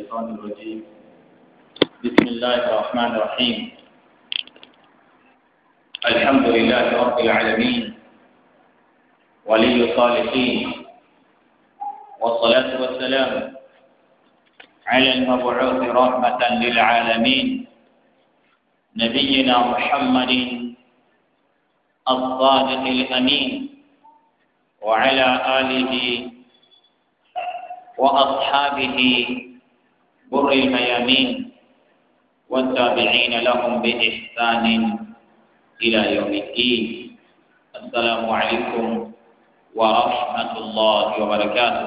الشيطان الرجيم بسم الله الرحمن الرحيم الحمد لله رب العالمين ولي الصالحين والصلاة والسلام على المبعوث رحمة للعالمين نبينا محمد الصادق الأمين وعلى آله وأصحابه بر الميامين والتابعين لهم بإحسان إلى يوم الدين السلام عليكم ورحمة الله وبركاته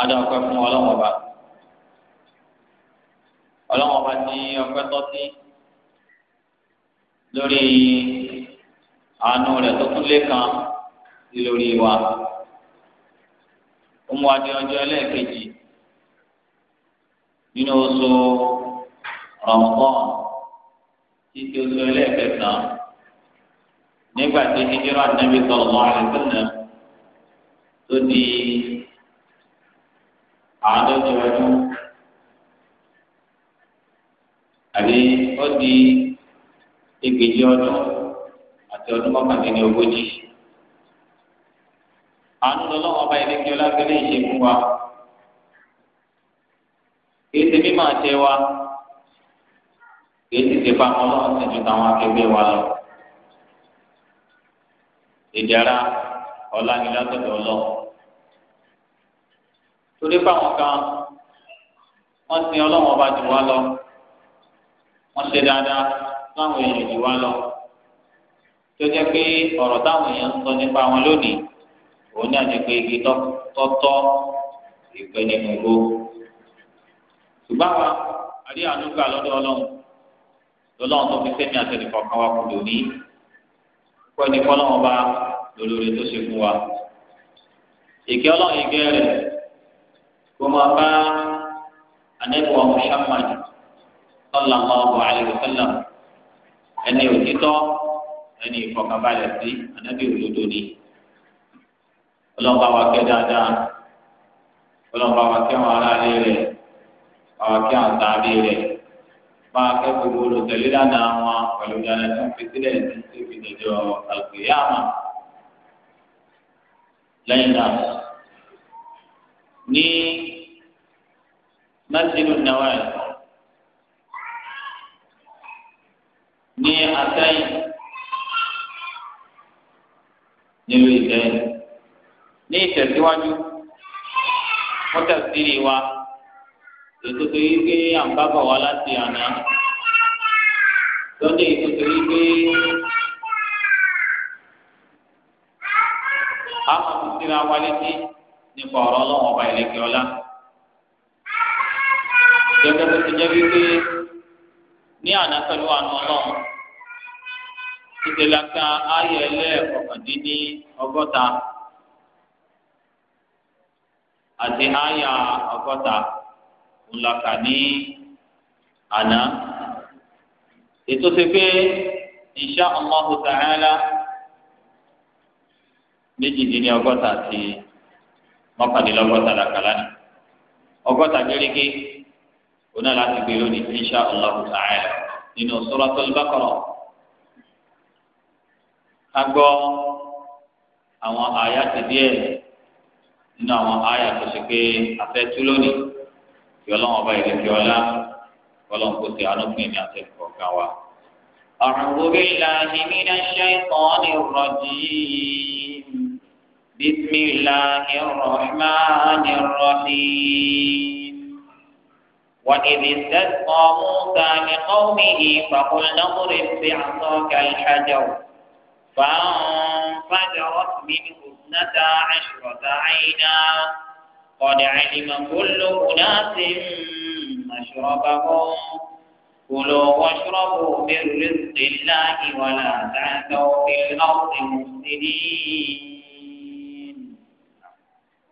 ada ọpẹ́ fún Ọlọ́run ọba Ọlọ́run ọba ní ọpẹ́ tọ́ sí lórí àánú rẹ̀ tó tún lé kan sí lórí wa ó mú adé ọjọ́ ẹlẹ́ẹ̀kejì nínú oṣù Ramadan títí oṣù ẹlẹ́ẹ̀kẹsàn nígbà tí hijira Nabi sallallahu alaihi wasallam tó di àádọ́jọ ọdún àbí ó di ìgbèjì ọdún àti ọdún mọ́kàndínlógójì àánú lọ́lọ́wọ́ ọba ìlẹ́kẹ́ ọlágbélé ìṣe fún wa kìí ṣe mímọ̀ àṣẹ wa kìí sì ṣe pamọ́ lọ́wọ́ sí ju táwọn akẹgbẹ́ wa lọ. ìdára ọlá ni látọ̀dọ̀ lọ. torí báwọn kan wọ́n sin ọlọ́wọ́ ọba jù wá lọ wọ́n ṣe dáadáa láwọn èèyàn jù wá lọ tó jẹ́ pé ọ̀rọ̀ táwọn èèyàn ń sọ nípa wọn lónìí òun náà ní pé igi tọ́tọ́ ìpè nínú igbó ṣùgbọ́n wa àrí ànúgbà lọ́dọ̀ ọlọ́run lọ́lọ́run tó fi sẹ́mi àtẹnìkọ̀ kan wá kú lóní kó ẹni kọ́ lọ́wọ́ bá lólórí tó ṣe fún wa ìkẹ́ ọlọ́run ìkẹ́ rẹ̀ kó máa bá anẹ́kọ̀ọ́ Muhammad sallallahu alayhi wa sallam ẹni òtítọ́ ẹni ìfọ̀kànbalẹ̀ sí anábì òdodo ni ọlọ́mọba wa kẹ́ dáadáa ọlọ́mọba wa kẹ́ àwọn aráàlú rẹ̀ àwọn kẹ́ àwọn sáré rẹ̀ bá a kẹ́ gbogbo olùtẹ̀lé lánàá wọn pẹ̀lú ìdáná tó ń fi sílẹ̀ ní tóbi dẹjọ́ àgbéyàmà lẹ́yìn náà ní mẹ́sìlú náwó ẹ̀ ní atẹ́yìn nílùú ìtẹ́yìn. ní ìtẹ̀síwájú mọ́tàsírì wa ètò tó yí pé à ń bá bọ̀ wá láti àná lọ́dẹ̀ ètò tó yí pé a máa fi síra wa létí nípa ọ̀rọ̀ ọba ìlẹ̀kẹ̀ ọlá. gẹ́gẹ́ bó ti jẹ́ wípé ní àná pẹ̀lú àánú ọlọ́run ayẹyẹ ọgọ́ta. àti àyà ọgọ́ta ńlọkà ní àná ètò ti pé insha Allahu ta'ala méjìdínlẹ́ ọgọ́ta àti mọ́kàndínlọ́gọ́ta làkàlà ni ọgọ́ta gẹ́gẹ́ oná láti gbé lónìí insha Allahu ta'ala nínú Suratul Baqara kagbọ́ àwọn àyà ti díẹ̀ nínú àwọn àyà tó ṣe pé afẹ́tú lónìí kí ọlọ́run ọba ìrètí ọlá ọlọ́run kò sí àánú fún èmi àtẹ̀kọ́ ọ̀gá wa. أعوذ بالله من الشيطان الرجيم بسم الله الرحمن الرحيم وإذ استسقى موسى لقومه فقلنا اضرب بعصاك الحجر فانفجرت منه اثنتا عشرة عينا قد علم كل أناس مشربهم كلوا واشربوا من رزق الله ولا تعثوا في الأرض مفسدين.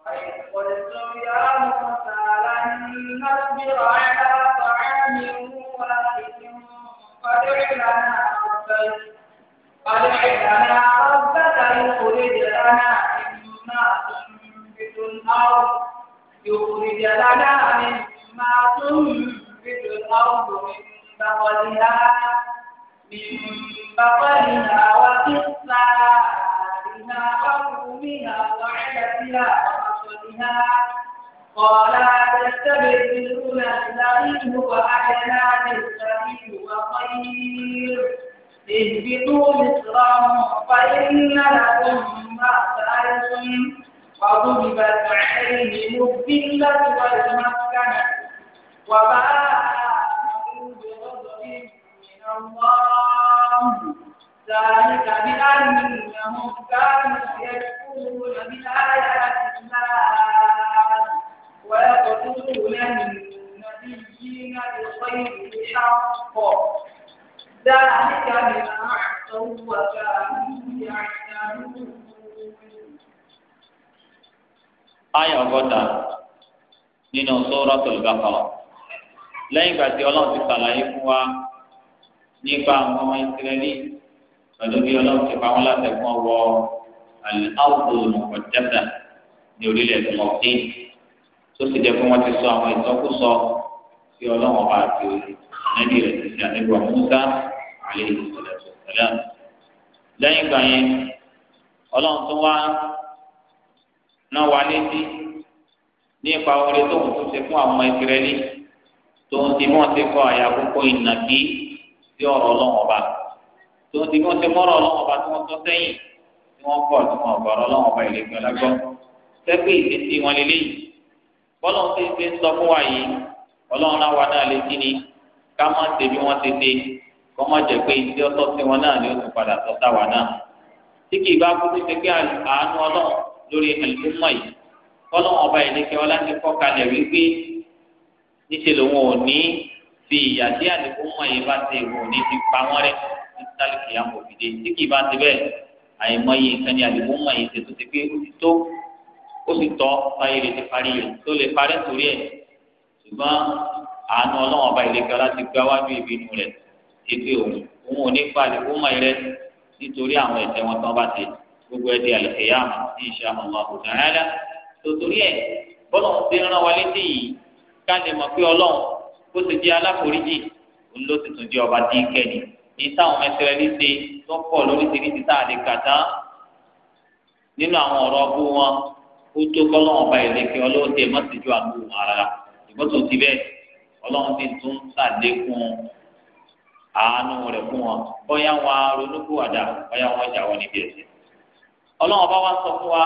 وإذ قلتم يا موسى لن نصبر على طعام واحد فادع لنا ربك فادع لنا ربك يخرج لنا مما تنبت الأرض يخرج لنا مما تنبت الأرض من بقلها من بقلها وقثائها وفومها وعدتها وحصدها قال تستبدلون الذي هو أدنى بالذي هو خير اهبطوا مصرا فإن لكم ما سألتم وضربت عليهم الذلة والمسكنة وباءوا بغضب من الله ذلك بأنهم كانوا يكفرون بآيات الله ويقتلون النبيين بغير حق ذلك بما أعطوا وكانوا يعتدون آية ọgọ́ta nínú Suratul Baqara lẹ́yìn ìgbà tí Ọlọ́run ti ṣàlàyé fún wa nípa àwọn ọmọ Ísírẹ́lì pẹ̀lú bí Ọlọ́run ti pa wọ́n látẹ̀kùn ọwọ́ al-ardu al-muqaddasa ní orílẹ̀-èdè mọ̀tí tó sì jẹ́ pé wọ́n ti sọ àwọn ìsọkúsọ tí Ọlọ́run ọba àti ẹ̀nẹ́bí rẹ̀ ti ṣe àdébọ̀ Mùsá àlejò ìṣẹ̀lẹ̀ ìṣẹ̀lẹ̀ lẹ́yìn ìgbà yẹn Ọlọ́run tó wá náà wá létí nípa oore tó ń ṣe fún àwọn ìsirẹ́lì tó ń ti mọ́ ti kọ́ àyà àkókò ìnàkí sí ọ̀rọ̀ Ọlọ́run ọba tó ń ti mọ́ ti mọ́rọ̀ Ọlọ́run ọba tí wọ́n tọ́ sẹ́yìn tí wọ́n kọ́ tí wọ́n gbọ́ Ọlọ́run ọba ìlẹ̀kùn ọlágbọ́ sẹ́gbẹ́ ìdíje wọn lélẹ́yìn bọ́lá ń ṣe ń sọ fún wa yìí Ọlọ́run náà wà náà létí ni ká má ṣe bí wọ́n ṣe ṣe kọ́mọ̀jẹ pé ibi ọtọ́ sí wọn náà ni ó tún padà sọ sáwà náà tí kì í bá kú tó ṣe pé àánú ọlọ́run lórí ẹlòmọ́ yìí kọ́lọ́wọ́n ọba ìdíkẹ́ ọlá ti kọ́ kalẹ̀ wípé níṣẹ́ lòun ò ní fi ìyà sí àdìgúnmọ́ yìí bá ti wò ní ti pa wọ́n rẹ́ ní sálìkì àmọ̀fìdé tí kì í bá ti bẹ́ẹ̀ àìmọye nǹkan ni àdìgúnmọ́ yìí ṣe ti pé ó ti tọ́ báyé ti parí rẹ̀ tó lè parẹ́ torí ẹ̀ ṣùgbọ́n àánú ọlọ́wọ́n ọba ìdíkẹ́ ọlá ti gbáwájú ìbínú rẹ̀ èpè òun òun ò ní falẹ kó mọ ẹrẹ nítorí àwọn ẹ̀ṣẹ̀ wọn tán bá ti gbogbo ẹdí àlùkìyà ní ìṣe Allahu Ta'ala tòtòrí ẹ bọlọ ń fi rán wa létí yìí ká lè mọ̀ pé Ọlọ́run bó ti jẹ aláforíjì òun ló ti tún jẹ ọba dín kẹni ní táwọn ẹsẹrẹ ní ṣe tó pọ̀ lóríṣiríṣi tá a lè kà tán nínú àwọn ọ̀rọ̀ ọbú wọn ó tó kọlọ́wọ́n ba ìlẹ́kẹ́ ọlọ́wọ́ tẹ mọ́tìjú àgbo wọn ara ìbọ́tò ti bẹ́ẹ̀ ọlọ́run ti tún ṣàlékún àánú rẹ̀ fún wọn bóyá wọn ronúkúwàdà bóyá wọn jà wọn níbi ẹ̀ṣẹ̀. ọlọ́run bá wá sọ fún wa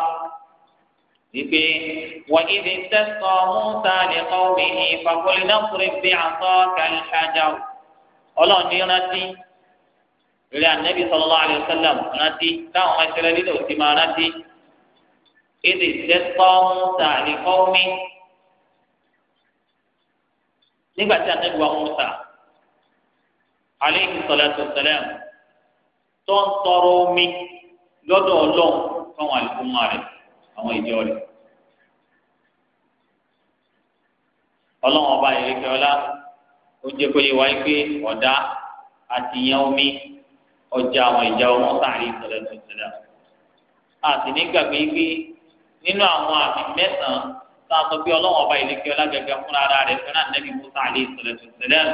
wípé wà ìdí tẹ́sọ̀ mùsà lè kọ́ mi ní ìfàkọ́lé náà kúrẹ́ bí àtọ́ kàlíṣájà o. ọlọ́run ní rántí rẹ̀ ànábì sallallahu alaihi wasallam rántí táwọn ẹ̀ṣẹ̀lẹ̀ lílo ti máa rántí. ìdí tẹ́sọ̀ mùsà lè kọ́ nígbà tí ànábì wa mùsà aleyhi salatu salam tó ń tọrọ omi lọ́dọ̀ ọlọ́run fáwọn àlùkùnmọ́ rẹ̀ àwọn ìjọ rẹ̀. ọlọ́run ọba ìrèké ọlá ó jẹ́ kó yẹ wáyé pé ọ̀dá àti ìyẹn omi ọjà àwọn ìjà ọmọ sáàrí salatu salam. àti nígbàgbé pé nínú àwọn àmì mẹ́sàn-án tá sọ pé ọlọ́run ọba ìrèké ọlá gẹ́gẹ́ fúnra rẹ̀ fẹ́ràn nẹ́bí musa àlẹ́ salatu salam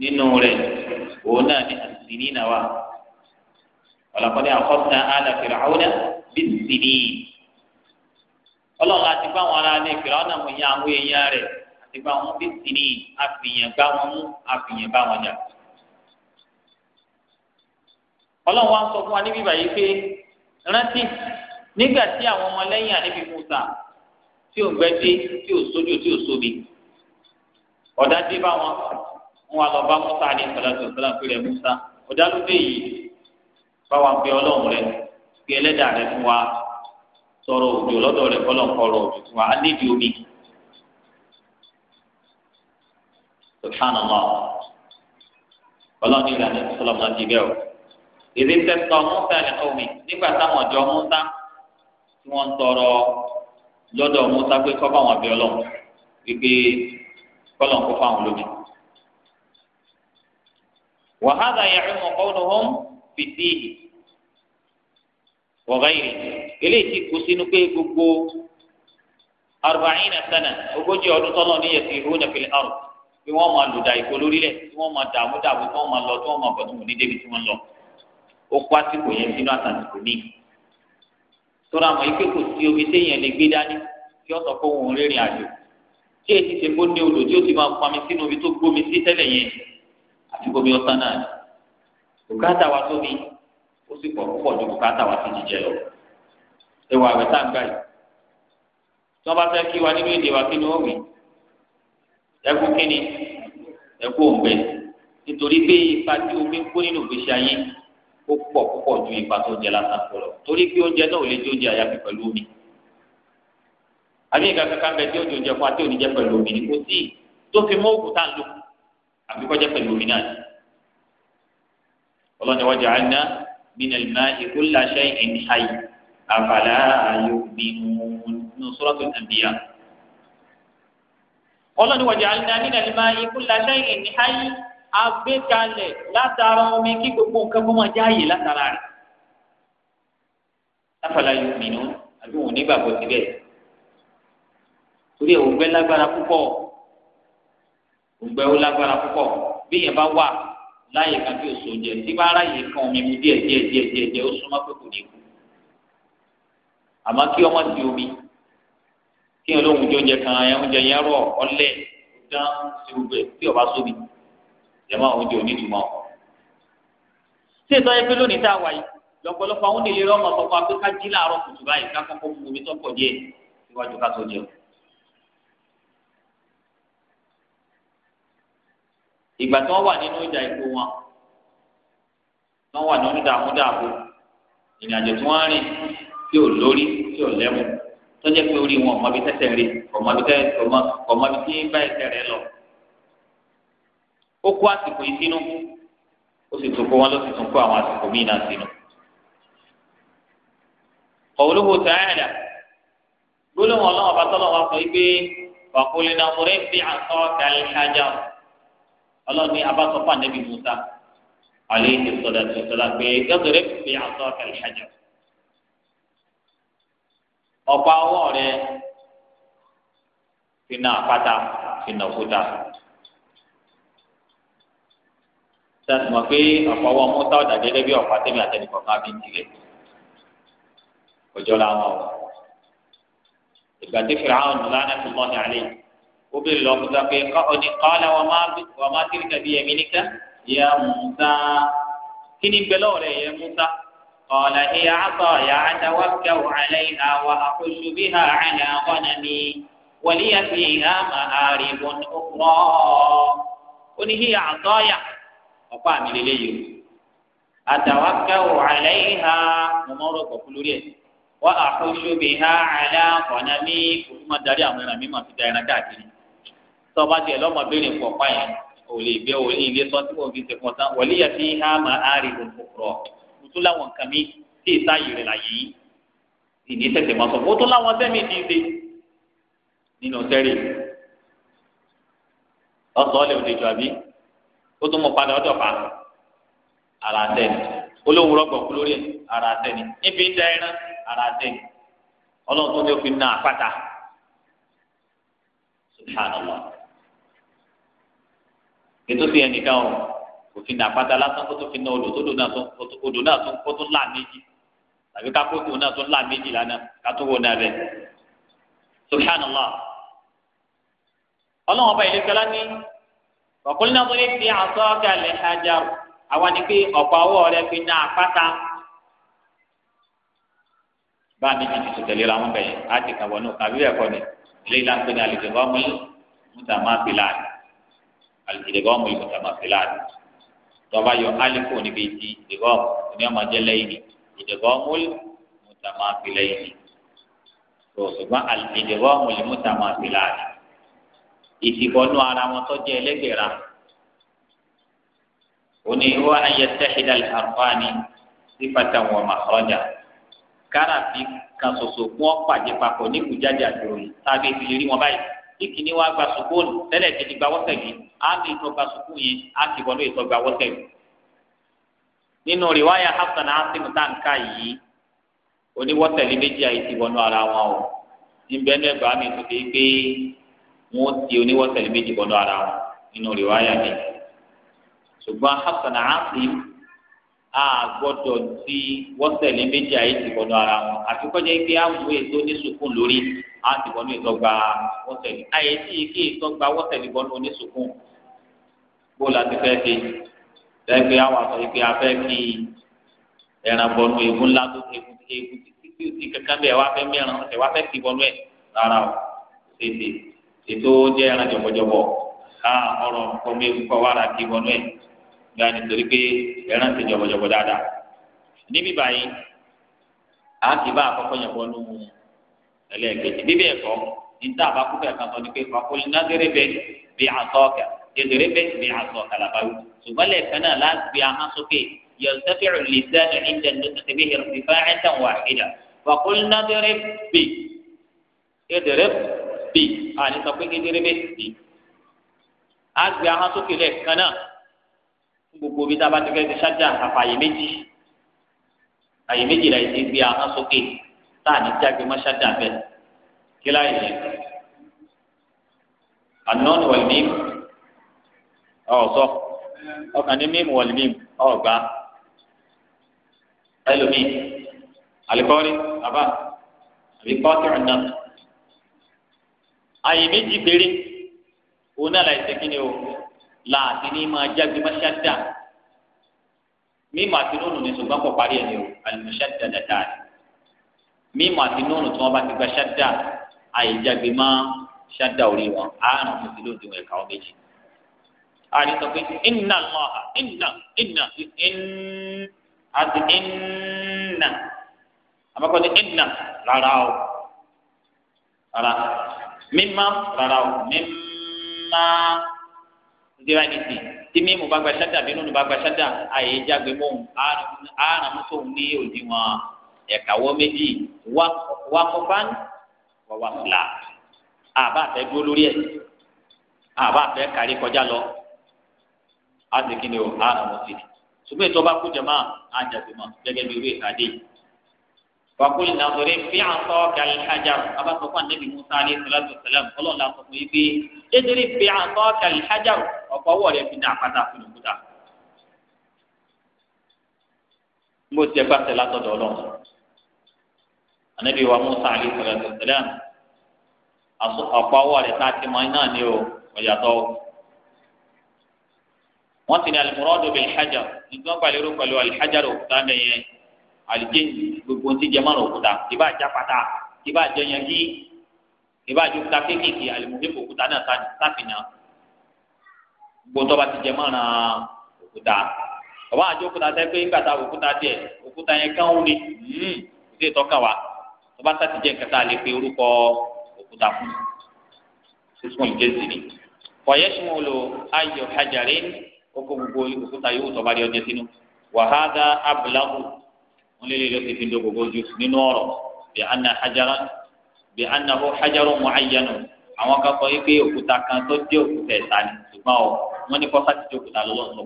nínú rẹ̀ òun náà ní àsìní náà wà ọ̀làkọ́ni àkọ́sínà àlà fìràwọ́nà bí sìní ọlọ́run àti bá wọn ara ní fìràwọ́nà mọ̀ yẹn àwọn èèyàn rẹ̀ àti bá wọn bí sìní àfihàn bá wọn mú àfihàn bá wọn jà ọlọ́run wa ń sọ fún wa níbí báyìí pé rántí nígbà tí àwọn ọmọlẹ́yìn àníbi Musa tí ò gbẹ́ dé tí ò sójú tí ò sóbi ọ̀dá dé bá wọn wọn lọ bá musa àlẹ ìfọlọsọ sọlá pé rẹ musa ọdálódé yìí bá wa pé ọlọ́run rẹ pé ẹlẹ́dà rẹ fún wa sọ̀rọ̀ òjò lọ́dọ̀ rẹ kọlọ kọrọ òjò fún wa á omi subhanallah ọlọ́run ìlànà sọlọmọ ti bẹ o èdè tẹsán musa àlẹ omi nígbà táwọn ọjọ́ musa tí wọn ń tọrọ lọ́dọ̀ musa pé kọ bá wọn bẹ ọlọ́run wípé kọlọ ń kó lómi. وهذا يعم قولهم في الدين وغيره eléyìí ti kó sínú pé gbogbo arba'ina sana ogójì ọdún tọ́lọ́ ní yẹtì ìhónà fìlẹ̀ ọ̀rọ̀ bí wọ́n máa lùdà ìkó lórílẹ̀ tí wọ́n máa dààmú dààmú tí wọ́n máa lọ tí wọ́n máa bọ̀ tí wọ́n ní débi tí wọ́n lọ ó kó àsìkò yẹn sínú àtàtìkò míì tóra àmọ́ ike kò sí omi téèyàn lè gbé dání tí wọ́n sọ pé òun rìnrìn àjò tí èyí ti ṣe kó ní odò tí ó ti máa pamí sínú omi tó gbómi sí tẹ́lẹ̀ yẹn àfi kó mi ọtán náà bùkátà wa tóbi ó sì pọ̀ púpọ̀ ju bùkátà wa sí jíjẹ lọ ẹwà àwẹ̀ tá à ń gbà yìí tí wọ́n bá fẹ́ kí wa nínú èdè wa kí ni ó wì ẹkú kíni ẹkú òǹgbẹ nítorí pé ipa tí omi ń kó nínú ìgbésí ayé ó pọ̀ púpọ̀ ju ipa tó jẹ lásán kọ lọ torí pé oúnjẹ náà ò lè jó jẹ àyàfi pẹ̀lú omi àbí ìgbà kankan bẹ tí ó jò jẹ fún wa tí ò ní jẹ pẹ̀lú omi ni kò sí tó fi mọ́ òkúta lò kù àbí kọjá pẹ̀lú omi náà ọlọ́ni wọ́n jẹ́ àná min al-ma'i kulla shay'in hayy afala yu'minun nínú suratul anbiya ọlọ́ni wọ́n jẹ́ àná min al-ma'i kulla shay'in hayy agbékalẹ̀ látara omi kí gbogbo nǹkan kó máa jáàyè látara rẹ̀ afala yu'minun àbí wọn ò ní gbàgbọ́ síbẹ̀ torí ẹ̀ òǹgbẹ́ lágbára púpọ̀ gbogbo ẹwọ lágbára púpọ̀ bí yẹn bá wà láyè kan tí oṣù jẹ tí bá ara yìí kan omi mu díẹ̀ díẹ̀ díẹ̀ díẹ̀ díẹ̀ ó súnmọ́ pé kò ní kú àmọ́ kí ọmọ ti omi kí ẹ lóhun jọjẹ kan ẹ oúnjẹ yẹn rọ ọlẹ dán sí gbogbo ẹ tí ọba sómi ẹ máa oúnjẹ onídùúmọ. tí ètò ayé pé lónìí tá a wà yìí àwọn onílé rọ́ọ̀mọ̀ sọ fún wa kùtù báyìí ká kọ́kọ́ mu omi tó pọ̀ síwájú ká tó jẹun ìgbà tí wọ́n wà nínú ìjà ìkó wọn tí wọ́n wà nínú dààmúdààbò ìrìn àjò tí wọ́n rìn tí ò lórí tí ò lẹ́mú tọ́jẹ́ pé orí wọn ọmọbi tẹ́tẹ́ rí ọmọbi tí ń bá ẹsẹ̀ rẹ lọ. ó kó àsìkò yìí sínú ó sì tún kó wọn ló sì tún kó àwọn àsìkò míì náà sínú. qawluhu ta'ala gbólóhùn ọlọ́wọ́ bá tọ́lọ́wọ́ sọ yìí pé wàkúlẹ̀ náà mo rẹ́ fi àtọ́ kàlí ajá ọlọ́run ní abásọ́fà nẹ́bí musa alayhi salatu wassalam pé gẹ́gẹ́rẹ́ fi àtọ́ kẹlẹ́hẹ́jọ. ọ̀pá ọwọ́ rẹ fi na àpáta fi na òkúta. sọ́dọ̀ mọ̀ pé ọ̀pá ọwọ́ musa ọ̀dà gẹ́gẹ́ bí ọ̀pá tẹ́mi àtẹnìkọ̀ọ̀kan bí tirẹ̀ òjò làwọn ò ìgbà tí fìràwọn lánàá tó mọ́ ní alẹ́ yìí obìnrin lọ kúta pé ọ̀nì kọ́lá wà má kiri kàbí ẹ̀mí níkà yà Musa kí ni bẹ́lẹ̀ ọ̀rẹ́ yẹ Musa kọ́lá ni yà á sọ yà á da wà kẹ́ wà lẹ́yìn àwa àkóso bí hà àlẹ́ àwọn àmì wàlí yà fi hà má àrìbùn ọ̀pọ̀ oníhìyà àtọ́yà ọ̀pọ̀ àmì lélẹ́yìí o atawakawo aleha mọmọrọ kọkulu rẹ wa ahosubiha ala kọnami o tuma dari àwọn ẹran mi ma ti da ẹran káàkiri tọ́ba tiẹ̀ lọ́mọ béèrè ń pọ̀pá yẹn ò lè gbé ò ní ilé sọ́tí wọn fi ṣèpọ̀ tán wọlé yẹ fi há máa àárín gbogbo rọ̀ kùtù láwọn nǹkan mi tí ìta ìrìn là yìí ìní tẹ̀tẹ̀ mọ́ sọ fún tó láwọn sẹ́mi ti ṣe nínú sẹ́rì ọ̀sán lè àbí ó tún mú padà ọ̀dọ̀ pa ara tẹ̀lé olóhùn rọ́gbọ̀ kú lórí ara tẹ̀lé níbi ń ẹran ara tẹ̀lé ọlọ́run tó ní òfin náà pátá subhanallah ètò sí ẹnìkan o kò fi nà pátá lásán kó tó fi nà odò tó odò náà tó kó tó là méjì tàbí ká kó tó náà tó là méjì lánàá ká tó wò náà bẹ subhanallah ọlọ́wọ́n ọba ìlú kẹlá ní ọ̀kùnrin náà tó ní fi àtọ́ kalẹ̀ hajar àwa ni pé ọ̀pọ̀ àwọ̀ rẹ fi nà pátá báà méjì ti sọ tẹ̀lé ra wọn bẹ̀yẹn á ti kàwọ́ kàbí ẹ̀kọ́ ni ilé ìlànà pé ní àlejò bá mú mú tà má fi láàyè alìdìgọ́mù ìmùtàmàfìláàdì tọ́ba yọ alikó níbi ti ìdìgọ́mù ní ọmọ jẹ́ lẹ́yìn ìdìgọ́mù ìmùtàmàfìlẹ́yìn tó ṣùgbọ́n alìdìgọ́mù ìmùtàmàfìláàdì ìsìkọ́nú ara wọn tó jẹ́ ẹlẹ́gbẹ̀ra òní wọ́n ayẹ tẹ́hídà àfáàní sífàtà wọn màkọ́jà káràfin kan ṣoṣo fún ọ́ pàdé papọ̀ nígbùjáde àti òyìn tábí ìfìlérí wọn báyìí ìkíní wa gba sukùn tẹ́lẹ̀ kejì gba wọ́sẹ̀ yìí á ní ìtọ́ gba sukùn yìí á sì wọnú ìtọ́ gba wọ́sẹ̀ yìí. nínú rìwáyà hafsan asim tanka yìí oníwọ́tẹ̀lẹ̀ méjì àyè ti wọnú ara wọn o níbẹ̀ ní ẹgbàá mi tó fi gbé wọn ti oníwọ́tẹ̀lẹ̀ méjì wọnú ara wọn nínú rìwáyà mi. ṣùgbọ́n hafsan asim a gbọ́dọ̀ ti wọ́sẹ̀lẹ̀ méjì ayé ti bọ̀dọ̀ ara wọn àti kọjá pé àwọn èso ní sùkún lórí a ti bọ̀ ní ìtọ́gba wọ́sẹ̀lẹ̀ ayé tí kí ìtọ́gba wọ́sẹ̀lẹ̀ bọ̀ ní onísùkún bó la ti fẹ́ ṣe lẹ́gbẹ̀ẹ́ àwọn àtọ̀ ìpè afẹ́ kí ẹran bọ̀ ní egun ńlá tó egun egun títí tí kankan bẹ́ẹ̀ wá fẹ́ mẹ́ran ẹ̀ wá fẹ́ ti bọ̀ ní rárá o tètè ètò jẹ́ ẹran jọ̀bọ̀jọ̀bọ̀ ká ọ̀rọ̀ kọ́mẹ́gun kọ́ wá gba nítorí pé ẹran ti jọ̀bọ̀jọ̀bọ̀ dáadáa níbí báyìí a kì í bá àkọ́kọ́ yẹn wọnú ẹlẹ́ẹ̀kejì níbí ẹ̀kọ́ níta àbákúfẹ̀ kan sọ ni pé kọ́kọ́lì nàdẹ́rẹ́ bẹ bí àtọ́ọ̀kà dẹ́dẹ́rẹ́ bẹ bí àtọ́ọ̀kà làbáwí ṣùgbọ́n lẹ́ẹ̀kan náà láti ahọ́n sókè yẹ̀lùsẹ́fẹ̀ lìsẹ́nu ìjẹ́ lọ́sẹ̀ bí ìrìnfẹ́ ẹ̀tàn wà ìdá kọ́kọ́lì nàdẹ́rẹ́ bẹ dẹ́dẹ́rẹ́ bẹ àní sọ pé dẹ́dẹ́rẹ́ bẹ bẹ. a gbé ahọ́n sókè lẹ́ẹ̀kan náà gbogbo bí tába ti fẹ́ ti ṣájà àfààyè méjì àyè méjì la ti gbé ahọ́n sókè tá à ní jágbe mọ́ ṣájà bẹ́ẹ̀ kí láyé yẹn anọ́ọ̀nù wọ̀lmíìmù ọ̀sọ́ ọkàn ní mímu wọ̀lmíìmù ọ̀gbá ẹlòmíì alikọ́rí bàbá àbí kọ́ọ̀tì ọ̀nà àyè méjì péré òun náà la ti kí o láti ní máa jágbe mọ́ṣáda mímọ àti nínú ní ṣùgbọ́n kò parí ẹni o àlùmọ́ṣáda dáadáa mímọ àti nínú tí wọ́n bá ti gba ṣáda àìjágbe máa ṣáda orí wọn àárùn tó ti lóde ẹ̀ka ọ méjì. àrí sọ pé inna Allah inna inna àti inna àbákọ́ni inna rárá o rárá mímá rárá o mímá ìdíra ní ti tí mímu bá gba ṣáda bí nínú bá gba ṣáda àyè jágbe mọ́ òun àrùn mú sóun ní òdiwọ̀n ẹ̀káwọ́ méjì wà kọ́fán wà wà fìlà àbá fẹ́ dúró lórí ẹ̀ àbá fẹ́ kárí kọjá lọ á sì kí ni o àrùn mú sí i ṣùgbọ́n ètò ọba kú jẹ̀mọ́ àjàgbé bí irú ìkàdé wakul nazore fi aso kali hajar aba sọ anabi musa alayhi salatu wa salam ọlọ́run la yìí pé edere fi aso kali hajar ọ̀pọ̀ ọwọ́ rẹ fi dá àpáta fún òkúta mo ti ẹgbà tẹ látọ̀dọ̀ Ọlọ́run ànábì wa Musa alayhi salatu wa salam ọ̀pọ̀ ọwọ́ rẹ tá a ti mọ iná ni o ọ̀yàtọ̀ o wọ́n ti ní alimurọ́dù bíi alhajar nígbà pàlérò pẹ̀lú alhajar òkúta mẹ́yẹn alijé gbogbo ti jẹ́ mọ́nà òkúta ìbá jẹ́ apáta ìbá jẹ́ yangi ìbá jẹ́ òkúta kéékèèké alimuhimu òkúta náà sáfìnà gbogbo tọba ti jẹ mọ́ra òkúta ọba àjọ òkúta tẹ pé ńgbà tá òkúta díẹ̀ òkúta yẹn kàn ó ní kò sí ìtọ́ka wa tọba tá ti jẹ nǹkan tá a lè pe orúkọ òkúta fún sísun ìjẹsì ni fọyẹ́sùmọ́lò ayọ̀ hajàre oko gbogbo òkúta yòówù tọba rí ọjọ́ sínú wàhádà abúláwù wọn lè lè lọ sí fíndó gbogbo ojú nínú ọ̀rọ̀ bí anna hajara bí anna hó hajarun mu'ayyanu àwọn kan sọ yìí pé òkúta kan tó jẹ́ òkúta ẹ̀ta ni ṣùgbọ́n o wọn ní kọ́sá ti jókòó ta lọ́wọ́ nù.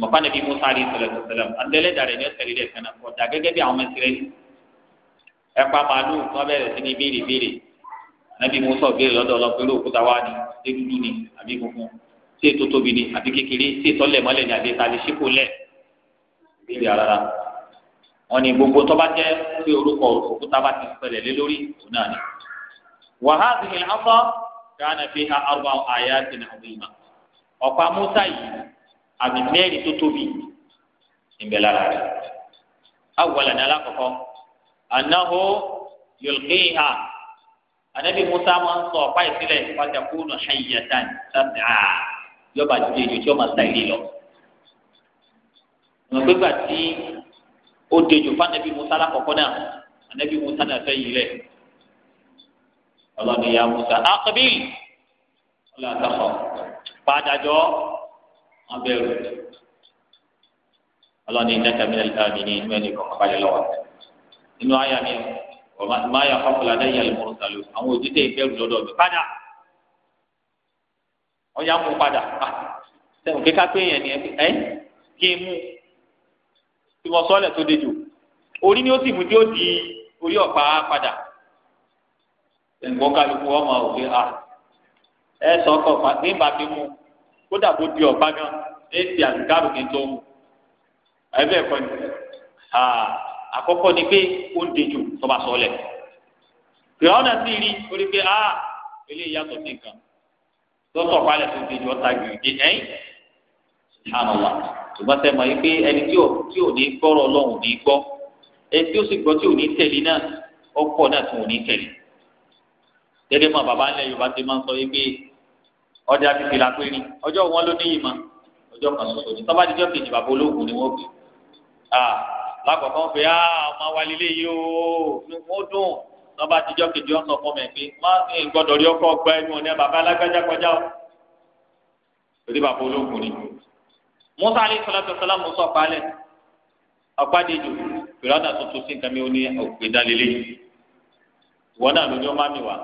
mọ̀fá nàbí musa rí sẹlẹ̀tù sẹlẹ̀m àdélé dàrẹ́ ní ọ̀sẹ̀ lílẹ̀ kan náà ọ̀dà gẹ́gẹ́ bí àwọn ọmọ ìsirẹ́lì ẹ̀pà màálù wọn bẹ̀rẹ̀ sí ní béèrè béèrè nàbí musa béèrè lọ́dọ̀ lọ pẹ̀lú òkúta wa ni ṣé dúdú ni àbí funfun ṣé ètò tóbi ni àbí kékeré ṣé ìtọ́lẹ̀ mọ́lẹ̀ ni àbí ìtàlẹ̀ ṣípò lẹ̀ béèrè rárá wọn ni gbogbo tó bá jẹ́ pé orúkọ òkúta bá ti ṣẹlẹ̀ lé lórí òun náà ni. wàhálà ìhìn àfọ́ kánà fi ha arúgbó àyà ti nà ọ̀gbìn ọ̀pá musa yìí àmì mẹ́rin tó tóbi níbẹ̀ lára rẹ̀ awọlẹ̀ ní alákọ̀ọ́kọ́ anahu yulqiha anabi musa máa ń sọ ọ̀pá ìsílẹ̀ fatakunu hayyatan sábà yọba dìde ju tí ó máa ta ìlú lọ. àwọn gbégbà tí ó dejò fanabi musa lákọ̀ọ́kọ́ náà anabi musa náà fẹ́ yìí lẹ̀ ọlọ́ni ya musa aqbil ọlọ́ni àtàkọ́ pàdájọ́ wọn bẹ̀rù ọlọ́ni ìdáka mi lẹ́ka mi ní inú ẹni kọ̀ọ̀kan balẹ̀ lọ́wọ́ inú àyà mi máa yà kọ́kùlà dá ìyàlẹ̀ mọ́tò lò àwọn òjútè ìbẹ̀rù lọ́dọ̀ mi padà ọ̀yà mú padà ah, sẹ́wọ̀n kíkà pé yẹn ni ẹ kí n mú tí mo sọ́ọ̀lẹ̀ tó dejò orí ni ó sì mú tí ó di orí ọ̀pá padà ẹ̀gbọ́n kálukú ọmọ òfin a. Ah, ẹ sọ kọ fà ní bàbí mu kódà bó di ọba gan ẹ ti àdúgbò kí n tó mu ẹ bẹ́ẹ̀ kọ́ ni àkọ́kọ́ ni pé ó ń dejò tọba sọlẹ̀ fìràwọn náà sì rí o rí pé a ilé ìyàtọ̀ sí nǹkan lọ́sọ̀ falẹ̀ tó dejò ọ̀tá gbìyànjú ẹ̀yìn subhanallah ṣùgbọ́n sẹ́ mọ̀ yìí pé ẹni tí ò ní gbọ́rọ̀ ọlọ́run ní gbọ́ ẹni tí ó sì gbọ́ tí ò ní tẹ̀lé náà ọkọ̀ náà tí ò ní tẹ̀lé gẹ́gẹ́ mọ́ bàbá ńlẹ̀ Yorùbá ti máa ń sọ yìí pé ọjà ti fìlà péré ọjọ́ wọn ló ní ìmọ̀ ọjọ́ kan ṣoṣo ní tọ́ba díjọ́ kejì bàbá olóògùn ni wọ́n gbé lákọ̀ọ́kọ́ ń pè á ọmọ wa lílé yìí ó ó dùn tọ́ba díjọ́ kejì ọ̀sán fún mi pé má ní gbọ́dọ̀ rí ọkọ̀ ọgbà ẹnu ọ̀nà bàbá alágbájá kọjá o torí bàbá olóògùn ni. musa alayhi salatu wa salam sọ palẹ̀ ọ̀pádìjù fìlànà tuntun sí nǹkan mi ó ní ògbédálélé ìwọ náà ló ní ọmọ mi wá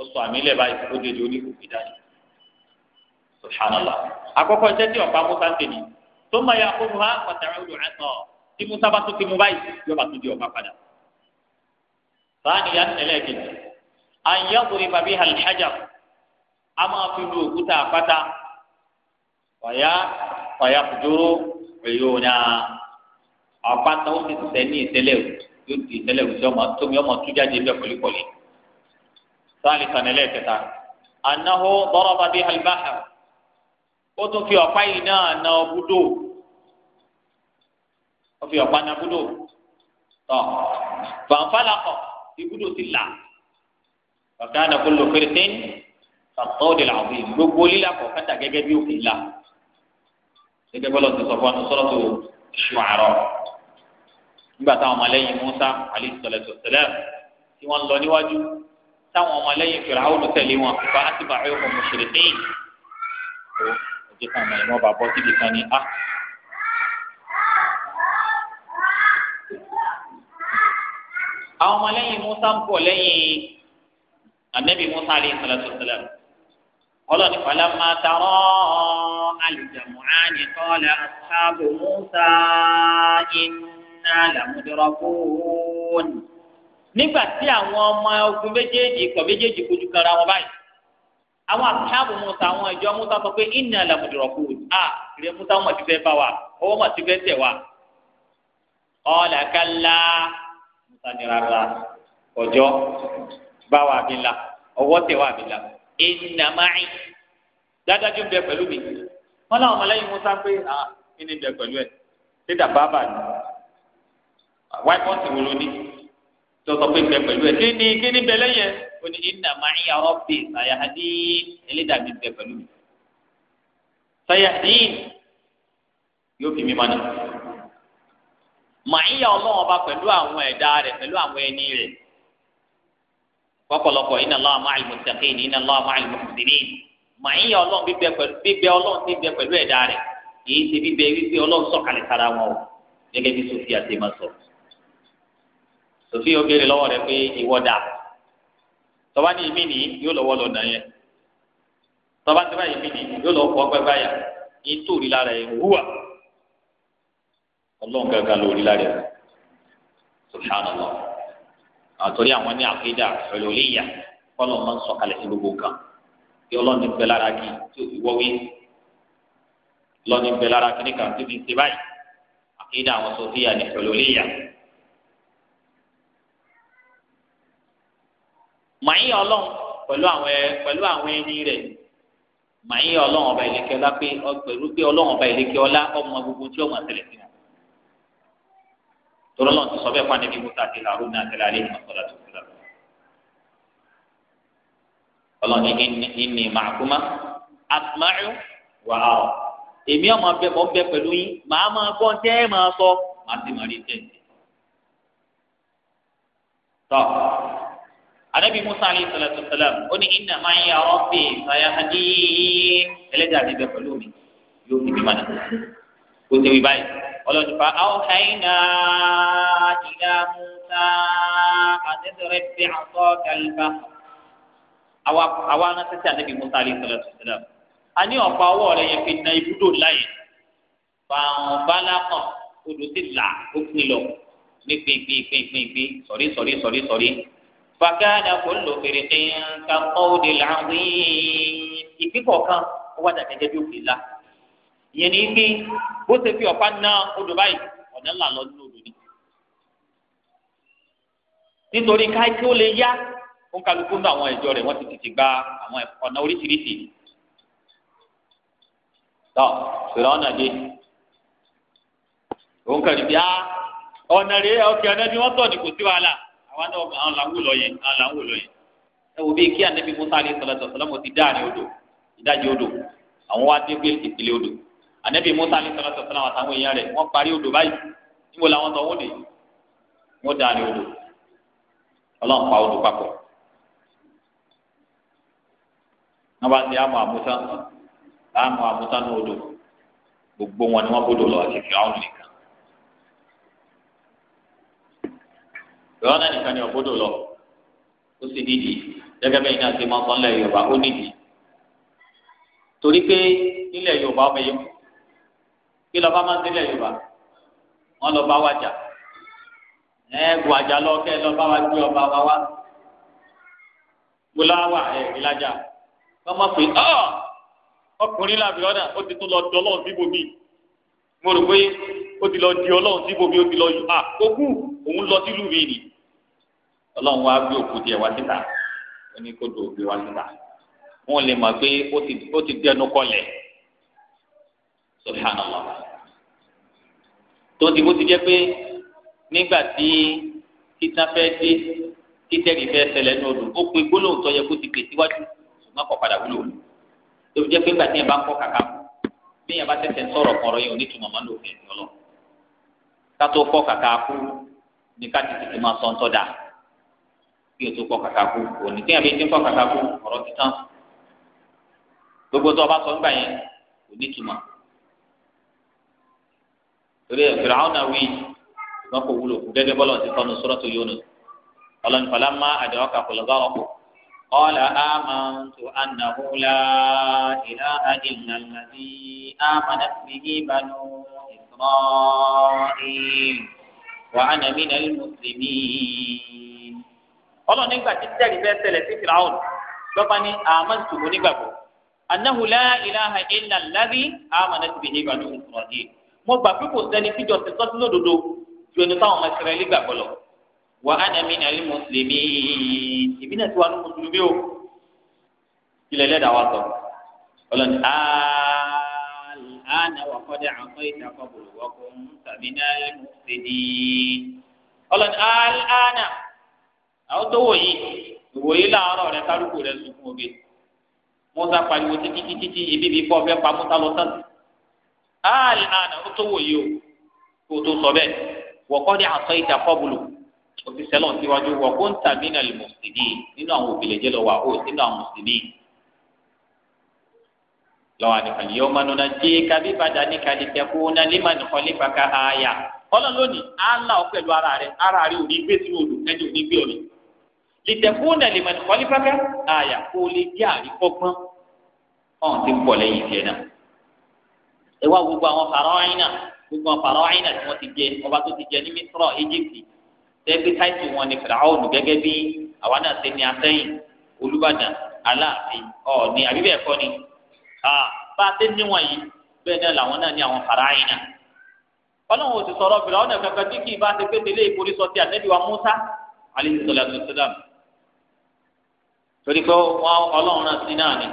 ó sọ àmì ilẹ̀ báyìí ó dèjì ó ní ògbédálélé subhanallah àkọ́kọ́ iṣẹ́ tí ọ̀pá musa ń tè ní tó máa ya kóbu ha pàtàkì ọdún ẹ̀sọ́ tí musa bá tó ti mú báyìí yóò bá tún di ọ̀pá padà. sáàniyà ẹlẹ́ẹ̀kejì ayọ́kùnrin bàbí alhajar a máa fi lu òkúta àpáta ọ̀yá ọ̀yá kùdúró ẹ̀yọ́ na àpáta ó ti sẹ́ ní ìtẹ́lẹ̀ yóò di ìtẹ́lẹ̀ òjò ọmọ tó mi ọmọ tó jáde bẹ́ẹ̀ pọ̀lípọ̀lí. sáàlì sàn ẹlẹ́ẹ̀kẹta anahu dọ́rọ̀ bàbí albaḥar ó tún fi ọ̀pá yìí náà na ọbúdò ó fi ọ̀pá na búdò tọ fanfalakọ ibùdó ti là ọ̀gá àdàkùn lòkèrèsìn fàtọ́ọ̀dì làwọn yìí gbogbo lílà kọ̀ kátà gẹ́gẹ́ bí òkè là gẹ́gẹ́ bọ́lá ti sọ fún ọtún sọ́lá tó Ṣu'ara nígbà táwọn ọmọlẹ́yìn Musa alayhi salatu wassalam tí wọ́n lọ níwájú táwọn ọmọlẹ́yìn Fir'aun tẹ̀lé wọn fún àtibáyọ̀ kọ̀ mọ̀ṣẹ̀lẹ̀ jẹ́ káwọn ẹ̀rọ bá bọ́ síbi kan ní a. Ah. àwọn ọmọlẹ́yìn musa ń bọ̀ lẹ́yìn anabi musa alayhi salatu salam ọlọ́ni falama tarọ́ alìjàmùhánì kọ́lá asáàbù musa iná làmúdúrọ́kùn. nígbà tí àwọn ọmọ ogun méjèèjì ikọ̀ méjèèjì kojú kanra wọn báyìí àwọn àtàbù musa àwọn ìjọ musa sọ pé iná làmùdùrọ̀kù à ìrẹ musa wọn ti fẹ́ bá wa ọwọ́ wọn ti fẹ́ tẹ̀ wa ọ̀là kálá musa ní rárá ọjọ́ bá wa bí la ọwọ́ tẹ̀ wa bí la iná máì dádájú bẹ pẹ̀lú mi wọn làwọn ọmọlẹ́yìn musa pé à ìní bẹ pẹ̀lú ẹ̀ dídà bàbà ni wáyé pọ́ǹsì wo ló ní tó sọ pé bẹ pẹ̀lú ẹ̀ kí ni kí ni bẹ lẹ́yìn ẹ̀ ó ní inna ma'iya rabbi sayahdin ẹlẹ́dàá mi bẹ pẹ̀lú mi sayahdin yóò fi mi mọ́nà ma'iya ọlọ́wọ́n ọba pẹ̀lú àwọn ẹ̀dá rẹ̀ pẹ̀lú àwọn ẹni ina kọ́kọ́lọ́kọ́ inna Allaha ma'al muttaqin inna Allaha ma'al muhsinin ma'iya ọlọ́wọ́n bíbẹ ọlọ́wọ́n ti bẹ pẹ̀lú ẹ̀dá rẹ̀ bi ṣe bíbẹ wípé ọlọ́run sọ̀kalẹ̀ sára wọn o gẹ́gẹ́ bí sofia ṣe máa sọ. sofia ó béèrè lọ́wọ́ rẹ pé ìwọ dà tọ́ba ní ìmí nìyí yóò lọ́wọ́ lọ nà yẹn tọ́ba tí báyìí ìmí nìyí yóò lọ́wọ́ fọ́ pẹ́ báyà ní torí lára ẹ̀ wúwà ọlọ́run gángan lórí lára ẹ̀ subhanallah àtọ́rí àwọn ní àkídà hululiyya kọ́lọ̀ máa ń sọ̀kalẹ̀ sí gbogbo nǹkan kí ọlọ́run ní bẹ́ẹ̀ lára kí tí òbí wọ́wé ọlọ́run ní bẹ́ẹ̀ lára kí nìkan tí fi ń báyìí àkídà àwọn sọ̀fíà ní hululiyya. màáyé ọlọ́run pẹ̀lú àwọn pẹ̀lú àwọn ẹni rẹ̀ màáyé ọlọ́run ọba ìlẹ̀kẹ́ ọlá pé pẹ̀lú pé ọlọ́run ọba ìlẹ̀kẹ́ ọlá ọmọ gbogbo tí ọmọ àtẹlẹ sí wọn. tọ́lọ́ náà ti sọ bẹ́ẹ̀ fún anabi musa àti haruna àti alẹ́ ìmọ̀ sọ́dọ̀ tó fi lọ́wọ́. ọlọ́run ní inni màkúmá asma'u wà á ọ̀ èmi ọmọ bẹ mọ bẹ pẹ̀lú yín màá máa gbọ́ tẹ́ máa sọ màá sì máa rí tẹ̀ tọ́ anabi musa alayhi salatu salam ó ní iná máa ń ya rabbi sayahadi ẹlẹ́dàá mi bẹ pẹ̀lú mi yóò fi mi mọ̀nà kó ṣe wí báyìí ọlọ́dún fa awhayna ila musa àtẹ́sẹ̀rẹ́ bí àtọ́ kàlífà àwa anáṣẹ́sẹ́ anabi musa alayhi salatu salam Ani ní ọ̀pá ọwọ́ rẹ̀ yẹn fi na ibùdó láyé fàǹbálàkàn odò ti là ó pin lọ ní pin pin pin pin pin sọ̀rí sọ̀rí sọ̀rí fàkàdà kòló fèrèsé nǹka kọ́ọ̀dì làwìn ìpín kọ̀ọ̀kan ó wà dàgẹ́ gẹ́gẹ́ bí òkè la ìyẹn ní pé bó ṣe fi ọ̀pá ná odò báyìí ọ̀nà ńlá lọ nínú odò ni nítorí káyí tí ó lè yá ó ń kálukú ní àwọn ìjọ rẹ̀ wọ́n ti tètè gba àwọn ọ̀nà oríṣiríṣi tọ́ fèrè ọ̀nà dé òun kàn rí bí a ah, ọ̀nà rèé ọkẹ́ ọ̀nà bí wọ́n tọ̀ ní kò sí wàhálà àwọn náà àwọn là ń wò lọ yẹn àwọn là lọ yẹn ẹ wò bíi kí anabi musa alayhi salatu wasalam ti dáàrin odò ìdajì odò àwọn wa dé gbé ìpìlẹ̀ odò anabi musa alayhi salatu wasalam àtàwọn èèyàn rẹ̀ wọ́n parí odò báyìí níbo làwọn tó wọ́n dé wọ́n dáàrin odò ọlọ́run pa odò papọ̀ wọ́n bá ti àmọ́ àmúta àmọ́ àmúta ní odò gbogbo wọn ni wọ́n bodò lọ àti fi àwọn nìkan. ìwọ́n náà nìkan ni ọ̀gbọ́dọ̀ lọ ó sì nídìí gẹ́gẹ́ bẹ́ẹ̀ náà ṣe máa sọ nílẹ̀ yorùbá ó nídìí torí pé nílẹ̀ yorùbá ọmọ yẹn kí lọ́ba máa ń délẹ̀ yorùbá wọ́n lọ́ba wájà ẹ̀ẹ́gùn àjà lọ́kẹ́ lọ́ba wá gbé ọba wa wá gbọ́láwà ẹ̀rí lájà wọ́n máa pè ọ́ ọkùnrin làbí ọ̀dà ó ti tún lọ dọ́lọ́ bíbomí mo rò pé ó ti lọ di ọlọ́run tí bòbí ó ti lọ yù à òkú òun lọ sílùú mi nì ọlọ́run wá gbé òkú díẹ̀ wá síta ó ní kó do òbí wá síta wọn lè mọ̀ pé ó ti dẹnu kọlẹ̀ subhanallah tó ti bó ti jẹ́ pé nígbà tí títa fẹ́ dé títẹ̀rì fẹ́ ṣẹlẹ̀ ní odò ó pe gbólóhùn tó yẹ kó ti pè síwájú ṣùgbọ́n kò padà wúlò ní tó fi jẹ́ pé nígbà tí yẹn bá ń kọ́ kàkà bí yẹn bá tẹ̀sẹ̀ ń sọ̀rọ̀ kọ̀ọ̀rọ̀ yẹn ò ní tùmọ̀ mọ́ lófin ẹ̀sìn ọlọ́run kátó fọ́ kàkà kú ní ká tètè tó máa sọ ń tọ́da kí o tó fọ́ kàkà kú òní tí àbí tí ń fọ́ kàkà kú ọ̀rọ̀ ti tán gbogbo tó o bá sọ nígbà yẹn kò ní tuma torí ẹ̀ fìrà áwọn náà wí ṣùgbọ́n kò wúlò kù gẹ́gẹ́ bọ́lá ti sọnù sọ́rọ́ tó yónú ọlọ́nìfàlà má àdéhùn kàkùlọ̀ bá ọkọ̀ ọ̀là àmàntu ànàhùlà ìlà àdìnnà àlàdí àmànàfìhì bànú إسرائيل وأنا من المسلمين ọlọ́run nígbà tí tẹ́lì bẹ́ẹ̀ ṣẹlẹ̀ sí آمنت lọ́ba ní أنه لا إله إلا الذي آمنت به amanati إسرائيل، banu isra'il mo gbà pé kò sẹ́ni tíjọ ti sọ́sí lódodo ju ẹni táwọn ọmọ ìsirẹ́lì gbàgbọ́ lọ wa ana minal muslimin èmi náà ti wà ní mùsùlùmí o ilẹ̀ ẹlẹ́dàá wa sọ ọlọ́ni aaa àánà wà kọ́dà àkọ́ ìtàkọ́ bòlùwọ́kọ́ tàbí náà lẹ́nu ṣèdí. ọlọ́ni àánà àwọn tó wò yìí ìwò yìí láàárọ̀ rẹ kálukú rẹ sunkún oge musa pariwo títí títí ibi bí bọ́ọ̀ fẹ́ pa musa lọ sàn. àánà ó tó wò yìí o kò tó sọ bẹ́ẹ̀ wọ́n kọ́dà àkọ́ ìtàkọ́ bòlù òfìsẹ́lọ̀ síwájú wọ́n kó ń tàbí náà lẹ́nu ṣèdí nínú àwọn òbí lọ́wọ́ àdìpàlẹ̀ yóò máa nuna jí kábí bàdà ní kàdí tẹ̀kú náà lima nìkan lè bàkà àyà ọlọ́run lónìí àlà ọ pẹ̀lú ara rẹ ara rẹ ò ní gbé sínú odò ẹjọ́ ò ní gbé omi lìtẹ̀kú náà lima nìkan lè bàkà àyà kó lè dí àríkọ́gbọ́n ọ̀hún ti ń bọ̀ lẹ́yìn tiẹ̀ náà ẹ wá gbogbo àwọn fàráhìnà gbogbo àwọn fàráhìnà tí wọ́n ti jẹ ọba tó ti jẹ ní mísírọ̀ Íjíbítì tẹ́gbẹ́ táìtì wọn ni fìràwọ́ọ̀nù gẹ́gẹ́ bí àwa náà ṣe ní atẹ́yìn Olúbàdàn Aláàfin Ọ̀ọ̀ni àbíbẹ̀ẹ́kọ́ ni bá a ti níwọ̀n yìí bẹ́ẹ̀ náà làwọn náà ní àwọn fara àyìnà ọlọ́run ò sì sọ̀rọ̀ fìlà ọ̀nà kankan tí kì í bá ti pé tẹ́lẹ̀ ìkórí sọ ti ànábì wa Musa alayhi salatu wassalam torí pé wọn ọlọ́run náà sí náà ni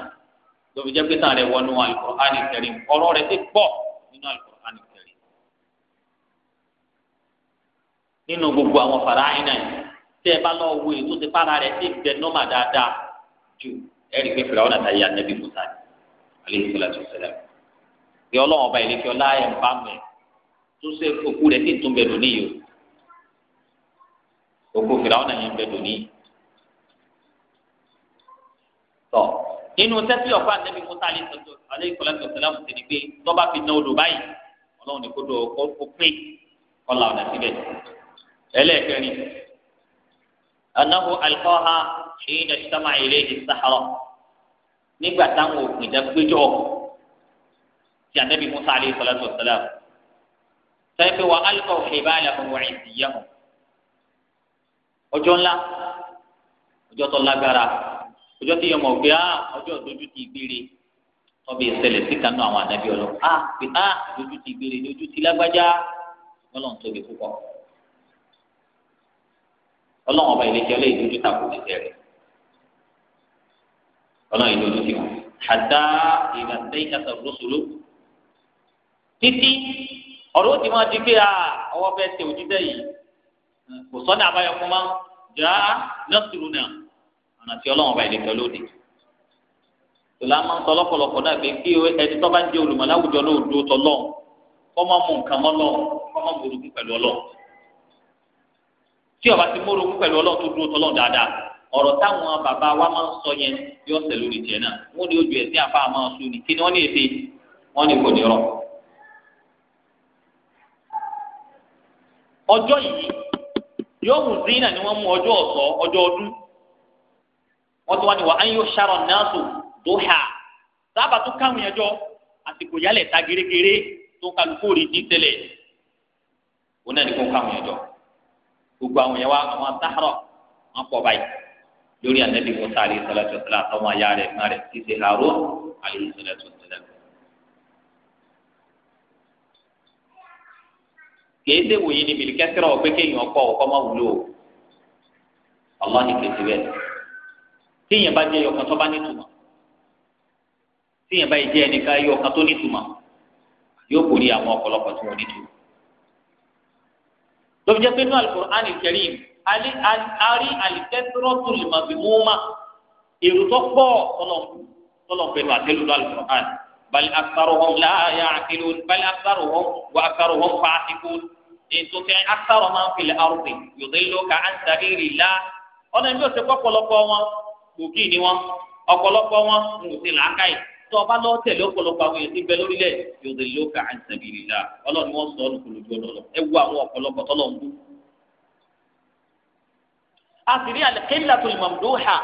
lóbi jẹ́ pé sàn rẹ̀ wọnú Al-Qur'ani Karim ọ̀rọ̀ rẹ̀ ti pọ̀ nínú Al-Qur'ani Karim nínú gbogbo àwọn fara àyìnà yìí tẹ́ ẹ bá lọ wo ètò ti fara rẹ̀ ti bẹ̀ nọ́mà dáadáa ju ẹ̀rí pé fìlà ọ̀nà tàyè ànábì Musa ni aleyhi salatu salam kí ọlọ́wọ́n ọba ìlẹ́kẹ́ ọlá ẹ̀ ń bá mẹ́ tó ṣe òkú rẹ̀ ti tún bẹ lónìí yìí o òkú fìlàwọn náà yẹn bẹ lónìí tọ inú tẹ́tí ọ̀pá nẹ́bí mọ́tà aleyhi salatu salam ti ní pé tọ́ba fi ná odò báyìí ọlọ́run ní kó do ọkọ̀ pé kọ́lá ọ̀nà síbẹ̀ ẹlẹ́ẹ̀kẹrin anahu alkọ́ha ṣe é ní ṣàmáyé ìsáhárọ̀ nígbà táwọn òpìdá péjọ ti ànábì musa alayhi salatu wa salam sẹ́yìn pé wà alùpà òṣèlú àlàfo wà ìdíyà hàn ọjọ́ ńlá ọjọ́ tó lágbára ọjọ́ tí yọmọ gbé á ah, ọjọ́ dojú ti gbére ọbẹ̀ ìṣẹ̀lẹ̀ síta nù àwọn ànábì ọlọ́ á ah, pé á ah, dojú ti gbére dojú ti lágbájá ọlọ́run tóbi púpọ̀ ọlọ́run ọba ìlẹ́jọ́ lè dojú ta kò ní sẹ́rẹ̀ ọlọ́run ìlú olóṣì wọn àdá ìgbà tẹ́yìn kàtà rọ́ṣọ́lọ́ títí ọ̀rọ̀ ó ti máa di pé a ọwọ́ fẹ́ tẹ òjíṣẹ́ yìí kò sọ́nà àbáyọ fún ma já nọ́ọ̀sìrù náà ọ̀nà tí ọlọ́run ọba ìlẹ̀kẹ́ lóde tòlá máa ń sọ lọ́pọ̀lọpọ̀ náà pé kí ẹni tó bá ń jẹ́ olùmọ̀ láwùjọ náà dúró tọ́ lọ́ọ̀ kọ́ máa mú nǹkan mọ́ lọ́ọ̀ kọ́ máa borogún pẹ̀lú ọlọ́ọ̀ tí ọba ti mórogún pẹ̀lú ọlọ́ọ̀ tó dúró tọ́ lọ́ọ̀ dáadáa ọ̀rọ̀ táwọn bàbá wa máa ń sọ yẹn yóò tẹ̀ lórí tiẹ̀ náà wọ́n ní ojú ẹ̀sìn afọ máa sùn kí ni wọ́n ní èdè wọ́n ní kò ní rọ. ọjọ́ yìí yóò wù zina ni wọ́n mú ọjọ́ ọ̀sọ́ ọjọ́ ọdún wọ́n ti wá ní wà á yóò ṣàrọ̀ náà tó tó hà sábà tó káwọn àsìkò yálẹ̀ ta tó kálukú rí di tẹ́lẹ̀ wọn náà ní kó káwọn yẹn gbogbo àwọn yẹn wá àwọn wọn pọ̀ báyìí. lórí anabi musa alayhi salatu wa salam àtọmọ ayá rẹ̀ ẹ̀gbọ́n rẹ̀ ti ṣe harun alayhi salatu wa salam. kìí ṣe wòye ni bìlìkẹ́sìrọ̀ ọ̀pẹ́ kéèyàn ọkọ̀ ọkọ̀ máa wúlò Allah ni kìí ṣe bẹ́ẹ̀. tíyẹn bá jẹ́ ọkàn tó bá nítumọ̀ tíyẹn bá jẹ́ ẹnìkan ayé ọkàn tó nítumọ̀ yóò borí àwọn ọ̀pọ̀lọpọ̀ tí wọ́n nítumọ̀. lóbi pé nínú Al-Qur'an Al-Karim ari alikẹsirọtù lìmọbìmọọmà èrò tó pọ̀ tọlọpẹlú àtẹlùdọ alùpùpù bali aksaruhum la ya'qilun bali aksaruhum wa aksaruhum fasiqun ètò tẹ aksaru máa ń fil ardi yudilluka an sabilillah ọ̀nà ìbí òsè pọ̀pọ̀lọpọ̀ wọn kòkì ni wọn ọ̀pọ̀lọpọ̀ wọn ń làákàyè tó lọ tẹ̀lé ọ̀pọ̀lọpọ̀ àwọn èèyàn ti bẹ lórílẹ̀ yudilluka an sabilillah ọlọ́run wọn sọ ọ́nù kòlójú ọlọ́run ẹ wo àwọn ọ̀pọ̀lọpọ̀ tọ́lọ̀ ń bú àṣírí àlẹ́kẹ́lá tó ìmọ̀ ọ̀dọ́ hà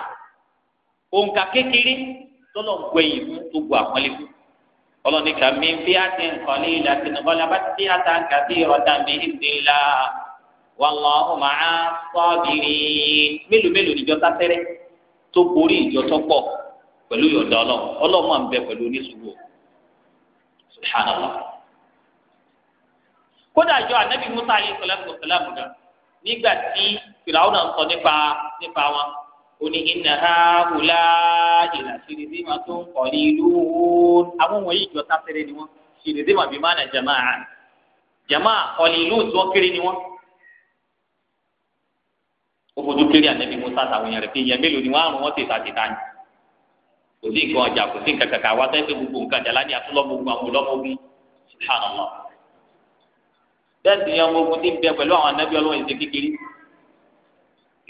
òǹkà kékeré tọ́lọ̀ gbẹ̀yìn fún tó gbọ́ àpọ́nlé fún ọlọ́ni kà mí bí a ti ń kọ́lé ìlà tí nìkan lábá ti a ta nǹkan bí ọ̀dà mi ń gbé la wallahu ma'a sabirin mélòó mélòó níjọ tó borí ìjọ tó pọ̀ pẹ̀lú yọ̀dọ̀ ọlọ́run ọlọ́run máa ń bẹ kódà ìjọ anabi musa alayhi salatu wa salam nígbà tí fìlàwọ́n náà sọ nípa nípa wọn ó ní iná ha wùlá ìlà ṣèrèdè máa tó ń kọ́ ní ìlú àwọn wọ̀nyí ìjọ sátẹrẹ ni wọn ṣèrèdè máa bí máa nà jama jama kọ́ni ìlú tí wọ́n kéré ni wọn. ó fojú kéré ànábi musa àtàwọn yàrá pé ìyẹn mélòó ni wọn àrùn wọn tètà tètà ni kò sí nǹkan ọjà kò sí nǹkan kàkà wá sẹ́yìn pé gbogbo nǹkan jà lánìí àtúlọ́mọ ogun àwọn ọlọ́mọ subhanallah bẹ́ẹ̀ sì ni ọmọ ogun ti ń bẹ pẹ̀lú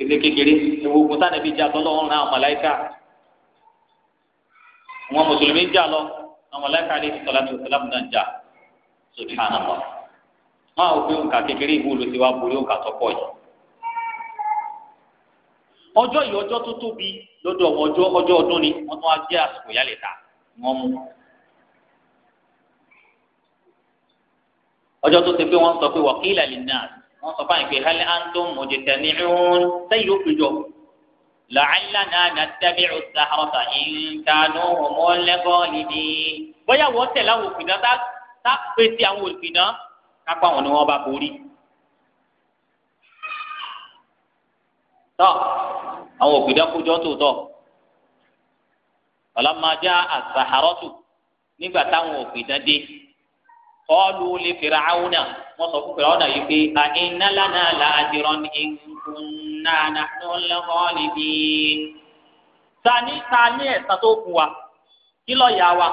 ilé kékeré ìwòkùn tá nàbí jà tọ́lọ́ ọ̀run àwọn màláíkà wọn mùsùlùmí jà lọ àwọn màláíkà lè fi sọlá tó sọlá mu náà jà subhanallah máa wò pé òǹkà kékeré ìwò ló ti wá borí òǹkà tó pọ̀ yìí ọjọ́ yìí ọjọ́ tó tóbi lọ́dọ̀ wọn ọjọ́ ọjọ́ ọdún ni wọ́n tún wá jẹ́ àsìkò yálẹ̀ ta wọ́n mú. ọjọ́ tó ti pé wọ́n sọ pé wọ́n kí wọn sọ fáyìn pé hali antum mujtami'un sẹ́yìn ó fi jọ la'allana nattabi'u as-sahrata in kanu humul ghalibin. bóyá wọ́n tẹ̀lé àwọn òfin náà tá pèsè àwọn òfin náà kápá wọn ni wọ́n bá borí. tọ́ àwọn òfin náà kójọ́ tó tọ́ ọ̀làmàjà as-sahratu nígbà táwọn òfin náà dé kọ́ọ̀lù lè fèrè àwọn wọn sọ fún fèrè àwọn yìí pé àìní lánàá là á ti rán ní nkùnà nàánú lọ́kọ́ọ̀lì bí. sani sani ẹ̀sán tó kù wa kí lọ́ọ́ yà wa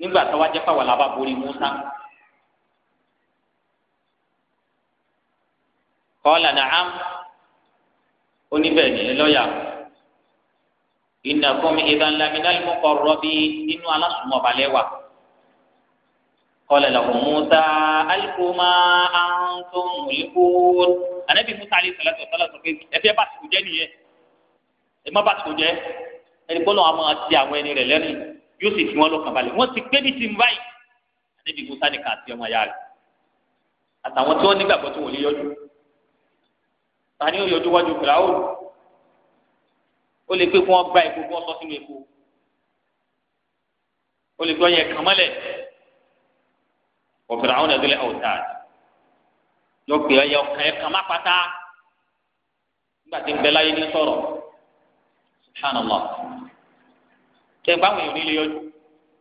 nígbà tó wá jẹ́ pàwọ́ làbá borí Musa. kọ́ọ̀lù nàám oníbẹ̀ẹ́ni lọ́ọ̀yà ìnàkùnmi ìdánlámínà ìmúkọ̀rọ̀ bíi nínú alásùnmọ̀balẹ̀ wa kọlẹ lọhùn musa alikuma antum mulikun anabi musa alayhi salatu wa salatu pé ẹfẹ bá ti kò jẹ nìyẹn ẹ má bá ti kò jẹ ẹni gbọ́dọ̀ àwọn máa ti àwọn ẹni rẹ̀ lẹ́nu yóò sì fi wọn lọ́kàn balẹ̀ wọ́n ti gbé ní ti ń báyìí anabi musa ni kà á ti ọmọ ya rẹ̀ àtàwọn tí wọ́n nígbàgbọ́ tó wọ́n lè yọjú tani ó yọjú wájú fìlàwọ́ ó lè pé kí wọ́n epo kí wọ́n sínú epo ó lè gbọ́ yẹn kàn mọ́lẹ̀ ọ̀fẹ̀rẹ̀ àwọn ẹ̀dọ́lẹ̀ ọ̀tàd yọ pé ẹyẹ ọkàn ẹ̀kan má pátá nígbà tí ń bẹ láyé ní sọ̀rọ̀ subhanallah tẹ báwọn èèyàn nílé yọjú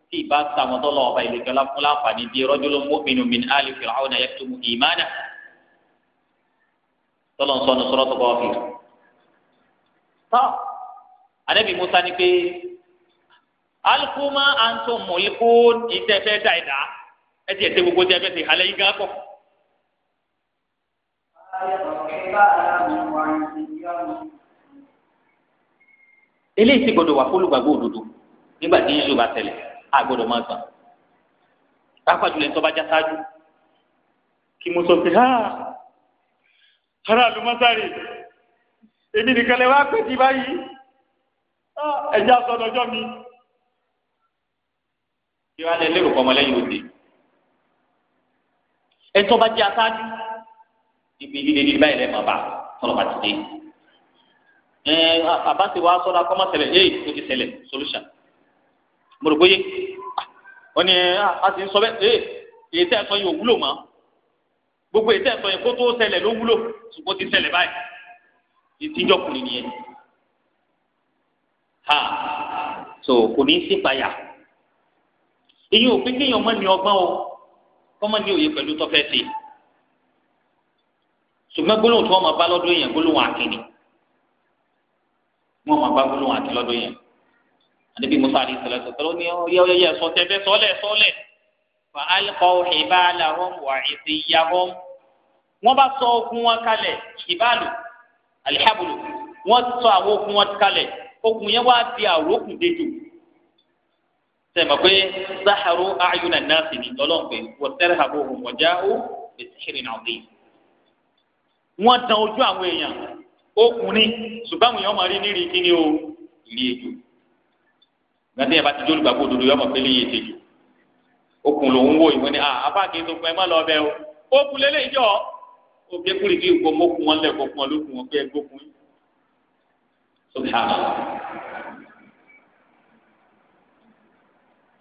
tí ìbá sàmọ́ tọ́lọ̀ ọba ìlẹ̀kẹ́ láfún láǹfààní di rajulun mu'minun min ali fir'auna yaktumu imana tọ́lọ̀ ń sọnù sọ́rọ́ tó bá wà fìrì tọ́ musa ni pé alukuma antum mulikun ìtẹ́fẹ́ dáìdá ẹ ti ẹsẹ gbogbo tí ẹ fẹ́ ti halẹ̀ yín gán kọ́. eléyìí ti gbọ́dọ̀ wà fólùgbàgbọ́ òdodo nígbà tí yíṣu bá tẹlẹ a gbọ́dọ̀ máa gbà pápá jùlọ ìtọ́ bá já sáájú kí mo sọ pé ha aráàlú mọ́sárì èmi nìkan lè wá pè tí báyìí ẹ̀jẹ̀ àtọ̀dọ̀jọ́ mi. kí wàá lẹ lérò pọ̀ òde ẹtọ́ bá jẹ́ aṣáájú ibi líle ní báyìí lẹ́ẹ̀ máa bá tọ́lọ̀ bá ti dé ẹ bàbá ti wá sọ́dọ̀ akọ́mọ́ ṣẹlẹ̀ ẹ̀ ó ti ṣẹlẹ̀ solution mo rò bóyé wọ́n ní a ti ń sọ bẹ́ẹ̀ ẹ̀ èyí tẹ́ ẹ sọ yẹn ò wúlò mọ́ gbogbo èyí tẹ́ ẹ sọ yẹn kó tó ṣẹlẹ̀ ló wúlò ṣùgbọ́n ti ṣẹlẹ̀ báyìí ìtìjọkùnrin nìyẹn ha so kò ní í sí payà èyí ò pé kéèyàn mọ́ ní ọgbọ́n o kọ́mọ ní òye pẹ̀lú tọ́fẹ́ ṣe ṣùgbọ́n gbólóhùn tí wọ́n máa bá lọ́dọ̀ èèyàn gbólóhùn àkìní wọ́n máa bá gbólóhùn àkìní lọ́dọ̀ èèyàn àdébí musa àdìyí sọlá sọ pẹ̀lú ní yẹ́yẹ́ sọ tẹ́fẹ́ sọ́lẹ̀ sọ́lẹ̀ wa isiyahum wọ́n bá sọ okùn wọn kalẹ̀ hibalu alihabulu wọ́n sọ àwọn okùn wọn kalẹ̀ okùn yẹn wá di àrókùn dédò sẹ́mi pé sáhàrú àyùnà náà sì ní lọ́lọ́pẹ̀ wọ́n tẹ́lẹ̀ àbò òhùn wọ́jà ó bẹ̀sẹ̀ ṣẹlẹ̀ náà dé. wọ́n dán ojú àwọn èèyàn okùnrin ṣùgbọ́n àwọn èèyàn máa rí nírì kí ni o ilé ejò. gbàdé yẹn bá ti jó olùgbàgbọ́ òdodo yọmọ pé léyìn ètò ejò. okùn lòún wò ìwé ni àbá kì tó fún ẹ má lọ bẹ o. okùn lélẹ̀ ìjọ òkè kúrìkì ìkó mọ́kùn wọn lẹ̀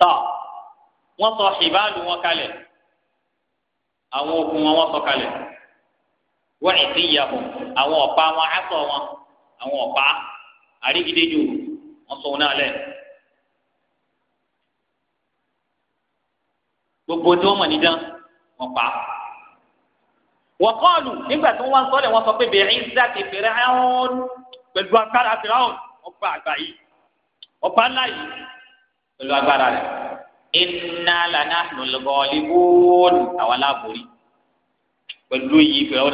tọ́ wọ́n sọ ìbáàlù wọn kalẹ̀ àwọn okùn wọn wọ́n sọ kalẹ̀ wọ́n ìdí ìyàwó àwọn ọ̀pá wọn aṣọ wọn àwọn ọ̀pá àrígidéjò wọ́n sọ wọn náà lẹ̀. gbogbo tí wọ́n mọ̀ nídán wọ́n pa á wọ́kọ́ọ̀lù nígbà tí wọ́n sọ́lẹ̀ wọ́n sọ pé bẹ̀rẹ̀ ìzá ti fẹ̀rẹ̀ ẹ̀hún pẹ̀lú agbára fẹ̀rẹ̀ ọ̀hún ọba àgbà yìí ọba ńlá yìí pẹ̀lú agbára rẹ̀ iná lànà lọ́lọ́gọ́ọ́lì wóòlù àwọn aláàbòrí pẹ̀lú iyì fẹ́ràn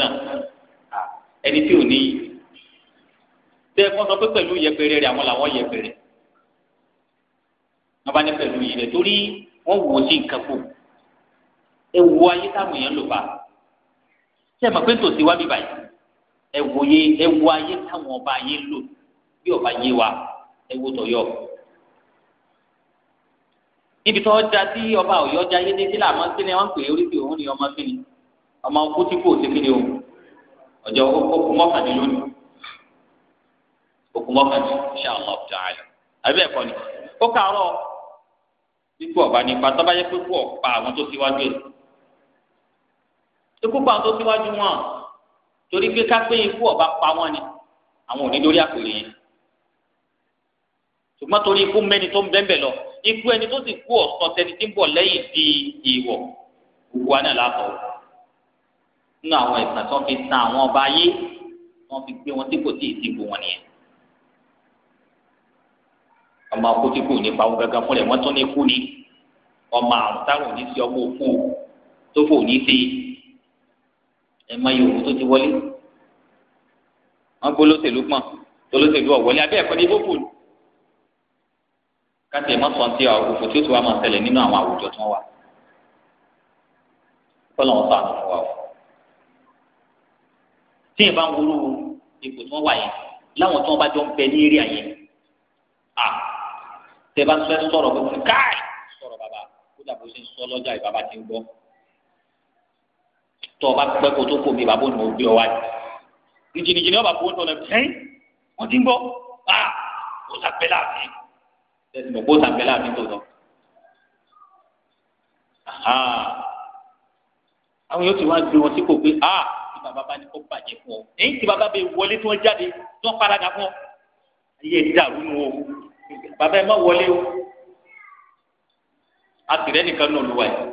náà ẹni tí ò ní yìí tẹ ẹ kọ́ sọ pé pẹ̀lú yẹpẹrẹ rẹ̀ àwọn làwọn yẹpẹrẹ wọn bá ní pẹ̀lú yìí rẹ̀ torí wọ́n wò sí nǹkan kù ẹ wo ayé táwọn èèyàn lò bá ṣe é mọ̀ pé tòsí wá bí báyìí ẹ wòye ẹ wo ayé táwọn ọba ayé lò bí ọba yé wa ẹ wo tọ̀yọ̀ ibi tó ọjà tí ọba ọ̀yọ́ ọjà yé dé sí làmọ́ sí ni wọ́n ń pè é oríṣi òun ni ọmọ sí ni ọmọ ọkú tí kò sí kí ni o ọjọ́ okùn mọ́kànlélónìí okùn mọ́kànlélónìí ṣáàlọ́ ọ̀dọ̀ àlọ́ àbí ẹ̀kọ́ ni ó kàárọ̀ ikú ọ̀bá nípa tọ́bájẹ́ pé kú ọ̀pá àwọn tó síwájú ẹ̀ ikú pa àwọn tó síwájú wọn torí pé ká pé ikú ọ̀bá pa wọn ni àwọn ò ní lórí àpèrè yẹn ṣùgbọ́n torí ikú mẹ́ni tó ń bẹ́ẹ̀ bẹ́ẹ̀ lọ ikú ẹni tó sì kú ọ̀sán tẹni tí ń bọ̀ lẹ́yìn di ìwọ̀ gbogbo wa náà látọ̀ nínú àwọn ẹ̀sán tó fi tan àwọn ọba ayé wọ́n fi gbé wọn tí kò tíì dìbò wọn nìyẹn ọmọ akótí kò ní pawọ́ gángan fúnlẹ̀ wọ́n tún ní kú ni ọmọ àrùn táwọn ò ní sí ọmọ òkú tó fò ní sí ẹ máa yòówù tó ti wọlé wọ́n gbólóṣèlú pọ̀n tó lóṣèlú ọ̀wọ́lé abẹ́ ẹ̀kọ́ ní bóbù ni káti ẹ̀mọ́ sọ̀n tí òfò tí ó ti wá máa tẹ̀lé nínú àwọn àwùjọ tí wọ́n wà kọ́lọ̀ wọn sànù fún wa o tí ìbá ń wúrú ipò tí wọ́n wà yẹn láwọn tí wọ́n bá jọ ń bẹ ní eré àyẹn à tẹ bá fẹ́ sọ̀rọ̀ bó ti káì sọ̀rọ̀ bàbá kó dàbò ṣe ń sọ lọ́jà ìbàbá ti ń gbọ́ tọ́ ọ bá pẹ́ kó tó kò mí bàbá òun ò gbé ọ wáyé ìjìnìjìnì ọba kò ń tọ̀ lẹ́yìn wọ́n ti ń gbọ́ à ó sàpẹ́ láàfin tẹsí mọ̀ kó tàbí láàbí tó lọ. àwọn yóò ti wá gbé wọn sípò pé a tí bàbá bá ní kó bàjẹ́ fún ọ èyí tí bàbá bẹ wọlé tí wọ́n jáde tí wọ́n paradà fún ọ ayé dàrú nu o bàbá ẹ má wọlé o a sì rẹ́ nìkan nínú olúwa yìí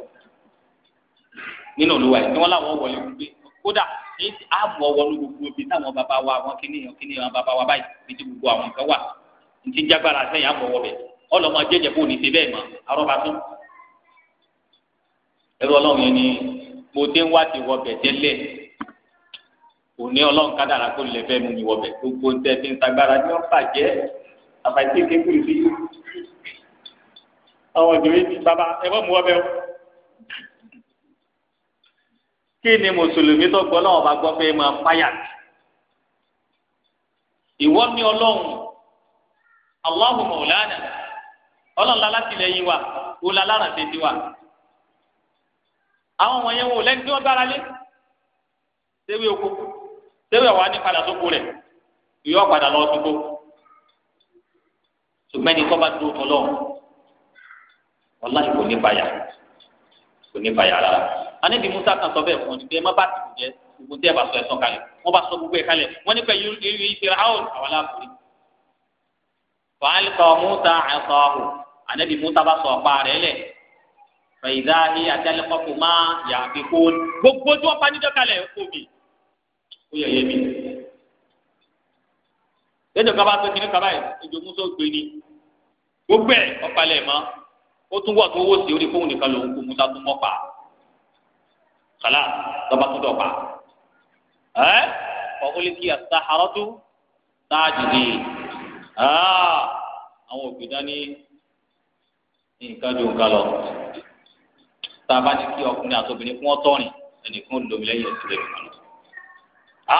nínú olúwa yìí tí wọ́n láwọn wọlé gbé kódà èyí tí a bọ̀ gbogbo ibi táwọn bàbá wa àwọn kìnìyàn kìnìyàn bàbá wa báyìí ibi tí gbogbo àwọn kan wà ní ti jágbára sẹ́yìn a bọ̀ wọ ọlọmọ jẹjẹ bò ní ti bẹ́ẹ̀ mọ arọba tó ẹrú Ọlọ́run yẹn ni mo dé ń wádìí wọbẹ tẹ́lẹ̀ òní Ọlọ́run kádàrá kó lè fẹ́ mú mi wọbẹ gbogbo ń tẹsí ntagbára ní ọfà jẹ àfàìsí kékeré sí àwọn ìdòwé ti bàbá ẹ bọ́ mú wọbẹ o kí ni mùsùlùmí tó gbọ́ náà bá gbọ́ pé máa fáyà ìwọ ni Ọlọ́run Allahu Maulana ọlọ́ọ̀la látìlẹ́yìn wa òòlà lára tètè wa àwọn wọ̀nyẹn wò lẹ́ni tí wọ́n gbára lé sẹ́wé oko sẹ́wé ọ̀wá ní padà sóko rẹ̀ yọ padà lọ sóko ṣùgbọ́n ẹni tó bá tó tọ́ lọ́wọ́ wàláhì kò ní bàyà kò ní bàyà rárá anídìí musa kan sọ bẹ́ẹ̀ fún ọ ní pé ẹ má bá tìkù jẹ gbogbo tẹ́ ẹ bá sọ ẹ sàn kalẹ̀ wọ́n bá sọ gbogbo ẹ kalẹ̀ wọ́n ní pẹ́ yìí ìfira àwọn aláàbò rí. fàálì kọ́ musa àṣọ àhùn anabi musa bá sọ ọ̀pá rẹ̀ lẹ̀ fẹ̀yìdá ní àtẹlẹ́kọ̀kọ̀ máa yà á fi kó gbogbo tí wọ́n bá níjọ́ kalẹ̀ kó mi ó yẹ yẹ mi. lẹ́jọ́ kaba tó kiri kaba yìí ìjọ musa gbé ni gbogbo ẹ̀ ọ̀pálẹ̀ mọ́ ó tún wọ̀ tó wó sí orí fóun nìkan lòun kó musa tún mọ́ pa kàlá lọ́ba tó dọ̀ pa ẹ́ ọ̀húnlẹ̀ kí àtàhárọ́tù sáájú ni àwọn òbí dání nǹkan ju nǹkan lọ tá a bá ní kí ọkùnrin àti obìnrin fún ọtọrin ẹnìkan lómi lẹ́yìn ẹsẹ̀ lẹ́yìn kan lọ. a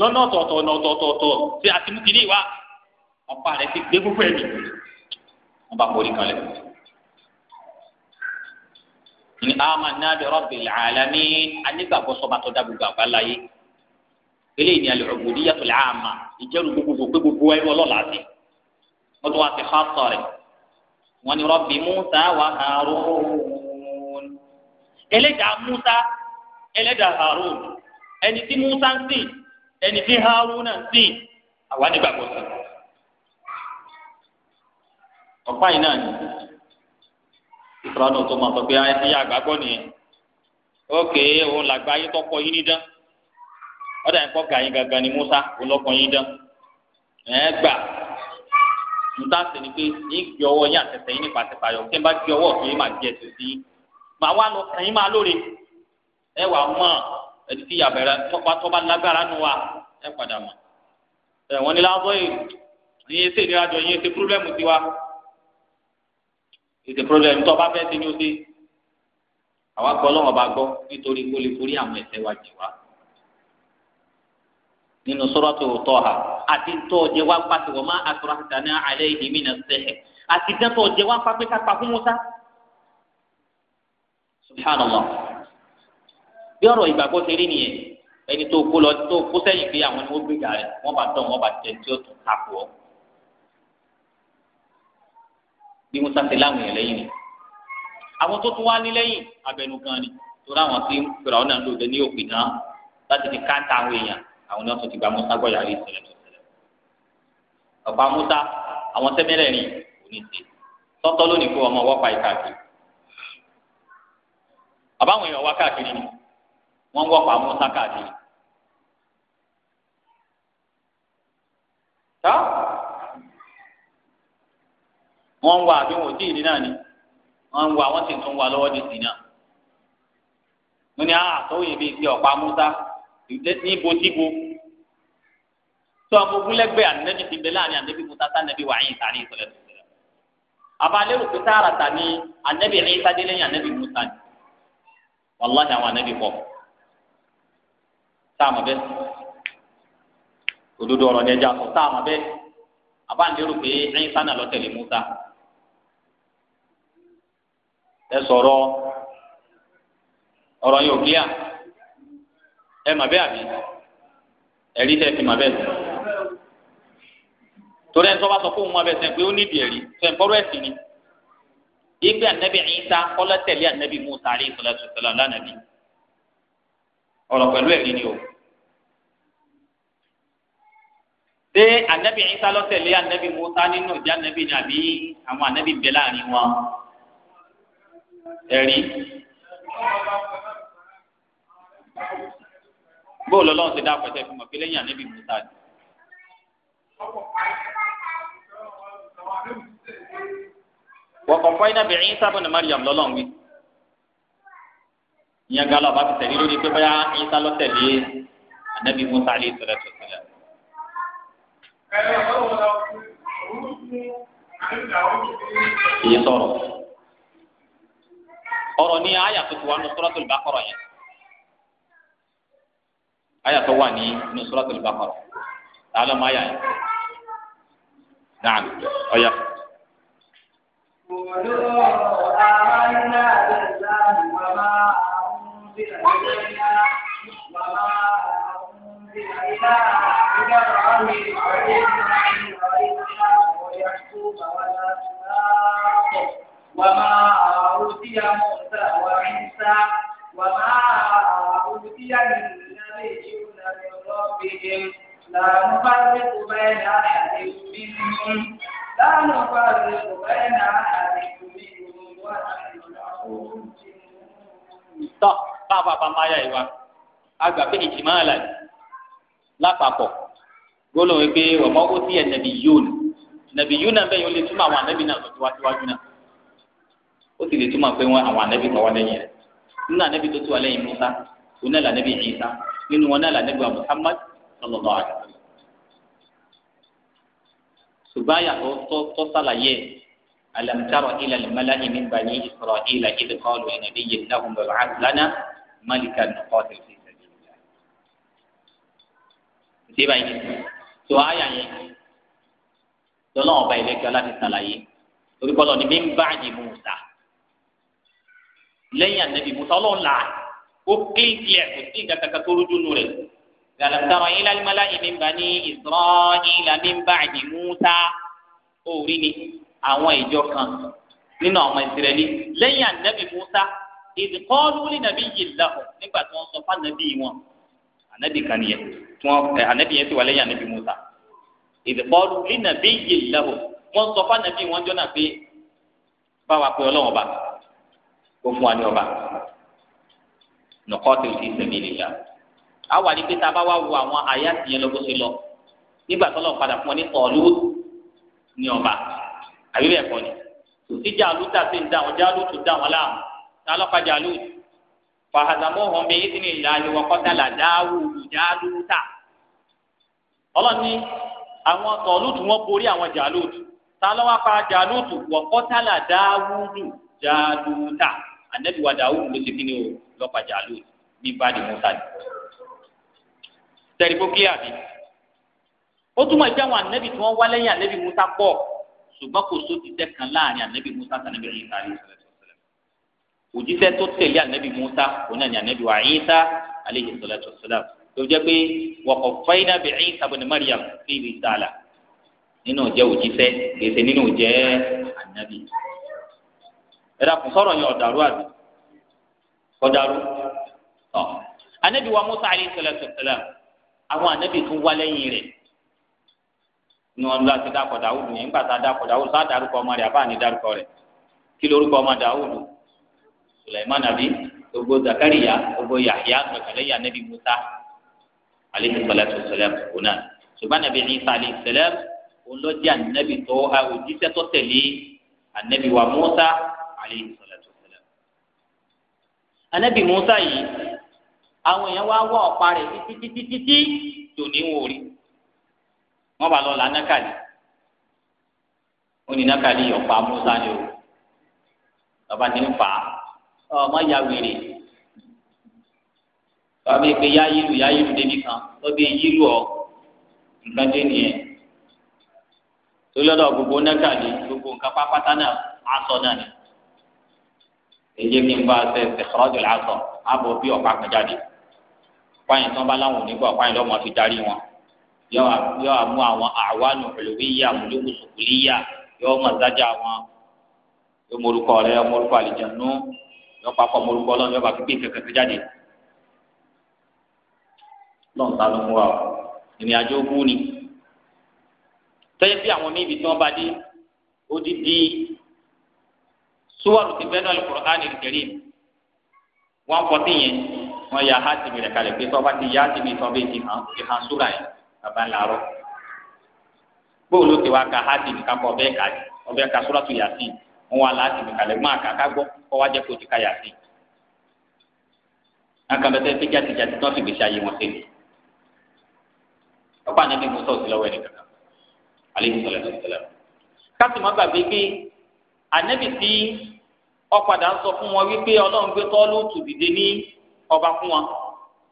lọ́nà ọ̀tọ̀ọ̀tọ̀ ọ̀nà ọ̀tọ̀ọ̀tọ̀ tí a ti mú kiri wa ọ̀pá rẹ̀ ti gbé púpọ̀ ẹ̀mí wọ́n bá forí kan lẹ̀. ní amanna bi rabbil alamin anígbàgbọ́ sọ́ba tó dá gbogbo àgbáńlá yé eléyìí ni al-ubudiyyatul 'amma ìjẹ́rù gbogbogbò pé gbogbo ẹ̀ wọ́n lọ́la sí wọ́n wá sí xaasọ̀ rẹ̀ wọ́n ní rọ́bì musa wà harun ẹlẹ́dàá musa ẹlẹ́dàá harun ẹni tí musa ń sìn ẹni tí harun náà ń sìn àwa nígbàgbọ́ sí ọ̀pá yìí náà ni ìfúráwọ́n tó máa sọ pé ẹni àgbàgbọ́ nìyẹn ókè òun làgbà ayé tọkọ yín ní dán ọ̀dà yẹn kọ́ gàyín gangan ni musa òun lọ́kọ̀ yín dán ẹ̀ gbà níta sì ni pé yín gbé ọwọ́ yín àtẹ̀tẹ̀ yín nípa àtẹ̀páyọ̀ kí n bá gbé ọwọ́ kí n máa jẹ ẹ̀sùn sí yín màá wá lọ kàn yín máa lóore ẹ wà mọ́ ẹni tí yàbẹ̀rẹ̀ tọ́pá tọ́ba lágbára nu wa ẹ padà mọ́ ẹ wọ́n ní lábọ́ yìí yín ṣe ìnira jọ yín ṣe pírọ́blẹ́mù tiwa ètè pírọ́blẹ́mù tọ́ba fẹ́ẹ́ ṣe ni ó ṣe àwa gbọ́ lọ́wọ́ bá gbọ́ nítorí kó lè forí àwọn ẹ̀ṣẹ̀ wa jì wá nínú sọ́rọ́tò tọ́ha àti ntọ́ jẹ́ wá pàṣẹ wọ́n má aṣọra dáná alẹ́ ìdìmí náà sẹ́hẹ̀ àti dẹ́tọ̀ jẹ́ wá pàṣẹ kápá fún musa. subhanallah bí ọ̀rọ̀ ìgbàgbọ́ ṣe rí nìyẹn ẹni tó kó lọ tó kó sẹ́yìn pé àwọn ni wọ́n gbéjà rẹ̀ wọ́n bá tọ̀ wọ́n bá tẹ̀ tí ó tún takò ọ́. bí musa ṣe láwọn yẹn lẹ́yìn ni àwọn tó tún wá ní lẹ́yìn abẹnugan ni torí àwọn tí fìràwọ́n náà lò àwọn náà tó ti gba musa gbọ́ yàrá ìṣẹ̀lẹ̀ tó ṣẹlẹ̀ ọ̀pá musa àwọn tẹ́mẹ́rẹ̀ẹ̀rin kò ní ṣe tọ́tọ́ lónìí kó ọmọ wọ́pa ìkàkiri àbáwọn èèyàn wá káàkiri ni wọ́n ń wọ́pa káàkiri. tá wọ́n ń wá àbí wọn ò tí ì rí náà ni wọ́n ń wá wọ́n sì tún wá lọ́wọ́ dèsì náà. mo ní àtọ́wò ah, yìí bíi ti ọ̀pá níbòtíbo tó àwọn ogunlẹ́gbẹ́ ànábì ti bẹ láàrin ànábì musa sànábì wàhíì sàrí ìsọlẹ̀ tó ṣẹlẹ̀ abalẹ̀ òkú tààràtà ni ànábì rẹ̀ sadélé ní ànábì musa ni wàláhì àwọn ànábì pọ̀ sáàmù bẹ́ẹ̀ òdodo ọ̀rọ̀ ni ẹja sọ sáàmù bẹ́ẹ̀ abáńdérò pé ẹyin sánà lọ́tẹ̀lé musa ẹ sọ̀rọ̀ ọ̀rọ̀ yóò kíá ẹ mà bẹ́ẹ̀ àbí ẹ̀rí tẹ̀ fi mà bẹ́ẹ̀ torí ẹni tó bá sọ fún òun abẹ́sẹ̀ pé ó nídìí ẹ̀rí tẹ̀ ń bọ́rọ̀ ẹ̀sìn ni igbe anabi Isa kọ́lá tẹ̀lé anabi Musa alayhi salatu salam lánàbí ọ̀rọ̀ pẹ̀lú ẹ̀rí ni o ṣé anabi Isa ló tẹ̀lé Musa nínú ìdí anabi ni àbí àwọn anabi bẹ̀ láàrin wọn ẹ̀rí bóòlù ọlọ́run ti dá pẹ́tẹ́ fún mọ̀ pé lẹ́yìn ànábì Mùsá ni. wọ̀kọ̀kọ́ iná bẹ̀rẹ̀ Isa bun Maryam lọ́lọ́run wí. ìyẹn gan lọ́ba ti tẹ̀lé lórí pé báyà Isa lọ tẹ̀lé ànábì Mùsá alayhi salatu wa salam. èyí sọ̀rọ̀ ọ̀rọ̀ ní àyà tuntun wa nù Suratul Baqarah yẹn. aya tó wà ní inú suratul Baqara ta ló mọ aya yẹn naam ọ̀ya. وما أوتي موسى وعيسى وما أوتي من يجئون من ربهم لا نفرق بين أحد منهم لا نفرق بين أحد منهم ونحن له tọ́ báwa bá máa yá ìwà àgbà pé ìjìmáàlà lápapọ̀ gbólóhùn pé ọmọ ó sí ẹ̀ nàbí yóò ní nàbí yóò náà bẹ́ẹ̀ yóò lè túmọ̀ àwọn ànábì náà tó ti wá síwájú náà ó sì lè túmọ̀ pé wọn àwọn ànábì kan wá lẹ́yìn rẹ̀ nínú ànábì tó ti wá lẹ́yìn Musa òun náà lànábì Ìsá nínú wọn náà lànàgbà Muhammad sallallahu alaihi wa sallam ṣùgbọ́n àyàtọ̀ tó sàlàyé alam tara ila al-mala'i min bani isra'ila idh qalu li nabiyyin lahum ib'ath lana malikan nuqatil fi sabilillah. ṣé báyìí tó àyà yẹn lọ́nà ọba ìlẹ́kẹ́ láti sàlàyé torí kọ́lọ́ ni min ba'di Musa lẹ́yìn ànábì Musa ọlọ́run ó clean clear kò sí ìgbà kankan tó rújú nù rẹ̀. alam tara ila al mala'i min bani isra'ila min ba'di musa òórí ni àwọn ìjọ kan nínú àwọn ìsirẹ́lì lẹ́yìn ànábì musa ìdíkọ́lù lè nàbí yìí lahùn nígbà tí wọ́n sọ fún ànábì wọn ànábì kan nìyẹn tí wọ́n ànábì yẹn ti wà lẹ́yìn ànábì musa ìdíkọ́lù lè nàbí yìí lahùn wọ́n sọ fún ànábì wọn jọ́nà pé báwa pé ọlọ́wọ́n ọba kó fún wa ní ọba nuqatil fi sabilillah àwa ni pé tá a bá wá wo àwọn àyà tìyẹn lọ bó ṣe nígbà tó lọ padà fún ọ ní ọ̀lú ní ọba àbí bẹ́ẹ̀ kọ́ ni ìjà àlùtà sí ń dá àwọn jálùtù dá wọn láàmú tá a lọ́ọ́ padà lùtù fàhàzàmóhùn bíi ìdílé ìlànà wọ́kọ́tàlá dáwùdù jálùtà ọlọ́ni àwọn tọ̀lùtù wọn borí àwọn jálùtù tá a lọ́wọ́ apá jálùtù wọ́kọ́tàlá dáwùdù jálùtà ànẹ́bíwá dáwùdù ló ti kí ni o lọ́pàá jàlú bíi báàdì mọ́tà ni. tẹ̀rìbó kílíà mi ó túmọ̀ ìjà àwọn ànábì tí wọ́n wá lẹ́yìn ànábì Musa pọ̀ ṣùgbọ́n kò só ti tẹ́kan láàrin ànábì Musa àtànábì Isa alayhi salatu wassalam òjíṣẹ́ tó tẹ̀lé ànábì Musa òun àni ànábì wa Isa alayhi salatu wassalam tó jẹ́ pé wa qaffayna bi Isa ibn Maryam fi risala nínú jẹ́ òjíṣẹ́ kèsè nínú jẹ́ ànábì ẹ̀dá kò sọ̀rọ̀ yẹn ọ̀dàrú kọdaru ọ anabi wa musa alayhi salatu salam àwọn anabi tún wá lẹ́yìn rẹ̀ ní wọn lọ àti dàpọ̀ dàwùdù yẹn nígbà tá a dàpọ̀ dàwùdù sá dárúkọ ọmọ rẹ̀ àbá ní dárúkọ kí lorúkọ ọmọ dàwùdù sulaiman nabi gbogbo zakariya gbogbo yahya gbẹkẹlẹyà anabi musa alayhi salatu salam òun náà ṣùgbọ́n anabi isa alayhi salam òun lọ jẹ́ anabi tó òjíṣẹ́ tó tẹ̀lé anabi wa musa alayhi anabi musa yìí àwọn èèyàn wá wọ ọ̀pá rẹ̀ títítítítí tòní wò rí wọn bá lọ là nákàlí oní nákàlí ọ̀pá musa ni o bàbá ti ń fà á ọmọ ya wèrè bàbá yìí pé yá yìlù yá yìlù débi kan lọ́bẹ̀ yìlù ọ nǹkan dé nìyẹn tó lọ́dọ̀ gbogbo nákàlí gbogbo nǹkan pápátá náà aṣọ náà ni èyí kí n bá ṣe ṣèkọ́rọ́dù làásọ̀ àbọ̀ bí ọ̀pá kan jáde pààyàn tán bá láwọn onígbà pààyàn lọ́mọ fi darí wọn yọ àmú àwọn àwọn olùwíyà olùwùsùkùlíyà yọ ọmọ ìdájà wọn yọ morúkọ rẹ yọ morúkọ àlìjẹnú yọ papọ̀ morúkọ ọlọ́run yọ bá fi gbé kẹ̀kẹ́ sí jáde lọ́n ta ló mú wa ìrìn àjò ogún ni tẹ́yẹ́ bí àwọn míì ibi tí wọ́n bá dé ó dídí suwaru ti bẹ́ẹ̀ lọ́lẹ̀ Qur'an al-Karim wọn kọ́ sí yẹn wọn yà á tìmí rẹ̀ kalẹ̀ pé tọ́ba ti yá tìmí tọ́ bẹ́ẹ̀ ti hàn ti hàn súra yẹn bàbá làárọ̀ gbóòló ti wá ka á tìmí kakọ ọbẹ̀ ka ọbẹ̀ ka Suratu Yasin wọn wà lá tìmí kalẹ̀ gbọ́n àká ká gbọ́ kọ́ wá jẹ́ kó ti ka Yasin akamẹsẹ fi jatijati tí wọn fi gbèsè ayé wọn sẹbi ọkọ àná bí musa òsì lọ́wọ́ ẹnìkan kan aleyhi sọlá ẹsẹ sọlá kásìmọ gbàgbé pé ànábì tí ọ̀padà ń sọ fún wọn wípé ọlọ́run gbé tọ́lúùtù dìde ní ọba fún wọn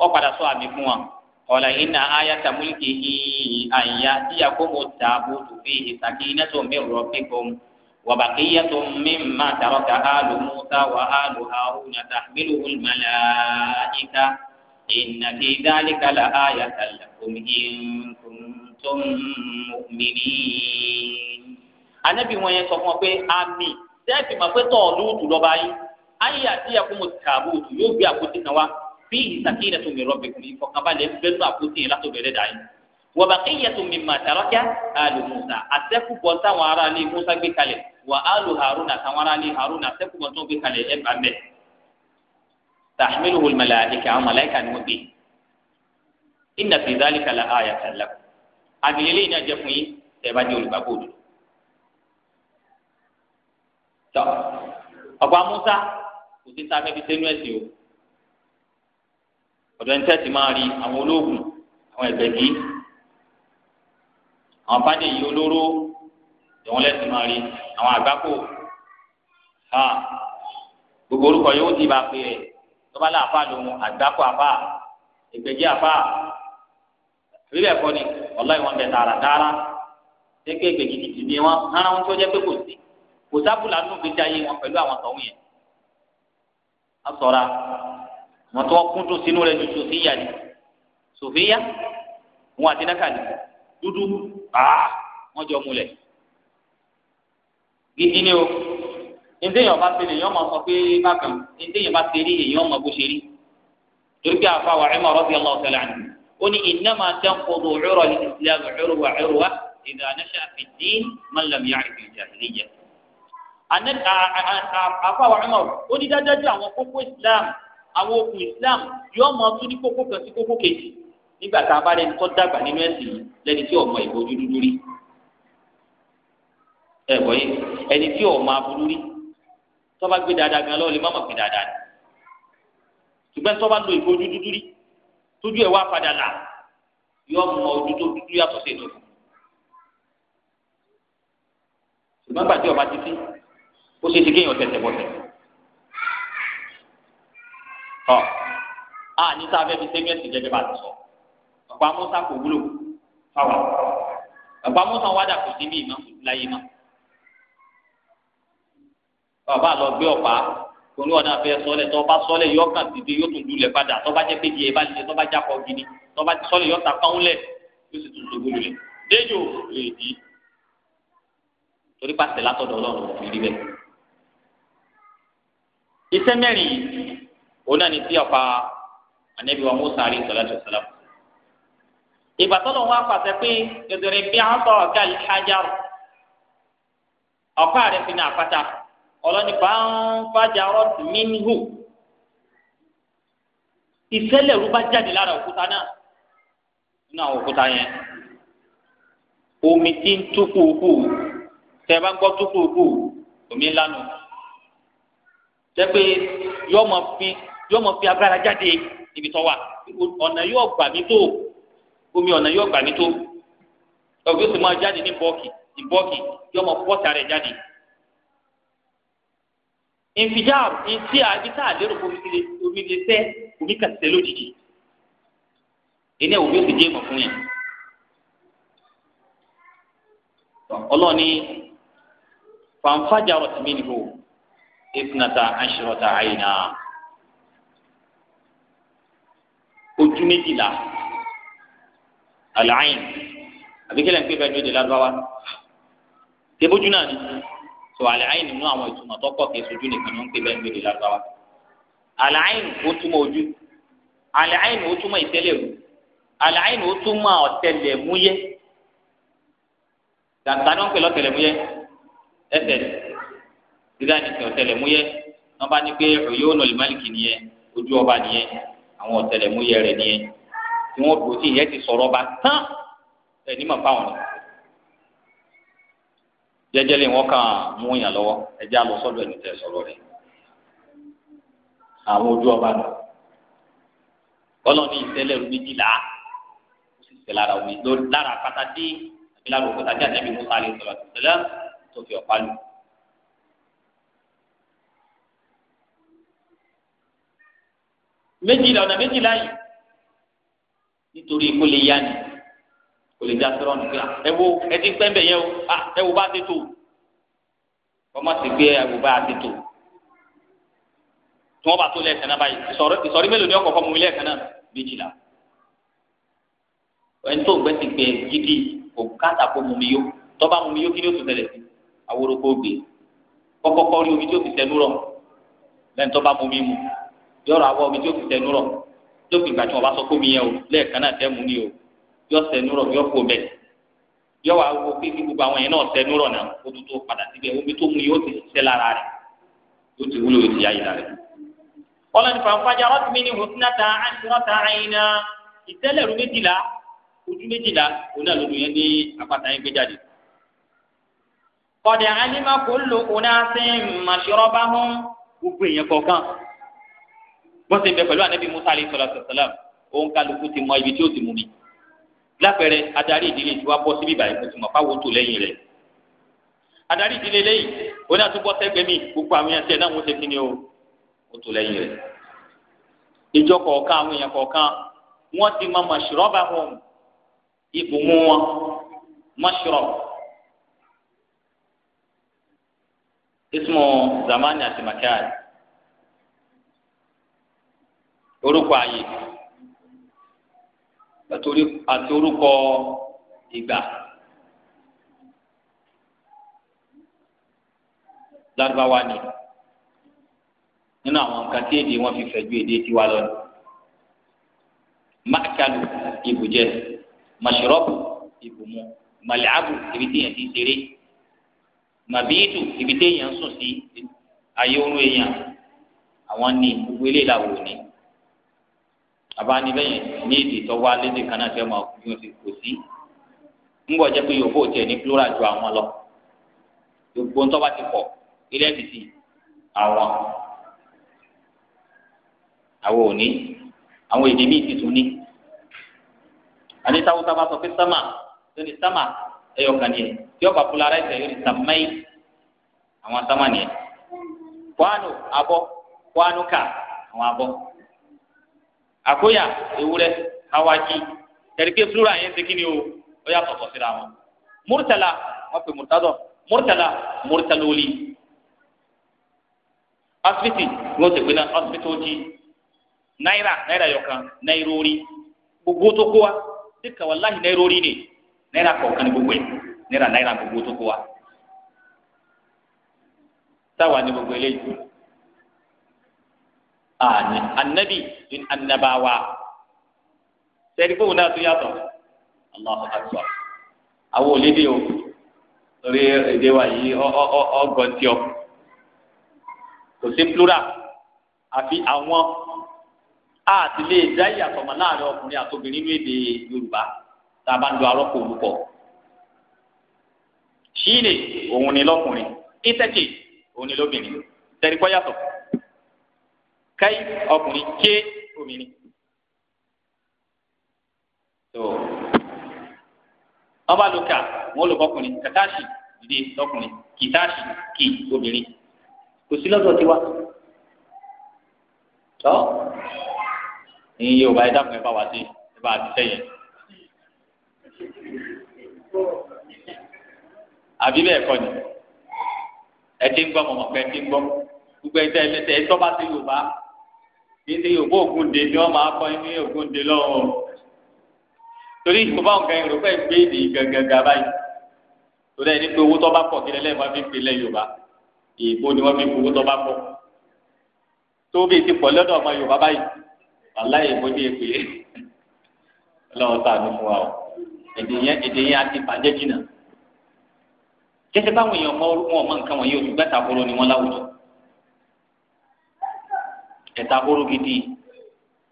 ọ̀padà sọ àmì fún wọn ọ̀la iná ayáta múlùkì yìí àyà tí a kó mo ta bóòtù fi ìsàkí iná tó mi rọ pé kò mu wàbà kí yẹ tó mi má dàrọ ká àlù Musa wà àlù Haruna tahmilu al-malaika inna fi dhalika la ayatan lakum in kuntum mu'minin. anabi wọn yẹn sọ fún ọ pé àmì tẹ́ẹ̀tì máa pé tọ̀ lóòtù lọ́ba yín ayé àti ẹ̀kún mo tààbù òtù yóò gbé àpótí kan wá bí ìsàkíyẹ̀ tó mi rọ̀ bẹ̀kùn yìí fọkànbalẹ̀ bẹ́nu àpótí yẹn látọ̀bẹ̀rẹ̀ dà yín wa baqiyatu mimma taraka alu Musa àtẹ́kùbọ̀ táwọn ará ilé Musa gbé kalẹ̀ wà alu Haruna táwọn ará ilé Haruna àtẹ́kùbọ̀ tó gbé kalẹ̀ ẹ̀ bá mẹ́ tahmiluhu al-malaika tọ ọgbà musa kò sí sáfẹ́ fi sẹ́nu ẹ̀sìn o ọ̀dọ̀ ẹni tẹ́sí máa rí àwọn ológun àwọn ẹ̀gbẹ̀gì àwọn fàdéyí olóró ìwọ̀n lẹ́sìn máa rí àwọn àgbákò ha gbogbo orúkọ yóò ti bá pè é tọ́ba là àfa lòun àgbákò àfa ẹ̀gbẹ̀gì àfa rírẹ̀ kọ́ni ọ̀la ìwọ̀n bẹ̀ tààràtààrà ṣé kéèké kìkìtì ni wọ́n rárá wọn tí ó jẹ́ pé kò sí kò sábùlà nù gbèjà yé wọn pẹ̀lú àwọn tọ̀hún yẹn a sọra wọn tó kún tó sínú rẹ ju sòfíyà ni sòfíyà wọn àti náka ni dúdú aa wọn jọ múlẹ̀ gidi ni o ndéèyàn bá tẹlẹ èèyàn máa sọ pé bákan ndéèyàn bá tẹlẹ èèyàn máa bó ṣe rí torí pé àfa wà ẹ̀ma radiyallahu ta'ala anhu ó ní innama tanqudu 'urra al-islam 'urwa 'urwa idha nasha'a fi ad-din man lam ya'rif al-jahiliyya àfàwà ọmọ onídàájọ́ àwọn kókó islam àwọn okùn islam yóò mọ tún ní kókó kan sí kókó kejì nígbà tá a bá lẹni tó dàgbà nínú ẹ̀sìn lẹni tí ọmọ ìbojú dúdú rí ẹ wọ yìí ẹni tí ọmọ aburú rí tọ́ba gbé dáadáa gan lọ́ọ́ lè má mọ̀ pé dáadáa ni ṣùgbọ́n tọ́ba lo ìbojú dúdú rí tójú ẹ̀ wá padà là yọ mọ ojú tó dúdú yàtọ̀ sí ètò ṣùgbọ́n gbàdé ọba títí ó ṣe ti kéèyàn tẹ̀tẹ̀ bọ̀tẹ̀. ọ a ní sáfẹ́ fi sẹ́gẹ̀ẹ́sì gẹ́gẹ́ bá ti sọ ọ̀pọ̀ amúsá kò wúlò fáwọn ọ̀pọ̀ amúsá wádà kò sí bí ìmọ̀ kò sí láyé mọ́. bàbá lọ gbé ọ̀pá olú ọ̀nà àfẹ́ sọ́lẹ̀ tó bá sọ́lẹ̀ yọ kàn dìde yóò tún dulẹ̀ padà tó bá jẹ́ péjì ẹ̀ bá lè tó bá jápọ̀ gidi tó bá sọ́lẹ̀ yọ ta pọ́n lẹ̀ yóò sì tún ṣubú lulẹ̀ déjò lè dì torí pàṣẹ látọ̀dọ̀ ọlọ́run kò rí bẹ́ẹ̀ iṣẹ́ mẹ́rin yìí òun náà ni tí ọ̀pá anabi wa musa alayhi salatu wa salam ìgbà tó lọ wá pàṣẹ pé gẹ̀dẹ̀rẹ̀ bí a sọ ọ̀gá al-hajar ọ̀pá rẹ̀ fi ní àpáta ọlọ́ni fanfajarat minhu ìṣẹ̀lẹ̀ rúbá jáde lára òkúta náà nínú àwọn òkúta yẹn omi tí ń túkú kú bá gbọ́ túkú omi ńlá nù pé yóò mọ fi yóò mọ fi agbára jáde níbi tó wà ọ̀nà yóò gbà mí tó omi ọ̀nà yóò gbà mí tó ọ̀gbìn yóò sì máa jáde ní bọ́ọ̀kì ní bọ́ọ̀kì yóò mọ pọ́ta rẹ̀ jáde ìfijáàb ìtí àbíta àlérò omi lè tẹ omi kà tẹ lójijì ìní ẹ̀ omi sì jẹ́ ìmọ̀ fún yẹn. ọlọ́ọ̀ni fanfàjà ọ̀tí mi nìyó ìfúnata aṣọta àyìnà ojú méjìlá àlàyìn àbíkẹ́lẹ̀ ń pè bẹ́ẹ̀ ní èdè lárúbáwá tẹ́bójú náà ni tó àlàyìn nínú àwọn ìtumọ̀ tó pọ̀ kí sojú nìkan ló ń pè bẹ́ẹ̀ ní èdè lárúbáwá àlàyìn ó túmọ̀ ojú àlàyìn ó túmọ̀ ìtẹ́lẹ̀rú àlàyìn ó túmọ̀ ọ̀tẹlẹ̀múyẹ́ gàtà ni wọ́n pè lọ́tẹlẹ̀múyẹ́ ẹsẹ̀ dídáni sìn ọ̀tẹlẹ̀múyẹ́ wọn bá ní pé òyìnbó nà lìmálìkì nìyẹn ojú ọba nìyẹn àwọn ọ̀tẹlẹ̀múyẹ́ rẹ̀ nìyẹn tí wọn dùn sí ìyẹn ti sọ̀rọ̀ ọba tán ẹni mà fáwọn ni jẹjẹlẹ wọn kàn mú yàn lọ́wọ́ ẹjẹ alọ sọ́dọ̀ ẹni tẹ sọ̀rọ̀ rẹ̀ àwọn ojú ọba nù ọlọ́ọ̀ni ìtẹ́lẹ̀ méjìlá ó sì tẹ̀ lára omi lára pátá dé àbí lára òkúta dé àtẹ́bí musa alẹ́ sọ̀rọ̀ àtẹ̀sẹ̀lẹ̀ tó fi ọ̀pá lù. méjìlá ọ̀nà méjìlá yìí nítorí kó lè yá ni kó lè já sọ́rọ́ nìkan ẹ wo ẹ ti pẹ́ bẹ̀ yẹn o ẹ wo bá ti tò ọmọ ti gbé ẹ wo bá ti tò tí wọ́n bá tó lẹ́ẹ̀kan náà báyìí ìsọ̀rí mélòó ni ọkọ̀ fọ́ mu ilé ẹ̀kan náà méjìlá ẹni tó gbẹ́ ti gbẹ gidi kò káàtà kó mu mi yó tọ́ba mu mi yó kí ni ó tún tẹ̀lé kó gbé kọ́kọ́kọ́ rí omi tí ó fi tẹnu rọ̀ lẹ́ni tọ́ba mu mi mu yọrọ awọ omi tí ó fi tẹnu rọ lópin ìgbà tí wọn bá sọ kómi yẹn o lẹ́ẹ̀kan náà tẹmu ni o yọ tẹnu rọ yọ kó bẹ yọ wà wọ pé kí gbogbo àwọn yẹn náà tẹnu rọ náà kó tó tó padà síbẹ̀ omi tó mu yìí ó ti ṣiṣẹ́ lára rẹ̀ ó ti wúlò ó ti yá ìlà rẹ̀. ọlọ́ni fanfàjà rọ́tìmí ni hùsínàtà àṣírọ́tà àyìnà ìtẹ́lẹ̀rú méjìlá ojú méjìlá òun náà yẹn ní àpáta yẹn gbé jáde. kọ̀dẹ̀ alima kò lò òun náà wọ́n ti bẹ pẹ̀lú anabi musa alayhi salatu salam òun kálukú ti mọ ibi tí ó ti mú mi lápẹẹrẹ adarí ìdílé tí wàá bọ́ síbí ìbàyẹ̀ kò ti mọ̀ fáwọn tó lẹ́yìn rẹ̀ adarí ìdílé lẹ́yìn òun náà tún bọ́ sẹ́gbẹ́ mi gbogbo àwọn yẹn tiẹ̀ náà wọ́n ti kí ni o ó lẹ́yìn rẹ̀ ìjọ kọ̀ọ̀kan àwọn èèyàn kọ̀ọ̀kan wọ́n ti mọ mọ̀ṣúrọ́bà wọn ìbùmú wọn mọ̀ṣúrọ̀ ismu zamani àti orúkọ ààyè àti orúkọ ìgbà lárúbáwá ni nínú àwọn nǹkan tí èdè wọn fi fẹ̀jú èdè tiwa lọ ni mákàlù ibùjẹ màṣírọ́bù ibùmu màlẹ́àbù ibi téèyàn ti ṣeré màbíyìtù ibi téèyàn ń sùn sí ayé orun èèyàn àwọn ní gbogbo eléyìí làwọn ò ní abanilẹ́yìn ní èdè tó wá lédè kan náà fẹ́ máa kú yóò sì kò sí ńgbọ́ jẹ́ pé yòókù tiẹ̀ ní plural ju àwọn lọ gbogbo ń tọ́ba ti pọ̀ ilé ti ti àwọn àwọn òní àwọn èdè míì ti tún ní àdéhùn táwọn sọ pé sámà tó ní sámà ẹyọ kan ní ẹ tí ọba plural ẹ̀ yóò ní sàmáì àwọn sámà ní ẹ kwano abọ kwano àwọn abọ àkóyà ewúrẹ́ awaki tẹ̀ríkẹ́ flora yẹn ti kíni o ó yà tọ̀tọ̀ síra wọn. murtala wọn pè murtadọ murtala murtaloli ọsibiti wọn ti pè ní ọsibiti ojì náírà náírà yọkan náírà gbogbo tó kó wa dika wàláhi náírà orí ni náírà kọ̀ọ̀kan ni gbogbo ẹ̀ náírà náírà gbogbo tó kó wa. táwa ni gbogbo eléyìí àní anabi ní anabawa sẹ́ni fóun náà tó yàtọ̀ Allahu akbar àwọn òlédè o lórí èdè wa yìí ọgọ̀ntìọ kò sí plural àfi àwọn àti lè dá ìyàtọ̀mọ̀ láàrin ọkùnrin àtòbìnrin ní èdè Yorùbá tá a bá ń lo arọ́pò olùkọ́ ṣílè òun ni lọ́kùnrin ìtẹ́kì òun ni lóbìnrin tẹ̀rí kọ́ yàtọ̀. Kai ọkùnrin ké obìnrin. tó ọba lóka wọn lò fọkùnrin kàtàṣì dìde lọkùnrin kìtàṣì kì obìnrin kò sí lọ́dọ̀ tiwa. tọ́ ìyẹn yóò bá ẹ dákun ẹ bá wá sí ẹ bá ti sẹ́yìn. àbí bẹ́ẹ̀ kọ́ ni ẹ ti ń gbọ́ mọ̀mọ́ pé ẹ ti ń gbọ́ gbogbo ẹ tẹ́ ẹ tọ́ bá ti Yorùbá ìdí òbó ògúnde ni wọn máa kọ ní ògúnde lọ́wọ́ torí ìfowópamọ́ nǹkan ìrò fẹ́ gbé èdè gàgàgà báyìí torí ẹni pé owó tó bá pọ̀ kílẹ̀ lẹ́yìn wọn fi pè lẹ́ Yorùbá ìbò ni wọn fi owó tó bá pọ̀ tó bí ti pọ̀ lọ́dọ̀ ọmọ Yorùbá báyìí wàhálà ìbò ni èpè lọ́wọ́ sàánú fún wa o èdè yẹn èdè yẹn àti bàjẹ́ jìnnà kẹsẹ̀ báwọn èèyàn mọ nǹkan wọ̀nyí òṣùgbẹ́ta kúrò ni wọ́n láwùjọ ẹ̀ta kóró gidi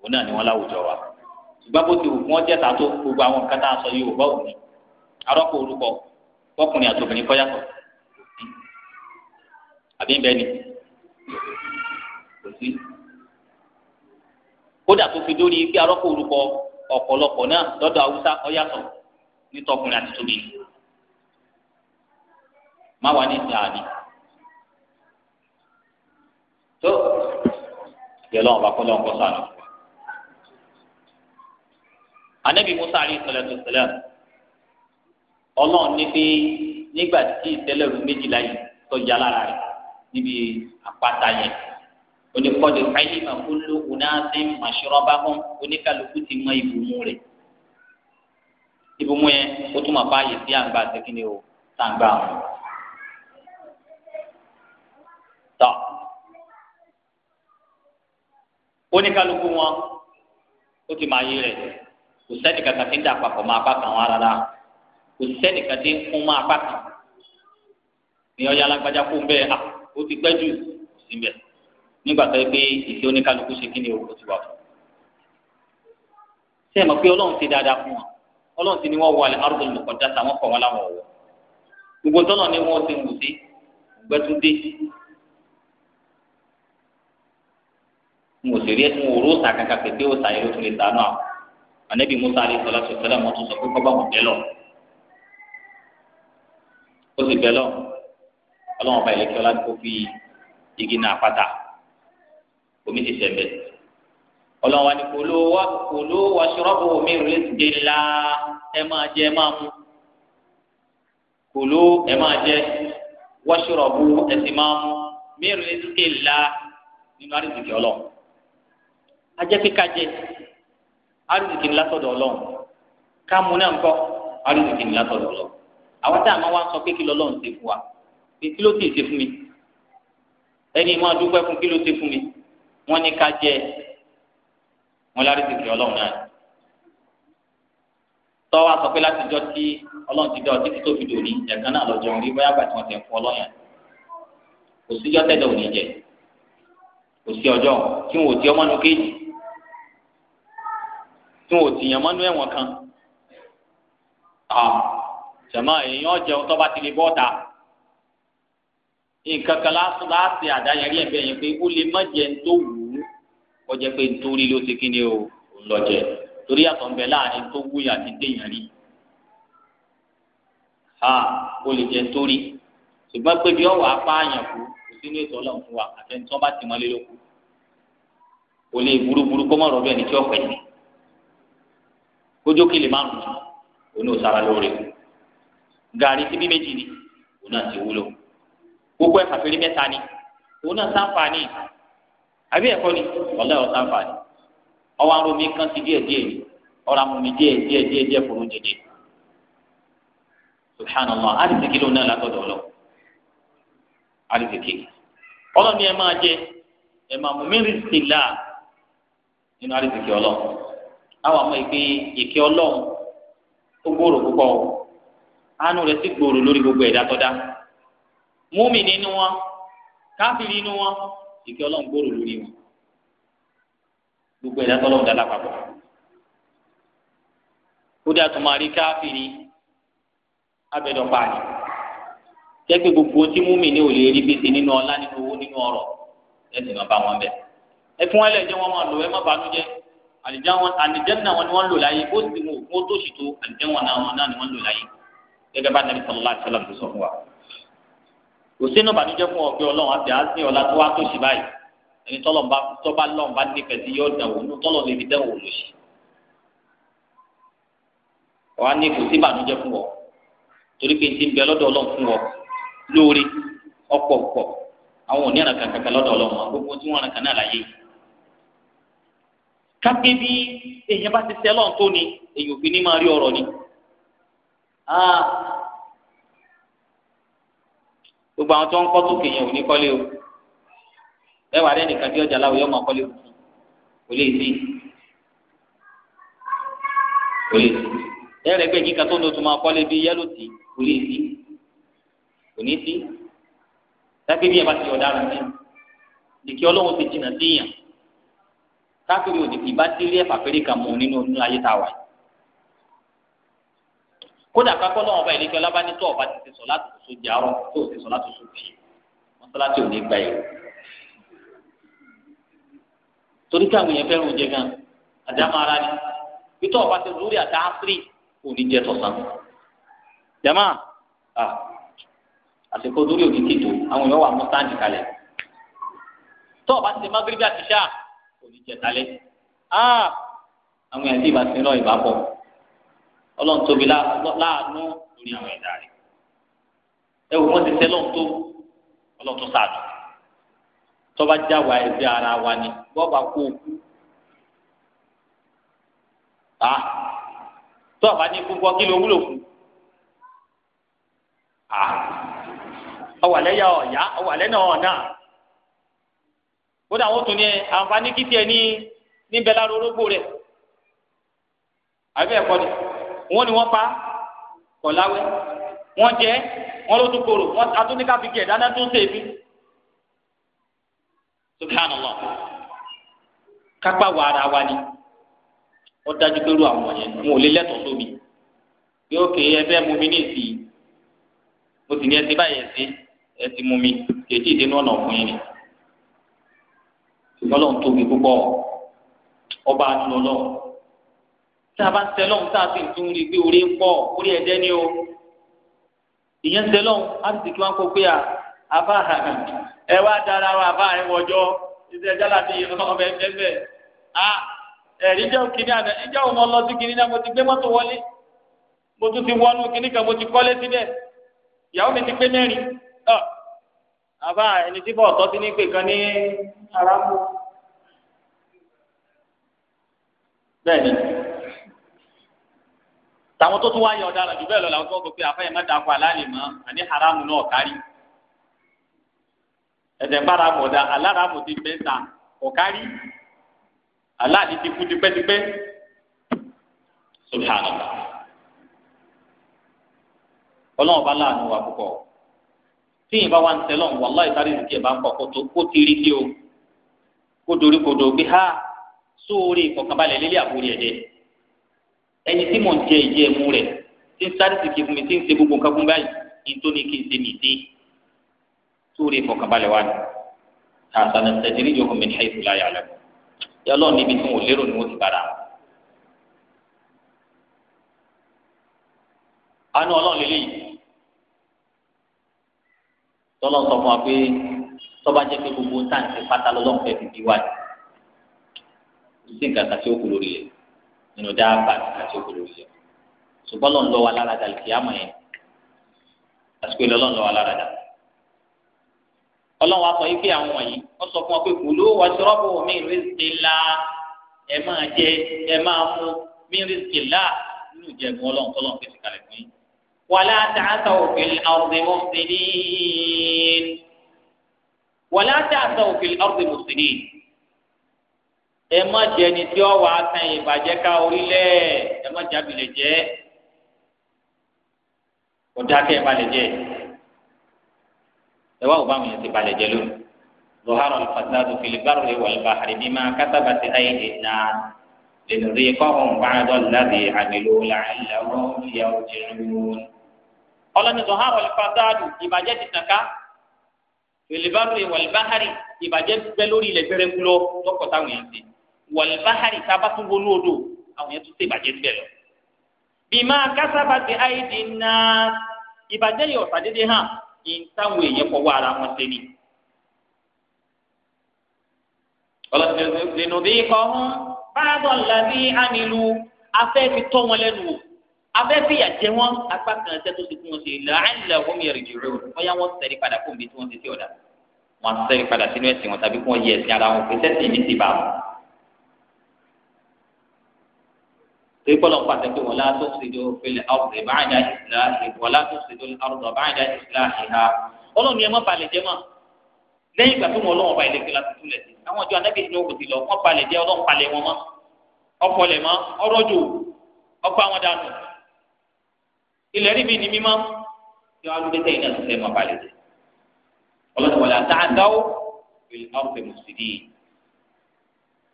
òun náà ni wọ́n láwùjọ wa ṣùgbọ́n bó ti wù kí wọ́n jẹ́ta tó gbogbo àwọn nǹkan tá a sọ yìí ò bá òun arọ́pò orúkọ ọkùnrin àti obìnrin kọ́ yàtọ̀ àbí ń bẹ ni kò sí kódà tó fi dórí pé arọ́pò orúkọ ọ̀pọ̀lọpọ̀ náà lọ́dọ̀ haúsá ó nítọkùnrin àti tóbi má wà ní ìsìn àná yẹlọ́wọ́n bá kọ́lọ́wọ́n kọ́ sànù. anabi musa alayhi salatu salam ọlọ́run ní pé nígbà tí ìtẹ́lẹ̀rú méjìlá yìí tọ́jà lára rẹ̀ níbi àpáta yẹn oníkọ́dé fáyìmà kúlú unáàsì màṣúrọ́bà hàn oníkàlùkù ti mọ ibùmú rẹ̀ ibùmú yẹn ó tún máa bá ààyè sí àǹgbà àtẹkíní o tàǹgbà àwọn. oníkálukú wọn ó ti máa yé rẹ̀ kò sẹ́ni kankan tí ń dà papọ̀ máa bá kan wọn rárá kò sẹ́ni kankan tí ń kún máa bá kan ní ọ̀yà alágbájá kó ń bẹ́ẹ̀ à ó ti pẹ́ jù síbẹ̀ nígbà tó yẹ pé ìfẹ́ oníkálukú ṣe kí ni o kò ti wà fún un sẹ́yìn mọ̀ pé ọlọ́run ti dáadáa fún wọn ọlọ́run ti ní wọ́n wọ alẹ́ arúgbó lùkọ́ dáta wọ́n kọ̀ wọ́n láwọn ọ̀wọ́ gbogbo tọ́nà ni wọ́n ti wù sí gbẹ́túndé ń wò sí rí ẹtún òru ọ̀sà kankan pé pé ọ̀sà yẹn ló tún lè sànú àwọn anabi musa alayhi salatu wa salam tún sọ pé kọ́ bá wọn bẹ́ lọ ó sì bẹ́ lọ ọlọ́wọ́n bá ilé kí ọlá kó fi igi náà pátá omi ti sẹ̀ bẹ́ ọlọ́wọ́n ni kò ló wá ṣọ́rọ́bù mi rẹ̀ ti la ẹ máa jẹ ẹ máa mu kò ló ẹ máa jẹ wá ṣọ́rọ́bù ẹ sì máa mu mi rẹ̀ ti la nínú àrísìkì ọlọ́wọ́ ajẹ́ pé kájẹ arúgbìkì ńlá sọ̀dọ̀ ọlọ́run kámú náà ń kọ́ arúgbìkì ńlá sọ̀dọ̀ ọlọ́run àwọn tá a máa wá sọ pé kí lọ́lọ́run ṣe fún wa pé kí ló ti ṣe fún mi ẹni máa dúpẹ́ fún kí ló ṣe fún mi wọ́n ní kájẹ wọn lárúgbìkì ọlọ́run náà tọ́wọ́ sọ pé látijọ́ tí ọlọ́run ti dá ọtí tó fi dòní ẹ̀kan náà lọ́jọ́ orí bóyá àgbà tí wọ́n ti ń fún ọlọ́yàn kò síjọ́ tẹ́lẹ̀ òní jẹ kò sí ọjọ́ tí wọn ò ti ọmọ nu kéèjì tí wọn ò tìyàn mọ́nú ẹ̀wọ̀n kan jẹ̀mọ́ èèyàn jẹun tó bá ti lè bọ́ta nǹkan kan lásán láti àdáyẹrí ẹ̀bẹ̀ yẹn pé ó lè má jẹ tó wù ú ọjẹ́ pé nítorí ló ti kí ni o lọ́jẹ̀ torí àtọ̀ ń bẹ láàrin tó wúyà àti téèyàn rí ó lè jẹ nítorí ṣùgbọ́n pé bí ọ̀wọ́ apá àyàn kú kò sínú ètò ọlọ́run fún wa àtẹnitọ́ bá ti mọ́lé lóko kò lè burúburú kó mọ̀ rọ́bẹ̀ ní tí ọ̀pẹ̀ yìí. kójó kele márùn oní òsara lóore ti síbí méjì ni òun náà ti wúlò gbogbo ẹ̀fà fèrè mẹ́ta ni òun náà ni ọla ọ sanfani ọwọ́ arọ mi kàn sí díẹ̀ díẹ̀ ọ̀rọ̀ amú mi díẹ̀ díẹ̀ díẹ̀ fòrò jẹjẹ ẹ máa jẹ ẹ máa mú mi rìsìlá nínú àwọn àmọ́ ìgbé ìkẹ́ ọlọ́run ó gbòòrò púpọ̀ o àánú rẹ̀ sì gbòòrò lórí gbogbo ẹ̀dá tọ́dá múmi nínú wọn káfíìrì nínú wọn ìkẹ́ ọlọ́run gbòòrò lórí wọn gbogbo ẹ̀dá tọ́lọ́run dá lápapọ̀ kódà tó máa rí káfíìrì abẹ́dọ̀pá ni jẹ́pẹ́ gbogbo tí múmi ní òlè rí bíi ti nínú ọlá nínú owó nínú ọrọ̀ ẹ̀sìn máa bá wọn bẹ̀ ẹ fún wọn wọn máa lò ẹ má bànújẹ́ àlìjánnà wọn ni wọ́n lò láyé ó sì mú òkú tó ṣètò àlìjánnà náà wọn náà ni wọ́n lò láyé gẹ́gẹ́ bá nàbí sọlọ́lá àti sọlọ́lá sọ fún wa. kò sínú ìbànújẹ́ fún ọ̀gbẹ́ ọlọ́run àti àti ọ̀la tó wá tó ṣì báyìí ẹni tọ́lọ̀mbá tọ́ba lọ́mbá nífẹ̀ẹ́ sí yóò dàn wọ́n tọ́lọ̀ lè fi dán wọ́n lò sí. wàá ní kò sí ìbànújẹ́ fún ọ torí pé ti bẹ lọ́dọ̀ ọlọ́run fún ọ lóore ọ̀pọ̀ ọ̀pọ̀ àwọn òní àràkàn kankan lọ́dọ̀ ọlọ́run tí wọ́n àràkàn náà kápẹ́ bí èèyàn bá ti sẹ́lọ̀ tó ni èèyàn òfin ní máa rí ọ̀rọ̀ ni. Ah. gbogbo àwọn tó ń kọ́ tókè yẹn ò ní kọ́lé o ẹ wà lẹ́nu ìkàdé ọjà láwùjọ máa kọ́lé tuntun kò lè sí kò lè sí ẹ rẹ gbẹ kíkà tó ń lòtún máa kọ́lé bí yẹ́lò tì kò lè sí kò ní sí dákẹ́ bí ẹ bá ti ọ̀daràn ní ìkí ọlọ́run ti jìnnà sí yàn káfíìrì òní kì í bá délé ẹ̀fà péré kan mú nínú nínú ayé tá a wà yìí. kódà kakọ́ náà ọba ìlẹ́kẹ́ ọlá bá ní tó ọba ti ti sọ láti tó sójà ọ̀rọ̀ tó ti sọ láti sójà yìí mọ́sálásí òní gbà yìí. torí káwọn èèyàn fẹ́ràn oúnjẹ gan àdámọ́ ara ni pítọ́ ọba ti lórí àti áfírí òní jẹ tọ̀sán. jama àsìkò lórí òní kìtò àwọn èèyàn wà mọ́sáǹdì kalẹ̀ tó ọba ti ti magrebi àti sáà kò ní jẹ talẹ aa ah! àwọn ẹbí ìbá sinú ìbá bọ Ọlọ́run tóbi láàánú lórí àwọn ẹ̀dá rẹ̀ ẹ wò wọn ti sẹ lọhùn tó Ọlọ́run tó sáàdù tọba jáwa ẹbí ara wa ni bọba kó o kú ta ah! tọba ní gbogbo kí ló wúlò fún a ah! ọwàlẹ yà ọ yá ọwàlẹ náà kódà wọn tún ní àǹfààní kìtì ẹ ní níbẹ̀ lára orógbó rẹ̀ àbí ẹ̀kọ́ ni wọn ni wọn pa kọ̀láwẹ́ wọn jẹ wọn ló tún korò wọn atúnika fi kí ẹ̀ dáná tún sèébi subhanallah kápá wà ara wa ni wọ́n dájú pé irú àwọn yẹn wọn ò lè lẹ́tọ̀ọ́ sómi yóò ké ẹbẹ́ mú mi ní ìsìn mo sì ní ẹsẹ̀ báyìí ẹsẹ̀ ẹsẹ̀ mú mi kèéjì ìdènà ọ̀nà ọ̀fun yìí ni ṣùgbọ́n lọ́n tóbi púpọ̀ ọba àtúnlọ lọ. tí a bá ń sẹlọ̀ ń sáà sì ń tún rí i pé orí ń pọ̀ orí ẹ̀dẹ́ ni o ìyẹn ń sẹlọ̀ á sì kí wọ́n kó pé àbá ẹ wá dára wa àbá ẹ wọjọ́ iṣẹ́ jálá ti yẹn ọmọ ẹ fẹ́ bẹ́ẹ̀ a ẹ̀rí jẹ́ òkìní àná ìjẹ́ òun ọlọ́ sí kìíní náà mo ti gbé mọ́tò wọlé mo tún ti wọnú kìíní kan mo ti kọ́lé síbẹ̀ ìyàwó mi ti pé mẹ́rin àbá ẹni tí bọ́ọ̀tọ́ ti ní pè kan ní aráàmù. bẹ́ẹ̀ni tàwọn tó tún wáyé ọ̀daràn jù bẹ́ẹ̀ lọ làwọn tó ń sọ pé àfẹ́yẹ má dàkọ àlàyé mọ́ àní haramu náà kárí ẹ̀sẹ̀ bára mọ̀dá aláramu ti bẹ́ẹ̀ ta ọ̀kárí aláàdì ti kú tipẹ́tipẹ́ subhanallah ọlọ́run bá láàánú wa púpọ̀ tí yìnbọn wa ń tẹlọ wàláì sáré ìdíkì ẹ bá ń pọ kótó kó ti rí dé o kó dorí kodò gbé ha sóore ìkọ̀kànbalẹ̀ lélẹ àbúrò ẹdẹ ẹni tí mò ń jẹ ìjẹ ẹmu rẹ tí ń sáré ìdíkì fún mi tí ń ṣe gbogbo nǹkan fún báyìí ní tó ní kí n ṣe mí dé sóore ìkọ̀kànbalẹ̀ wa ni àtàlẹ tẹdírí yòókù mi ní àìsùlá yà lẹ yọlọ níbi tí wọn lérò ni wọn ti bára àánú Ọlọ́run lélẹyìí tọ́lọ́ sọ fún wa pé tọ́ba jẹ́ pé gbogbo táǹkì pátá lọ́lọ́run fẹ́ fi bí wá ní sí nǹkan kan tí ó kú lórí rẹ̀ nínú dáàbà kan tí ó kú lórí rẹ̀ ṣùgbọ́n lọ́n lọ́wọ́ aláradà lè fi àmọ̀ yẹn àsìkò ìlọ lọ́n lọ́wọ́ aláradà ọlọ́run wa sọ yìí pé àwọn wọ̀nyí wọ́n sọ fún wa pé kulu washrabu min rizqillah ẹ máa jẹ ẹ máa mú min rizqillah nínú ìjẹ̀gùn ọlọ́run tọ́lọ́run fèsì ولا تعثوا في الأرض مفسدين ولا تعثوا في الأرض مفسدين ẹ má jẹ ẹni tí ọ wàá tan ìbàjẹ́ ká orílẹ̀ ẹ má jábì lè jẹ́ ọ̀dà kẹ́ ẹ bá lè jẹ́ ẹ wá òbáwọn yẹn ti bá lè jẹ́ lónìí lọ́hàrọ̀ alfasadu filibaru ìwàlùbá àrídìmá kásábà ti ayé ìdènà lẹ́nu rí kọ́hún bá a dọ́ọ̀lá di àmì lóla ẹ̀ lọ́wọ́ ìyàwó jẹun ọlọ́nìtò hàn wọlé fasáàdù ìbàjẹ́ ti tàn ká wẹlẹbàrún ìwàlbáhárì ìbàjẹ́ bẹ lórí ilẹ̀ gbẹrẹgbẹ lọ lọ́kọ̀ táwọn yẹn ti wàlbáhárì tába tún wọnú odò àwọn yẹn tún ṣe ìbàjẹ́ bẹ lọ. bímá kásábàtì àìdí náà ìbàjẹ́ yìí ọ̀sà dédé hàn kí táwọn èèyàn fọwọ́ ara wọn ṣe ni. lẹ́nu bí kọ́ hún báàbọ̀ làbí àmìlú afẹ́ fi tọ́ wọn lẹ́nu wò afẹ́fìyà jẹ wọn apá kan ẹsẹ tó ti fún wọn sí i làálà wọn yẹrì jùlọ bóyá wọn sẹ̀rí padà fún mi tí wọ́n ti tí ọ̀dà wọn sẹ̀rí padà sínú ẹ̀sìn wọn tàbí kí wọ́n yẹ ẹ̀sìn ara wọn pèsè ẹ̀sìn ní ti bá wọn. torí kọ́ ló pàṣẹ pé wọ́n látó ṣèjọ́ òfin ọ̀rọ̀ báyìí ìṣúná wọ́n látó ṣèjọ́ ọ̀rọ̀ báyìí ìṣúná ìhà ọlọ́run yẹn má balẹ̀ jẹ́ mọ́ lẹ́yìn ìgbà tó mọ ọlọ́run balẹ̀ kí la tuntun lẹ̀ sí àwọn ìjọ anábì ní òkùtì lọ wọ́n balẹ̀ jẹ́ ọlọ́run palẹ̀ wọn mọ́ ọkọlẹ̀ mọ́ ọrọ́jò ọgbà wọn dànù ilẹ̀ rí mi ní mímọ́ tí wọ́n á lóde tẹ́yìn náà ti fẹ́ máa balẹ̀ jẹ́ ọlọ́dún wọlé àtàdáwó ìlú ọ̀pẹ̀ mùsùlùmí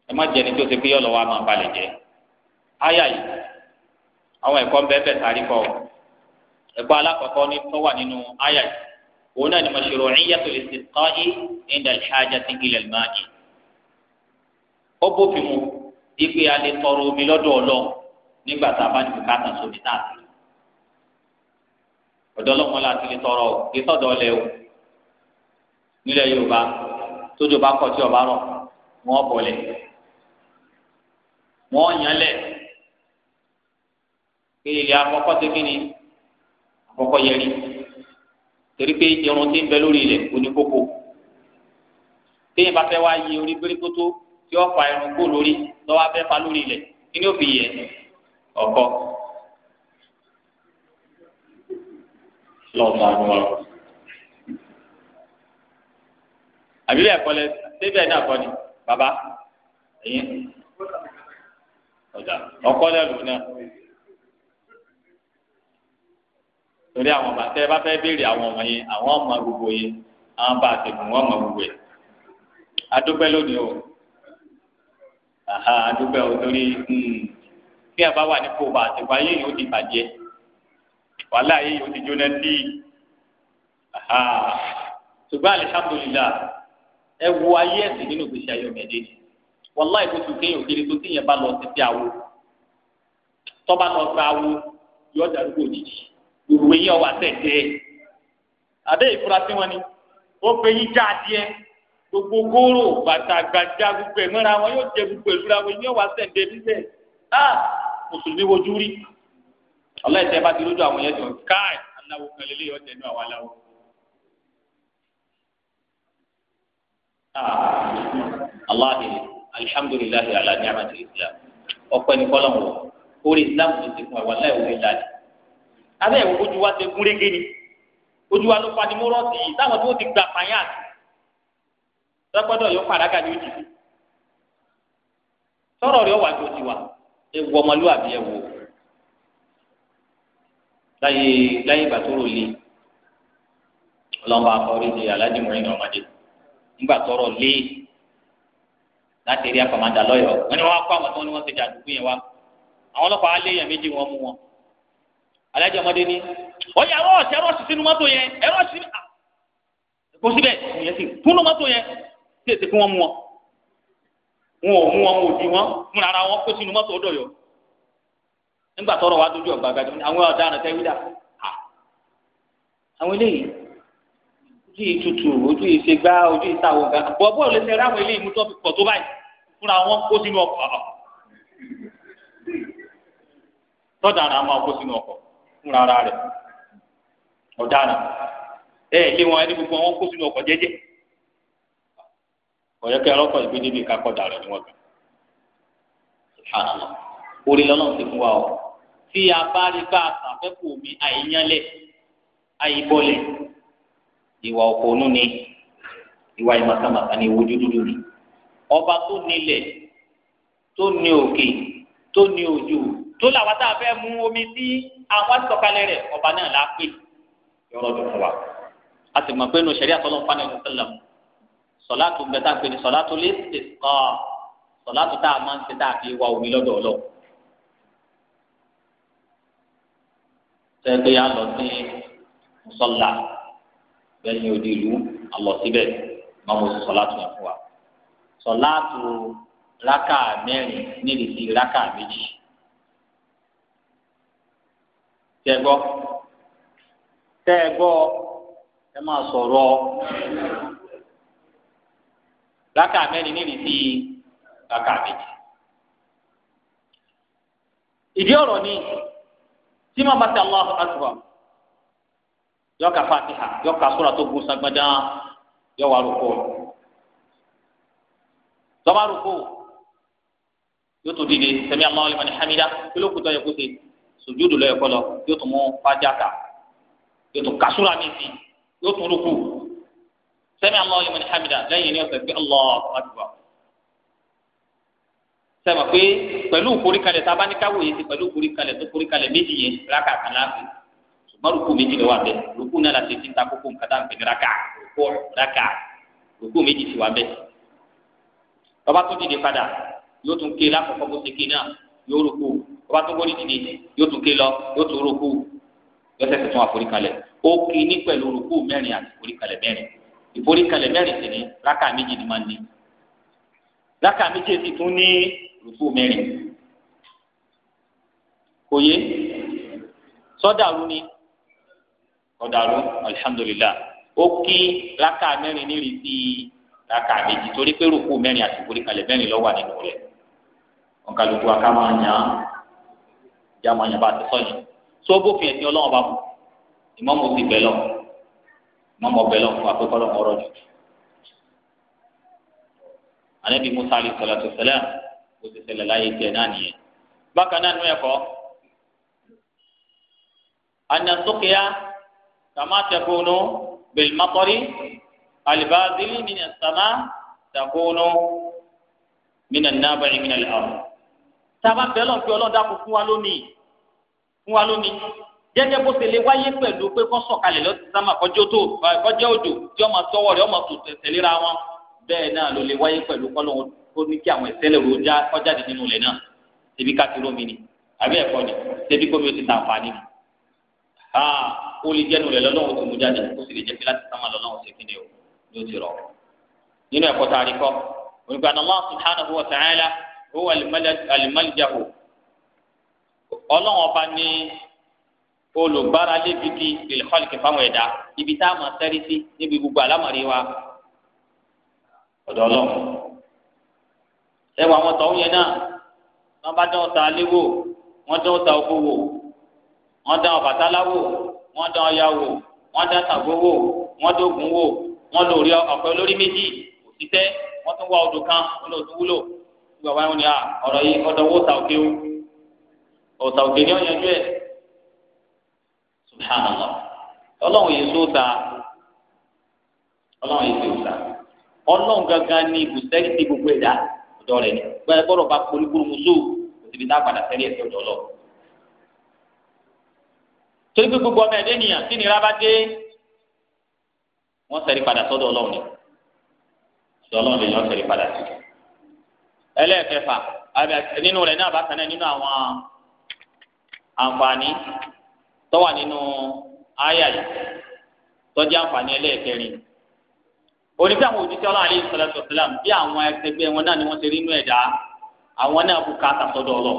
ẹ má jẹni tó ṣe pé ọlọ́wọ́ á máa balẹ̀ jẹ́ áyà yìí àwọn ẹ̀kọ́ ń bẹ́ẹ̀ bẹ́ẹ̀ sáré kọ́ ẹ̀kọ́ alákọ̀ọ́kọ́ ní tó wà nínú áyà yìí òun náà ni mashru'iyyatu al-istisqa'i inda lè tọrọ omi lọ́dọ̀ ọlọ́ nígbà tá a bá ní bùkátà sómi náà sí ọ̀dọ̀ ọlọ́mọ láti lè tọrọ o kì í sọ̀dọ̀ ọlẹ o nílẹ̀ yorùbá tójú bá kọ̀ tí ọba rọ̀ wọ́n bọ̀lẹ̀ wọ́n yànlẹ̀ pé ilẹ̀ àkọ́kọ́ ti kíni àkọ́kọ́ yẹri torí pé irun ti ń bẹ lórí ilẹ̀ oníkókó téèyàn bá fẹ́ wá yí orí gbéríkótó tí ó irun kó lórí lọ́wọ́ abẹ́fà lórí ilẹ̀ kí ni ó fi yẹ ọkọ lọ́ọ̀mọ́ ọdún wa. àbílẹ̀ ẹ̀kọ́ lẹ débẹ̀ náà kọ́ ni bàbá ẹ̀yìn ọ̀dà ọkọ lẹ́rù náà torí àwọn ọmọ àtẹ bá fẹ́ béèrè àwọn ọmọ yẹn àwọn ọmọ gbogbo yẹn àwọn bá a ti mú wọn mọ gbogbo yẹn adúpẹ́ lónìí o adúpẹ́ o torí hmm, bí a bá wà ní bá a ti wáyé yóò di bàjẹ́ wàhálà yìí yóò ti jóná sí i ṣùgbọ́n alihamudulilayi ẹ wo ayé ẹ̀sìn nínú ìgbésí ayé ọ̀mẹ́dẹ́ wàláì kó tún kéèyàn kiri tó tíyẹn bá lọ títí àwo tọ́ba lọ sa àwo yóò darúgbó òjijì òwe yẹn wà tẹ̀tẹ̀ adé ìfurasí wọn ni ó pe yín já adìẹ gbogbo góró bàtà gbàjà gbogbo ẹ̀ mọ́ra wọn yóò jẹ gbogbo ìlú ra wọn yóò wà tẹ̀tẹ̀ níbẹ̀ ah! mùsùlùmí wojú rí ọlọ́ọ̀tẹ́ bá ti lójú àwọn yẹn jọ káì aláwo kan lè léyọ̀ tẹ̀lé àwọn aláwo. Ah, aláhi alihamdulilahi ala ni'mati islam ọpẹ́ ní kọlọn wọ orí islam tó ti fún ẹ wà láì wọlé láti. abẹ́ ẹ̀wọ̀ ojú wa ti gún régé ni ojú wa ló fani mú rọ́ọ̀tì yìí táwọn tó ti gbà fàyà àti lọ́gbọ́dọ̀ yóò fàdákà ní ojú. sọ̀rọ̀ rẹ̀ wà ju ojú ewu ọmọlúwàbí ẹ̀ wò ó láyé láyé ìgbà tó rò lé ọlọ́mọba àforíjì aláàjì mọ̀rin ọmọdé ńgbà tọrọ lé láti rí àfàmàdà lọ́yọ̀ọ́ wọn ni wọn kó àwọn tí wọn ni wọn ti dà dùkú yẹn wá àwọn ọlọ́pàá alẹ́ yẹn méjì wọn mú wọn aláàjì ọmọdé ní ọyà rọ́ọ̀sì ẹrọ́ọ̀sì sínú mọ́tò yẹn ẹrọ́ọ̀sì ah! kò síbẹ̀ ìyẹn sì fún mọ́tò yẹn tí èsì kí wọ́n mú wọn wọn ò mú wọn ò dì wọn múra wọn kó sínú mọ́tò ọdọ̀ nígbà tọrọ wa dójú ọgbà gàdúrà ní àwọn ọ̀daràn tẹwídà à àwọn eléyìí ojú yìí tutù ojú yìí ṣe gbá ojú yìí sàwọ gà bọ bọ́ọ̀lù ẹsẹ̀ rẹ àwọn eléyìí mú tó fi pọ̀ tó báyìí fúnra wọn kó sínú ọkọ̀ tọ́daràn àwọn kó sínú ọkọ̀ fúnra ara rẹ̀ ọ̀daràn ẹ ilé wọn ẹni gbogbo wọn kó sínú ọkọ̀ jẹ́jẹ́ ọ̀yẹ́kẹ́ ọlọ́kọ̀ ìgbé níbi ìkákọ̀ ni wọ́n gbà orí lọ́nà ti fún wa o tí a bá rí bá a sàn fẹ́kù omi àìyánlẹ̀ àìbọ̀lẹ̀ ìwà òkòónú ni ìwà ìmàkàmàkà ni ìwòjú dúdú ni ọba tó nílẹ̀ tó ní òkè tó ní òjò tó làwọn tá a fẹ́ mú omi sí àwọn àtọ́kalẹ̀ rẹ̀ ọba náà la pè yọrọ dùn fún wa a sì mọ̀ pé nù sẹ́rí àtọ́lọ́ fún anayi sọ́lá mu sọ́lá tó bẹ́ẹ̀ tá a pè ní sọ́lá tó lé sèkọ́ sọ́lá tó tá a máa ń ṣe tá a fi wá omi lọ́dọ̀ ọlọ́run. sẹ́gbẹ́ yà lọ sí mùsọ́là bẹ́ẹ̀ ni òdi ìlú àlọ́ síbẹ̀ máa mo sọ̀lá tó yẹ fún wa sọ̀lá tó rákà mẹ́rin níbi sí rákà méjì tẹ́gbọ́ tẹ́gbọ́ ẹ máa sọ̀rọ̀ rákà mẹ́rin níbi sí rákà méjì ìdí ọ̀rọ̀ ni tí màá bá ti Allahu akbar yọ ká fatiha yọ ká sura tó gùn sagbada yọ wà rúkọ tọ́ba rúkọ yóò tó dìde sami Allahu liman hamida kí ló kù tó yẹ kó ṣe sùjúdù lọ ẹkọ lọ yóò tún mú fàjàkà yóò tún kásúra mi sí yóò tún rúkú sami Allahu liman hamida lẹ́yìn ní ọsẹ pé Allahu akbar sẹ́wọ̀n pé pẹ̀lú ìforíkalẹ̀ tá a bá ní káwọ́ yìí ti pẹ̀lú ìforíkalẹ̀ tó foríkalẹ̀ méjì yẹn rákà kan láàfin ṣùgbọ́n rúkú méjì lọ́wọ́ abẹ rúkú náà láti ti ń ta kókó nǹkan tá à ń pè ní rákà rúkú rákà rúkú méjì ti wà bẹ. bàbá tó dìde padà yóò tún ké lákòókò bó ṣe ké náà yóò rúkú bàbá tó gbóni dìde yóò tún ké lọ yóò tún rúkú lọ́sẹ̀ tó tún rúkú mẹ́rin kò yé sọdàrú ni ọdàrú alihamudulilayi ó kí rákà mẹ́rin ní rìsí rákà méjì torí pé rúkú mẹ́rin àti ìforíkalẹ̀ mẹ́rin ló wà nínú rẹ̀ wọn kàlùkù akámáyà jámáyà bá ti sọyìn tó bófin ẹ̀sìn ọlọ́wọ́n bá kú ìmọ̀mọ́ ti bẹ̀ lọ ìmọ̀mọ́ bẹ̀ lọ fún akẹ́kọ̀ọ́ lọ́kọ́ ọ̀rọ̀ jù. anabi musa alayhi salatu wa salam kò sì ṣẹlẹ̀ láyé tiẹ̀ náà nìyẹn. bákan náà nú ẹ̀kọ́ anasukiya kama takunu bilmakori alibazili mina sama takunu mina nabayi mina lẹ́hàrú. sábà bẹ́ẹ̀ lọ́n fi ọlọ́dà kó fún wa lónìí fún wa lónìí gẹ́gẹ́ bó ṣe wáyé pẹ̀lú pé kó sọ̀kalẹ̀ lọ sí sámà kọjọ tó kọjọ òjò tí ọmọ tọwọ́ rẹ̀ ọmọ tó tẹ̀lé ra wọn bẹ́ẹ̀ náà ló lè wáyé pẹ̀lú kọlọhún ó ní kí àwọn ìṣẹ̀lẹ̀ ro já kọjáde nínú ilẹ̀ náà ṣebí ká ti rómi ni àbí ẹ̀kọ́ ni ṣebí kómi ó ti tàǹfààní ni ó lè jẹ́ nulẹ̀ lọ́lọ́run tó mú jáde ó sì lè jẹ́ pé láti sánmà lọ́lọ́run ṣe kéde o ni ó ti rọ̀ nínú ẹ̀kọ́ tá a rí kọ́ onígbàdàn Allah subhanahu wa ta'ala huwa al-maljahu ọlọ́run ọba ní olùgbára lébi bí ìlẹ̀kọ́lìkì fáwọn ẹ̀dá ibi tá a máa tẹ́rí sí níbi gbogbo àlámọ̀rí wa ọ̀dọ̀ ọlọ́run ẹwà wọn tọ̀hún yẹn náà wọn bá dán ọta alẹ́ wò wọn dán ọta ògbó wò wọn dán Ọbàtálá wò wọn dán Ọya wò wọn dán Ṣàngó wò wọn dán wò wọn lórí ọ̀pẹ olórí méjì òṣìṣẹ́ wọn tún wá odò kan wọn lọ tún wúlò gbogbo àwọn ènìyàn ọ̀rọ̀ yìí ọ̀dọ̀ wò ta òkè o ọ̀tà òkè ni ọ̀yànjú ẹ̀ subhanallah ọlọ́run yìí sóòtà ọlọ́run yìí sóòtà ọlọ́run gangan ni ibùsẹ́ ti gbogbo ẹ̀dá ọ̀dọ̀ rẹ̀ ni bẹ́ẹ̀ bọ́rọ̀ bá poli gbúrúmuṣó òsibí tá a padà sẹ́rí ẹ̀sẹ̀ ọ̀dọ̀ lọ. torí pé gbogbo ọmọ ẹ̀dẹ́ nìyàn tí nira bá dé wọ́n sẹ́rí padà sọ́dọ̀ ọlọ́run ni ọ̀dọ̀ ọlọ́run ni wọ́n sẹ́rí padà sí. ẹlẹ́ẹ̀kẹfà nínú rẹ̀ náà bákan náà nínú àwọn àǹfààní tó wà nínú ááyà yìí tọ́jú àǹfààní ẹlẹ́ẹ̀kẹrin onífẹ́ àwọn òjíṣẹ́ ọlọ́run aleyhi salatu wasalam bí àwọn ẹgbẹ́ wọn náà ni wọ́n ti rí inú ẹ̀dá àwọn náà bùkátà sọ́dọ̀ ọlọ́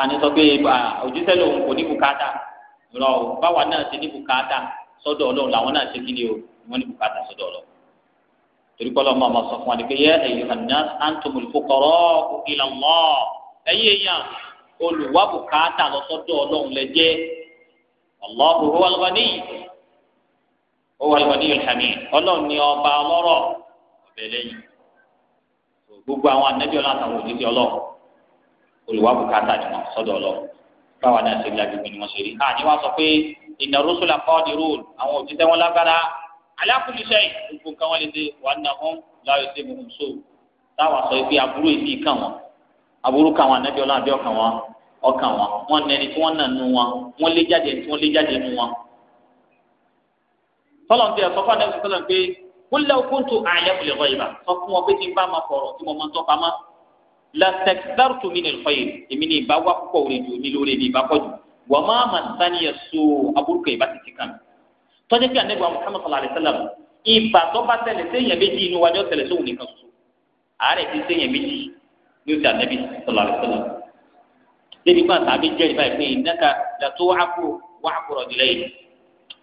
àní sọ pé òjíṣẹ́ lòun kò ní bùkátà rọ báwa náà ti ní bùkátà sọ́dọ̀ ọlọ́run làwọn náà ti kíni o wọ́n ní bùkátà sọ́dọ̀ ọlọ́ torí pé ọlọ́run máa sọ fún wa ni pé yẹ ẹ̀yìn hànà antumul fuqara ila Allah ẹ̀yìn èèyàn olùwà ó wà lọ́dí ìlhàmì ọlọ́run ní ọba ọlọ́rọ̀ ọbẹ̀ lẹ́yìn gbogbo àwọn anábì ọlọ́run àtàwọn òjijì ọlọ́run olùwàbù kàtà ni wọn sọ́dọ̀ ọlọ́run báwa náà ṣe lágbègbè ni wọn ṣe rí àní ah, wọn sọ pé ìnà rúṣùlà kọ́ọ̀dì rúùlù àwọn òjijì wọn lágbára alákùnrinṣẹ́ gbogbo nǹkan wọn lè ṣe wà ní àwọn láyọ̀ ṣe mú un so táwa sọ pé aburú èsì kàn wọn aburú kàn wọn anábì ọlọ́run àbí ọkàn wọn ọkàn wọn wọn nẹni tí wọn nà nù wọn wọn lé jáde tí wọn lé jáde nù wọn tọ́lọ̀ ń bẹ sọ fún àdéhùn sọ́lọ̀ pé kúlẹ̀ kúntù àyẹ̀kùlẹ̀ rọ̀ ìbá sọ fún wọn pé tí n bá máa fọ̀rọ̀ tí mo máa ń tọ́ pamọ́ lásẹ̀kítàrù tó mi nìlọ yìí èmi ní ìbá wá púpọ̀ òrè jù mí lórí mi ìbá pọ̀jù wọ́n máa mà sani yẹ so aburúkọ ìbá ti ti kàn tọ́jú pé àdéhùn àwọn Muhammad alayhi wa sallam ìbá tó bá tẹ̀lé séèyàn méjì inú wa sallam débi kan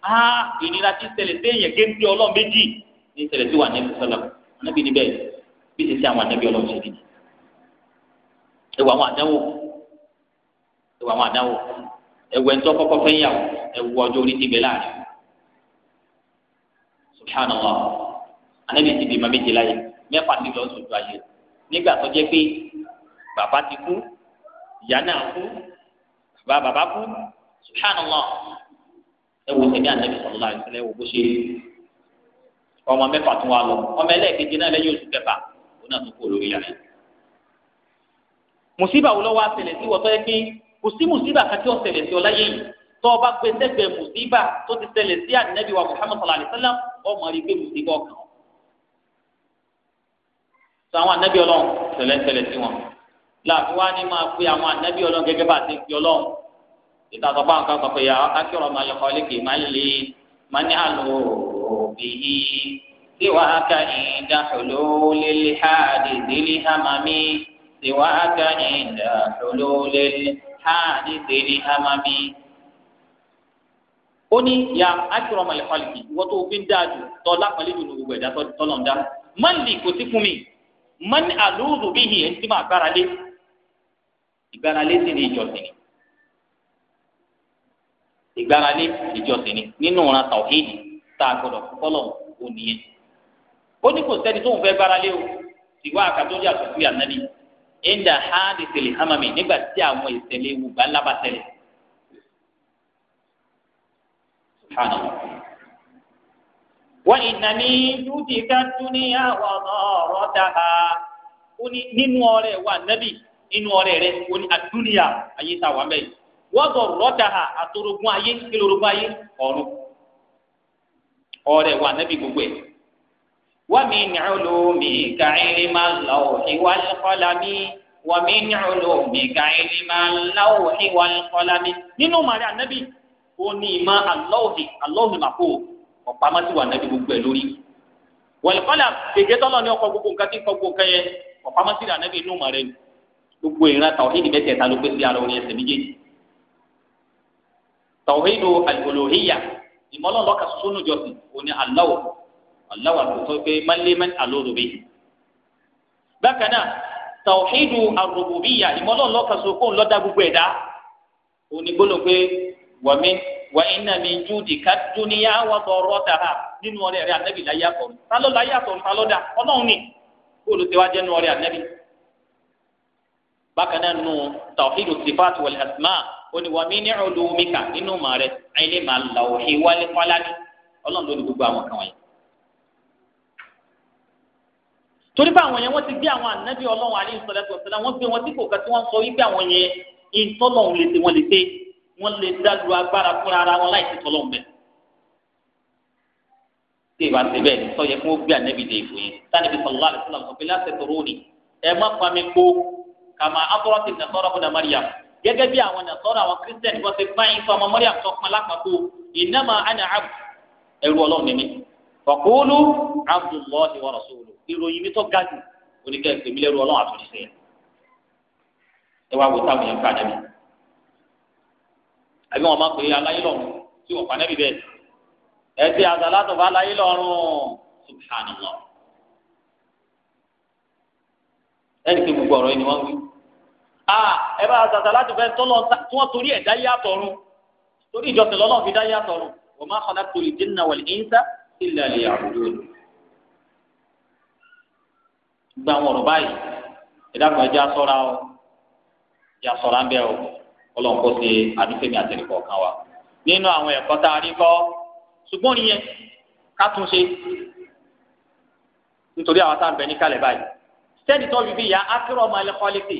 á ah, ìnira tí ṣẹlẹ̀ sí èèyàn géńdé ọlọ́run méjì ní ṣẹlẹ̀ sí wà ní ẹ̀sọ́lá ànábì níbẹ̀ bí ṣe ṣe àwọn ànábì ọlọ́run ṣe nìyí. ẹwà àwọn àdánwò ẹwà àwọn àdánwò ẹwà ẹ̀ńtọ́ kọ́kọ́ fẹ́ yàwó ẹwà ọjọ́ orí ti bẹ̀ láàrin. subhanallah ànábì ti bímọ méje láyé mẹ́fà ti lọ sójú ayé nígbà tó jẹ́ pé bàbá ti kú ìyá náà kú bàbá kú subhanallah ẹ wò sẹbi anabi sọlá ìṣẹ̀lẹ̀ wò bó ṣe ọmọ mẹ́fà tún wà lọ ọmọ ẹlẹ́ẹ̀kejì náà lẹ́yìn oṣù kẹfà òun náà tún kó lórí rẹ musiba wo lọ́wọ́ àṣẹlẹ̀ sí wọ́n tó yẹ pé kò sí musiba kàtí ó sí ọ yìí tó o gbé sẹ́gbẹ̀ẹ́ musiba tó ti ṣẹlẹ̀ sí ànábì wa Muhammad sallallahu alayhi wa sallam ọmọ rí gbé musiba ọkàn sọ àwọn ànábì Ọlọ́run ṣẹlẹ̀ ṣẹlẹ̀ sí wọn láàfin wa ni máa pe àwọn ànábì Ọlọ́run gẹ́gẹ́ bá a ti fi Ọlọ́run ìtàsọ́pá nǹkan sọ pé yà ákírọ̀ máa yọkọ lékè máa lè máa ní àlò òbíyí tiwa aka ìdá olóòlè lèhàdì délé hamami tiwa aka ìdá olóòlè lèhàdì délé hamami. ó ní yà ákírọ̀ máa yọkọ lékè ìwọ́n tó fi ń dáa jù tọ́lá pẹ̀lú ìlú gbogbo ẹ̀dá tọ́lọ̀ ń dá máa lè kò sí fún mi máa ní àlò òbíyí ẹ̀ tí máa gbára lé ìgbára lé sí ni ìjọsìn ni ìgbáralé ìjọsìn ni nínú ìran tàwíìdì tá a gbọdọ̀ fọlọ́ ò nìyẹn. ó ní kò sẹ́ni tóun fẹ́ gbáralé o ìwà àkàtúndì àtúntò yà nàní ẹ̀ńdà ha lè tẹ̀lé hamami nígbà tí àwọn ìṣẹ̀lẹ̀ ewu gbà ńlá bá tẹ̀lé. wọ́n ìnáni dúdì ká dúníyà ọ̀rọ̀ ọ̀rọ̀ dáhà ó ní nínú ọ̀rẹ́ wa nábì nínú ọ̀rẹ́ rẹ̀ ó ní àdúníyà ayé tá wà mẹ́yìí wọ́dọ̀ rọ́dàhà àtòrògùn ayé kílórogún ayé ọ̀run ọ̀rẹ́ wà nẹ́bí gbogbo ẹ̀. wàmí nìcúlù mi ka ìlímà lọ́wọ́hì wàlúkọ́lámi wàmí nìcúlù mi ka ìlímà lọ́wọ́hì wàlúkọ́lámi. nínú màrí ànábì ó ní ìmọ̀ àlọ́hì àlọ́hì màkó ọ̀pamọ́ sí wà nẹ́bí gbogbo ẹ̀ lórí. wàlúkọ́lá gègé tọ́lọ̀ ní ọkọ̀ gbogbo nǹkan tí kọ́ gbogbo kẹyẹ ọ̀pamọ́ sí ànábì inú màrẹ́ gbogbo ìran tàwọn ìdí mẹ́tẹ̀ẹ̀ta ló pèsè àrò orin ẹsẹ̀ méjèèjì tọ̀wéèdò alòlòhíyà ìmọ̀lọ́ lọ́ka sónú jọ̀sìn òní aláwọ̀ aláwọ̀ àtúntò pé mọ́lẹ́mẹ́ alóòdòbí. bákan náà tọ̀wéèdò arògbòbíyà ìmọ̀lọ́ lọ́ka sókó ńlọ́dá gbogbo ẹ̀dá òní gbóló pé wàmí wà iná mi ju dìka dúníyà wà bọ̀ rọ́tàrà nínú ọ̀rẹ́ rẹ ànábì láyàtọ̀ taló láyàtọ̀ talódà ọlọ́run ni kóòlù tiwa jẹ́ nínú ọ̀rẹ́ ànábì. bákan náà nù tọ̀wéèdò sifáàtì wal asmaa oníwàmí ní olùmíkà nínú màá rẹ ayílẹ̀ màá là òhì wálé kọ́lání ọlọ́run ló ní gbogbo àwọn kan wọ̀nyí. torí pé àwọn yẹn wọ́n ti gbé àwọn ànábì ọlọ́run alẹ́ ìsọ̀lẹ̀ tó ṣẹlẹ̀ wọ́n gbé wọn tí kò kẹ́ tí wọ́n sọ wípé àwọn yẹn ìtọ́lọ́run lè ṣe wọ́n lè ṣe wọ́n lè dá lu agbára fúnra ara wọn láì sí tọ́lọ́run bẹ́ẹ̀ tí ìbá ti bẹ́ẹ̀ sọ yẹ kó gbé gẹ́gẹ́ bí àwọn nàṣọ́rọ̀ àwọn kírísítẹ́nì wọ́n ti báyìí fún ọmọ mọ́rí àtọ́ pọn lápapọ̀ ìnáma àná àbù ẹrú ọlọ́run nìmi ọ̀kúlù abdullahi wa rasulu ìròyìn mi tó ga jù oníkẹ́ ìpèmí lẹ́rú ọlọ́run àtúnṣe ẹ wá wò táwọn yẹn ń pàdé mi àbí wọn máa pè é aláyé lọ́run tí wọn pàdé mi bẹ́ẹ̀ ẹ àzàlátò bá aláyé lọ́run subhanallah ẹnì kí gbogbo ọ̀rọ̀ yìí ni wọ́n wí a ẹ bá zàzà láti fẹ́ tọ́lọ́ tí wọ́n torí ẹ̀ dá yàtọ̀ ọ̀run torí ìjọsìn lọ́lọ́ fi dá yàtọ̀ ọ̀run wa ma khalaqtu al-jinna wal-insa illa liya'budun. gba àwọn ọ̀rọ̀ báyìí ìdàgbà ẹja sọ́ra ọ ẹja sọ́ra ń bẹ́ ọ ọlọ́run kó ṣe àdúgbòmí àtẹnìkọ̀ kan wa nínú àwọn ẹ̀kọ́ tá a rí kọ́ ṣùgbọ́n ìyẹn ká tún ṣe nítorí àwọn tá a bẹ̀ ní kálẹ̀ báyìí sẹ́ni tó fi bí ya akérò ọmọ ẹlẹ́kọ́ lẹ́sẹ̀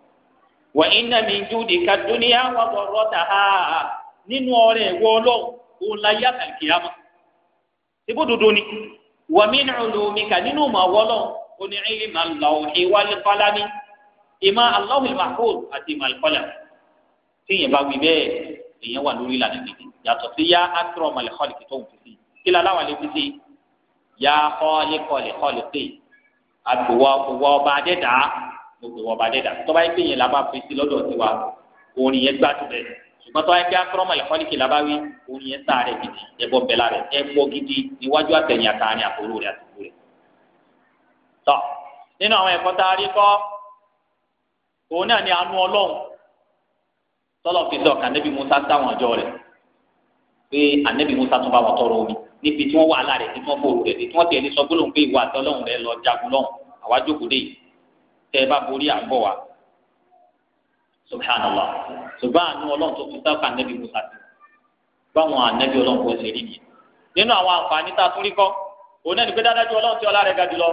wà iná mi ju dìka dúníà wà bọ̀rọ̀ tà á nínú ọrẹ ìwọ ọlọ́run òun la yá kàkì àmà ibú dúdú ni wà mí nà lù mí kà nínú mà wọ ọlọ́run oní ìlì mà lọ ìwà lẹ́kọ́lá ni ìmà aláwọ̀ ìmàkóòl àti ìmà lẹ́kọ́lá tí yẹn bá wí bẹ́ẹ̀ èèyàn wà lórí ìlànà gidi yàtọ̀ sí yá ákírọ̀ màlẹ́kọ́lì kìtọ́ òun sí kí laláwa lè fi sí yá kọ́lẹ́kọ́lẹ́kọ́lẹ́kẹ́ àgbòwọ́ ọba adẹ́dàá gbogbo wọn bá dé dà tọ́ba yẹn pé yẹn la bá fi sí lọ́dọ̀ tiwa orin yẹn gbádùn bẹ́ẹ̀ ṣùgbọ́n tọ́ba yẹn pé akọ́rọ́mọ ìkọ́nìkì la bá wí orin yẹn sáà rẹ̀ gidi ẹ̀bọ bẹ̀la rẹ̀ ẹ̀bọ gidi níwájú àtẹ̀yìn àtàrin àtòrò rẹ̀ àtòrò rẹ̀. tọ́ nínú àwọn ẹ̀kọ́ tá a rí kọ́ òun náà ni àánú ọlọ́run tọ́lọ̀ fi sọ kànẹ́bí musa sáwọn ọjọ́ rẹ̀ pé ànẹ́bí musa tún bá wọn tọrọ omi níbi tí wọ́n wà lára rẹ̀ tí tí wọ́n tiẹ̀ lè sọ gbólóhùn pé ìwà àtọ́lọ́hùn tẹ ẹ bá borí àgọ́ wa subhanallah ṣùgbọ́n àánú ọlọ́run tó fi sáfà nẹ́bí musa sí báwọn ànẹ́bí ọlọ́run kò ṣe rí nìyẹn nínú àwọn àǹfààní tá a tún rí kọ́ òun náà ní pé dáadájú ọlọ́run tí ọlá rẹ̀ ga jùlọ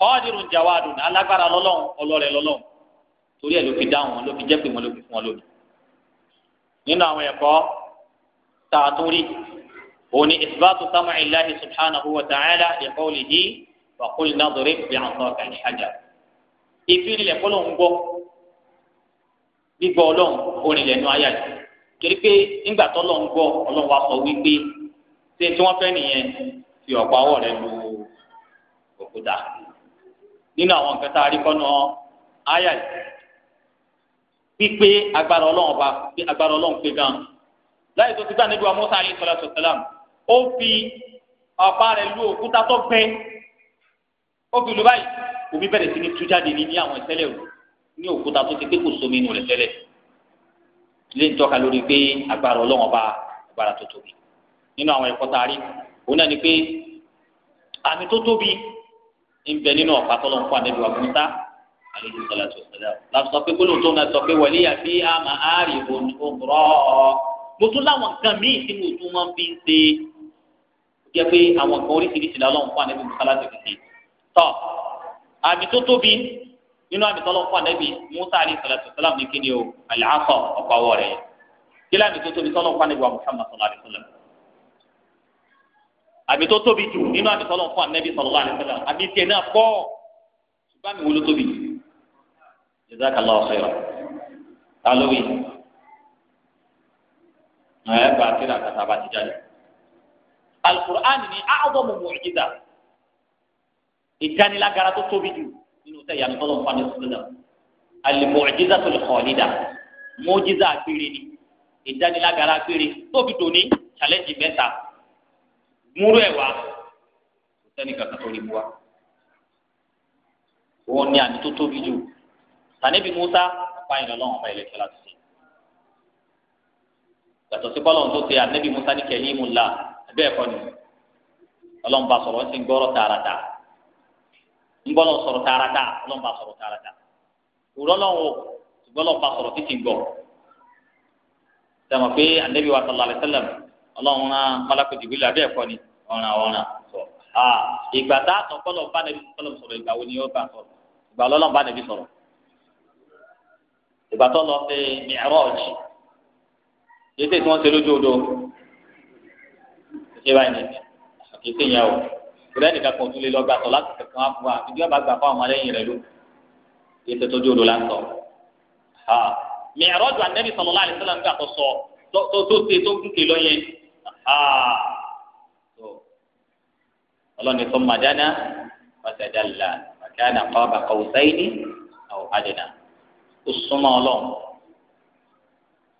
kọ́ọ̀dìrún jàwádùn alágbára lọ́lọ́run ọlọ́rẹ̀ lọ́lọ́run torí ẹ̀ ló fi dáhùn wọn ló fi jẹ́ pé wọn ló fi fún wọn lónìí nínú àwọn ẹ̀kọ́ tá a tún rí òun ni isbatu sam'i subhanahu wa ta'ala li qawlihi wa qul nadrib bi'asaka al-hajar ìfi rinlẹ̀ kọ́ lọ́hún gbọ́ gbígbọ́ ọlọ́hún orinlẹ̀ nù ayà yìí torí pé nígbà tó lọ́hún gbọ́ ọlọ́hún wa sọ wípé ṣé tí wọ́n fẹ́ nìyẹn fi ọ̀pá ọwọ́ rẹ lu òkúta nínú àwọn nǹkan tá a rí kọ́nà ayà yìí pípé agbára ọlọ́hún ọba pé agbára ọlọ́hún pé gan láyé tó ti bá níbi wa Musa alayhi salatu wa salam ó fi ọ̀pá rẹ lu òkúta tó bẹ́ẹ̀ ó fi lu báyìí omi bẹ̀rẹ̀ sí ní tú jáde ní ní àwọn ìtẹ́lẹ̀ rò ní òkúta tó ti pé kò sómi inú rẹ̀ tẹ́lẹ̀ ilé ń tọ́ka lórí pé agbára ọlọ́run ọba agbára tó tóbi nínú àwọn ẹ̀kọ́ tá òun náà ni pé àmì tó tóbi ń bẹ nínú ọ̀pá tọ́lọ̀ ń fún àdébíwá Mùsá àlejò sọlá tó sọlá láti sọ pé gbólóhùn tó ń sọ pé wọlé àbí àmà àárì òǹrọ̀ mo tún láwọn nǹkan míì tí mo tún wọn fi ń ṣe jẹ́ pé àwọn nǹkan oríṣiríṣi lọ́lọ́run fún àdébíwá Mùsá láti fi ṣe tọ àmì tó tóbi nínú àmì tọ́lọ́ fún anabi musa alayhi salatu salam ní kíni o alihasọ ọ̀pọ̀ awọ rẹ̀ kílá àmì tó tóbi tọ́lọ́ fún anabi wa muhammad sallallahu alayhi salam àmì tó tóbi jù nínú àmì tọ́lọ́ fún anabi sallallahu alayhi salam àmì tiẹ̀ náà pọ̀ ṣùgbọ́n àmì wo ló tóbi jazakallahu khairan ta ló wí ẹ̀ kàtà bá jáde alukur'an ni àwọn ọmọ mọ̀ọ́jì dáa ìjánilágara tó tóbi jù nínú tẹ̀yà mi tọ́lọ̀ nǹkan lọ́sọ̀rọ̀ náà almu'jiza tó lè khalida mu'jiza àgbére ni ìjánilágara àgbére tóbi tòní challenge mẹ́ta múrú ẹ̀ wá kò sẹ́ni kankan tó rí mu wá òun ni àmì tó tóbi jù sànẹ́bí Musa ọ̀pá ìrọ̀lọ́wọ̀n ọ̀pá ilẹ̀ kẹlá tuntun yàtọ̀ sí bọ́lọ̀ tó ṣe ànẹ́bí Musa ní kẹ́lí mu la ẹ̀bẹ́ ẹ̀kọ́ ni ọlọ́mùbá sọ̀rọ̀ ń sin gbọ́rọ̀ ń bọ́ lọ sọ̀rọ̀ tààràtà ọlọ́run bá sọ̀rọ̀ tààràtà òrọ́ lọ́wọ́ ṣùgbọ́n lọ́wọ́ bá sọ̀rọ̀ títí gbọ́ sẹ́wọ̀n pé anabi wa sallallahu alayhi wa sallam ọlọ́run rán malakú jìbìlì abẹ́ ẹ̀kọ́ ni ọ̀ràn ọ̀ràn sọ ìgbà tá a sọ kọ́lọ̀ bá nàbí sọ̀rọ̀ sọ̀rọ̀ ìgbà wo ni ó bá sọ̀rọ̀ ìgbà ọlọ́run bá nàbí sọ̀rọ̀ ìgbà tó lọ sí mi'raj yìí tí wọ́n ṣe lójú odò ṣe báyìí nìyẹn kì í sèyàn o ìrẹ́ nìkan kan tún lè lọ gbàtọ̀ láti kankan wá fún wa ìdí ọba gbà fún àwọn ẹlẹ́yìn rẹ̀ ló ètò tó jòló la sọ. mìíràn ju anabi sallallahu alaihi wasallam nígbà tó sọ tó tó ṣe tó gúnkè lọ yẹn. ọlọ́ni tó madana fatajalla makana qaba qawsayni aw adna ó súnmọ́ ọlọ́run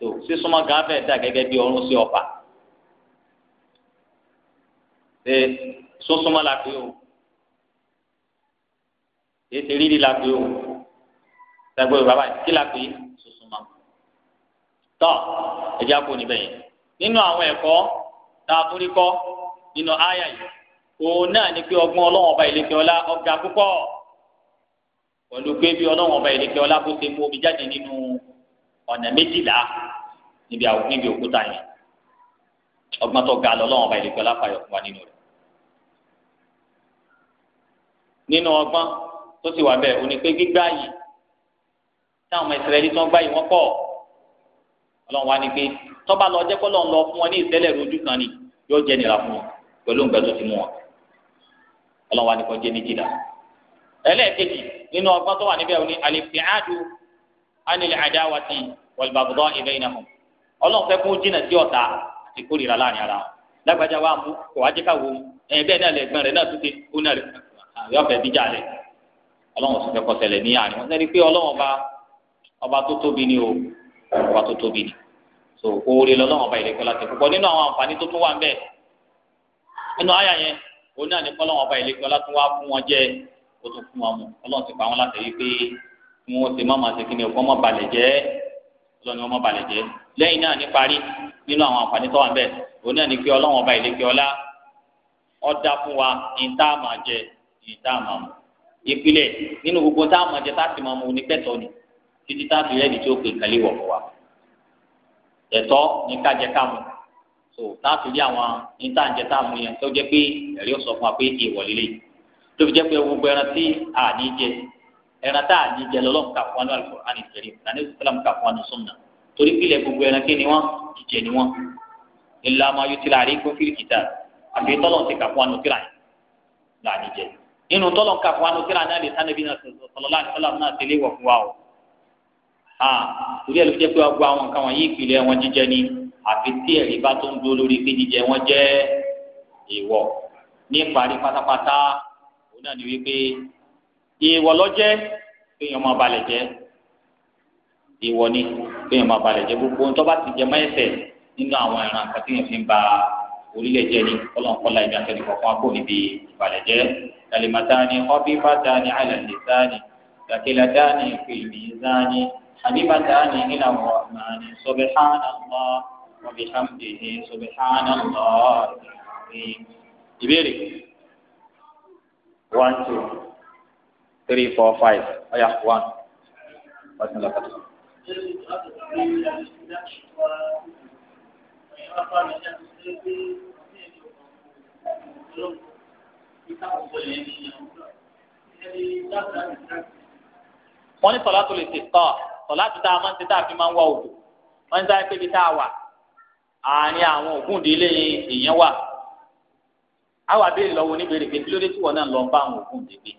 tó sísúnmọ́ gáfẹ́ dà gẹ́gẹ́ bí ọrún sí ọ̀pá sosoma la pe o ètè rírì la pe o sẹgbẹ yorùbá báyìí la pe sosoma tọ ẹdí àpò níbẹ̀ yẹn nínú àwọn ẹ̀kọ́ tá a torí kọ nínú àyà yìí òun náà ni pé ọgbọ́n ọlọ́wọ́n ọba ìlẹ̀kẹ́ ọlá ọgá púpọ̀ pẹ̀lú pé bí ọlọ́wọ́n ọba ìlẹ̀kẹ́ ọlá bó ṣe mú omi jáde nínú ọ̀nà méjìlá níbi òkúta yẹn ọgbọ́n tó ga lọ́wọ́n ọba ìlẹ̀kẹ́ ọlá fàyọ̀ fún wa nínú rẹ̀. nínú ọgbọ́n tó sì wà bẹ́ẹ̀ òní pé gbígbá yìí táwọn ọmọ ìsirẹ́lì tó ń gbá yìí wọ́n pọ̀ ọlọ́run wá ní pé tọ́ba lọ jẹ́ kọ́lọ́ ń lọ fún wọn ní ìtẹ́lẹ̀ rojú kan ni yóò jẹ́ nira fún wọn pẹ̀lú nǹkan tó ti mú wọn ọlọ́run wá ní kọ́ jẹ́ méjìlá ẹlẹ́ẹ̀kejì nínú ọgbọ́n tó wà níbẹ̀ òní àlèfíàdù anil àdáwàtì wọlbàbọdọ ìbẹ àyọ̀fẹ́ díjà lẹ̀ ọlọ́run sì fẹ́ kọ́ ṣẹlẹ̀ ní àárín wọn sẹ́ni pé ọlọ́run ọba ọba tó tóbi ni o ọba tó tóbi ni so oore lọ́lọ́run ọba ìlẹ́kọ́ láti púpọ̀ nínú àwọn àǹfààní tó tún wà ń bẹ nínú àyà yẹn òun náà ní kọ́lọ́run ọba ìlẹ́kọ́ láti wá fún wọn jẹ́ ó tún fún wọn mu ọlọ́run ti pa wọn láti rí pé kí wọ́n ti má ṣe kí ni ọkọ́ má balẹ̀ jẹ́ ọlọ́run ọmọ balẹ̀ jẹ́ lẹ́yìn náà ní parí nínú àwọn ní tá a máa mú ìpìlẹ̀ nínú gbogbo tá a máa jẹ tá a sì máa mú ní pẹ̀tọ́ ni títí tá a fi rẹ́ẹ̀dì tí ó pè kálí wọ̀ fún wa ẹ̀tọ́ ní ká jẹ ká mú so tá a fi rí àwọn ní tá a jẹ tá a mú yẹn tó jẹ́ pé ẹ̀rí ó sọ fún wa pé ìwọlé lè tó fi jẹ́ pé gbogbo ẹran tí a ní jẹ ẹran tá a ní jẹ lọ́lọ́run kà fún wa ní Al-Qur'an Al-Karim nàní sàlám kà fún wa ní Sunnah torí pìlẹ̀ gbogbo ẹran kí ni wọ́n jíjẹ ni wọ́n ìlànà yóò ti láàrin kó fìlì kìtà àfi tọ́lọ̀ ti kà fún wa ní kíláyìn láàrin jẹ Inu tọ́lọ̀ ká anu kira ní kíra náà lè sá níbi náà sọ̀rọ̀ láti sọ́lá náà tẹ̀lé wọ̀ fún wa o. torí ẹ̀ ló jẹ́ pé wọ́n gbọ́ àwọn nǹkan wọ̀nyí ìpìlẹ̀ wọn jíjẹ ni àfi tí ẹ̀rí bá tó ń dúró lórí pé jíjẹ wọn jẹ́ èèwọ̀ ní parí pátápátá òun náà ni wípé èèwọ̀ lọ́jẹ́ kéèyàn máa balẹ̀ jẹ́ èèwọ̀ ni kéèyàn máa balẹ̀ jẹ́ gbogbo ohun ti jẹ mọ́ ẹ̀ṣẹ̀ nínú àwọn ìran àkàtúnyẹ̀ fi ba orílẹ̀ jẹ́ ni ọlọ́run kọ́lá ìgbà kẹ́lẹ́ kọ̀ọ̀kan kò níbi ìbàlẹ̀ jẹ́ kalimatani khafifatani ala lisani thaqilatani fil mizani habibatani ila rahmani subhanallah wa bihamdihi subhanallah ìbéèrè one two three four five ọ̀yà one ọ̀sán lọ́kàtà. Thank you wọ́n ní sọlá tó lè ṣe tọ́ sọlá tó tá a máa ń ṣe tá a fi máa ń wá òdò wọ́n ń sáré pé tá a wà àárín àwọn ògúndínlé èèyàn wà àwa béèrè lọ́wọ́ oníbèrè pé kí ló dé tí wọ́n náà lọ bá àwọn ògúndégbé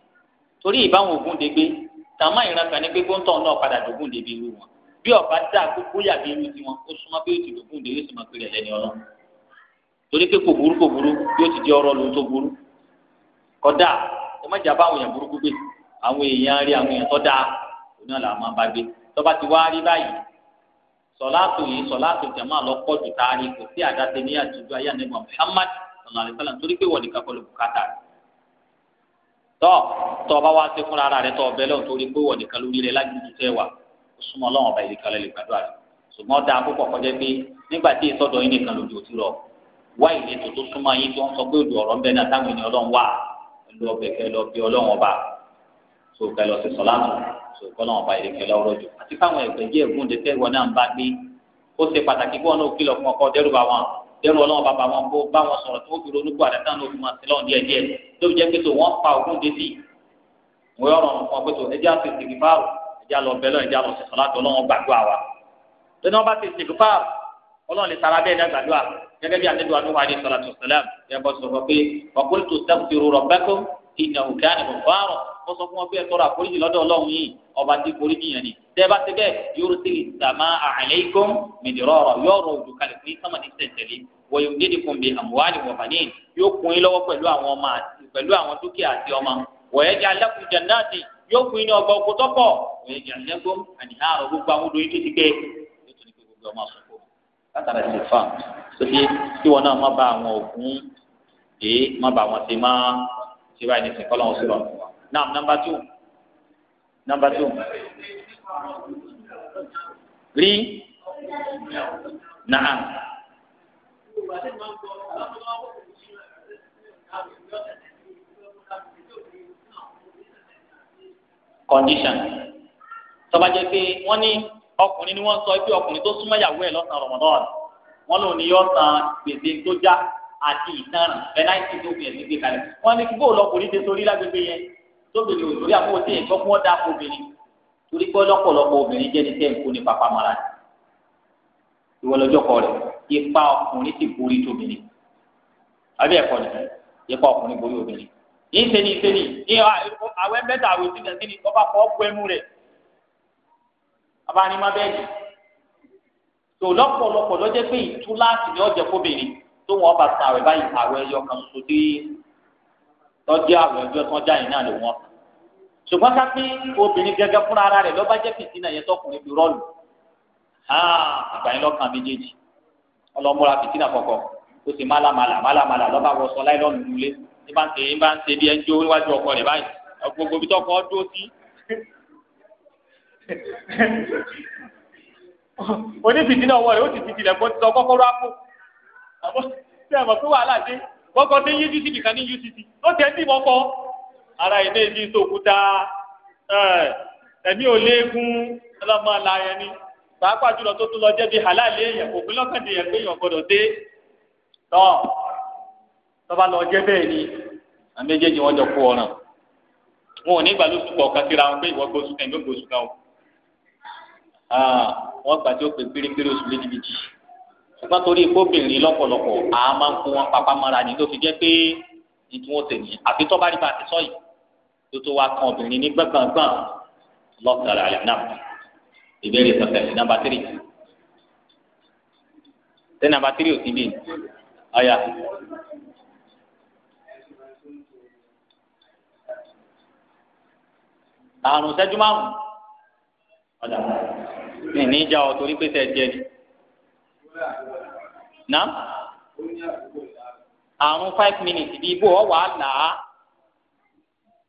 torí ìbáwọn ògúndégbé tàmá ìran kan ní pé gbóńtọ̀ náà padà dògúndégbé irú wọn bí ọ̀bá dá gbogbo yàgbé irú tiwọn ó súnmọ́ pé ó ti dògúndégbé sọmọ pé rẹ̀ lẹ́ni ọlọ́run torí pé kò burú kò burú yóò ti di ọ̀rọ̀ lóun tó burú kódà ẹ má jà bá àwọn èèyàn burúkú gbé àwọn èèyàn rí àwọn èèyàn tó dáa òun náà làwọn máa bá gbé tọba ti wá rí báyìí sọláàtù yìí sọláàtù jama lọpọ ju taari kò sí àdáṣe ní àtijọ́ ayé ànígbà Muhammad sallallahu alaihi wasallam torí pé wọn nìkan kọ́ ló bùkátà rẹ̀ tọ tọba wa ṣe fúnra ara rẹ̀ tọ ọbẹ lọhùn torí pé wọn nìkan lórí rẹ̀ lágbègbè tẹ wà ó súnmọ́ Ọlọ́run ọba ìlẹkẹlẹ lè gbàdúrà rẹ̀ wá ìletò tó súnmọ́ yín tí wọ́n sọ pé odò ọ̀rọ̀ ń bẹ náà táwọn ènìyàn ọlọ́run wà lọ ọbẹ̀ kẹ lọ bí ọlọ́run ọba tó kẹ lọ sí sọ́láàtù tó kọ́ lọ́run ọba ìrèké lọ́rọ́ jù àti káwọn ẹ̀gbẹ́ jẹ́ ègún de tẹ́wọ́ náà ń bá gbé ó ṣe pàtàkì kí wọn náà kìlọ̀ fún ọkọ dẹ́rù bá wọn dẹ́rù ọlọ́run bàbá wọn kó bá wọn sọ̀rọ̀ tó fi ronúkú àdàtà náà fún wọn sílọ̀ díẹ̀ díẹ̀ tó fi jẹ́ pé tó wọ́n pa ogún de sí mo yọ̀ ọ̀rọ̀ fún ọ pé tó ẹjẹ́ àti ìsìnkú fáàrù ẹjẹ́ àlọ́ bẹ́lẹ̀ ẹjẹ́ àlọ́ sẹ̀sọ̀ láti ọlọ́run gbàdúrà wa lẹ́nu ọba ọlọ́run lè tara bẹ́ẹ̀ náà gbàdúrà gẹ́gẹ́ bí àti ìdúwàdúwà alayhi salatu wassalam yẹ bọ́ sọ̀rọ̀ pé ọ̀pọ̀lọpọ̀ tẹ́kùtìrù rabbakum innahu kana ghaffara wọ́n sọ fún wọn pé ẹ tọrọ àforíjì lọ́dọ̀ ọlọ́run yìí ọba tí foríjì yẹn ni tẹ́ bá ti bẹ́ẹ̀ yursilis samaa alaykum midrara yóò rọ òjò kalẹ̀ fún sánmà ní tẹ̀tẹ̀lé wọ́n yóò dédé fún mi amwalin wa banin yóò kún yín lọ́wọ́ pẹ̀lú àwọn ọmọ pẹ̀lú àwọn dúkìá àti ọmọ wa yaj'al lakum jannati yóò kún yín ní ọgbà òkú tọ́pọ̀ wa yaj'al lakum anhara gbogbo àwọn odò yìí tó ti gbẹ látara ẹsẹ̀ fáàm sókè kí wọn náà má ba àwọn òògùn èé má ba àwọn ṣe má ṣe báyìí nìsín kọ́ lọ́wọ́ sílọ̀ náà nọ́mbà tù nọ́mbà tù rí náà. condition tọ́ba jẹ́ pé wọ́n ní ọkùnrin ni wọ́n sọ pé ọkùnrin tó súnmọ́ ìyàwó ẹ̀ lọ́sàn-án rọ̀mọ́dọ́ọ̀nù wọ́n lòun ni yóò san gbèsè tó já àti ìtanràn bẹ́láìtì tó fi ẹ̀sìn gbé kalẹ̀ wọ́n ní kí bóòlù ọkùnrin ti sórí lágbègbè yẹn tóbìnrin ò lórí àpò tí nǹkan fún ọ̀dà obìnrin torí pé lọ́pọ̀lọpọ̀ obìnrin jẹ́ ní tẹ́ǹkù ní pàpà mara ìwọlọ́jọ́ kọ rẹ̀ ipa ọkùnrin ti borí tóbìnrin àbí ẹ̀kọ́ ni ipa ọkùnrin borí obìnrin yìí ń sẹ́ni ìsẹ́ni àwọn ẹgbẹ́ta àwòsí bàbá ni má bẹ́ẹ̀ ni tò lọ́pọ̀lọpọ̀ lọ́jẹ́ pé ìtú láti ní ọ̀jẹ̀ kóbìnrin tó wọ́n bá san àwẹ̀ báyìí àwẹ̀ ẹyọ kan ṣoṣo dé tọ́jú àwẹ̀ ọjọ́ tó ń jáde náà ló wọ́n. ṣùgbọ́n ká pín obìnrin gẹ́gẹ́ fúnra ara rẹ̀ lọ́ba jẹ́ fìtínà yẹn tọkùnrin fi rọ́ọ̀lù àgbà yín lọ́kàn méjèèjì ọlọ́múra fìtínà kọ̀kọ̀ ó sì málámalà málámalà lọ́ba wọ sọ láìlọ́ọ̀nù nulẹ̀ ní bá ń ṣe bí ẹjọ́ níwájú ọkọ rẹ̀ báyìí gbogbo bí tọkọ dúró sí onífìdí náà wọ̀ rẹ̀ ó ti ti tilẹ̀ gbọ́dọ̀ kọ́kọ́rọ́ àpò àmọ́ tí a mọ̀ pé wàhálà dé gbọ́gbọ́ dé UCC nìkan ní UCC ó ara ilé ẹ̀mí ò léegun ọlọ́mọ ni pàápàá jùlọ tó tún lọ jẹ́ èèyàn kò fi yẹn pé èèyàn gbọ́dọ̀ dé tọ́ tọ́ba lọ jẹ́ bẹ́ẹ̀ ni jọ ọ̀ràn wọn ò ní Ah, wọ́n gbà tí ó pè pérépéré oṣù méjì méjì ṣùgbọ́n torí kóbìnrin lọ́pọ̀lọpọ̀ a máa ń kó wọn papá mọ́ra ni ló fi jẹ́ pé ìtún ó tẹ̀lé àfi tọ́ bá rí bá a ti sọ yìí tó tó wá kan obìnrin ní gbọ̀ngbọ̀ngbọ̀n lọ́kàrà rẹ̀ náà ìbéèrè tọ̀tẹ̀ nàmbà tírì ṣé nàmbà tírì ò ti bí ọ̀yà. àrùn sẹ́jú márùn-ún ọ̀dà mi ní ìjà ọ̀ torí pé tẹ̀ jẹ ni. ná àrùn five minutes bíi ibò ọ̀ wà á là á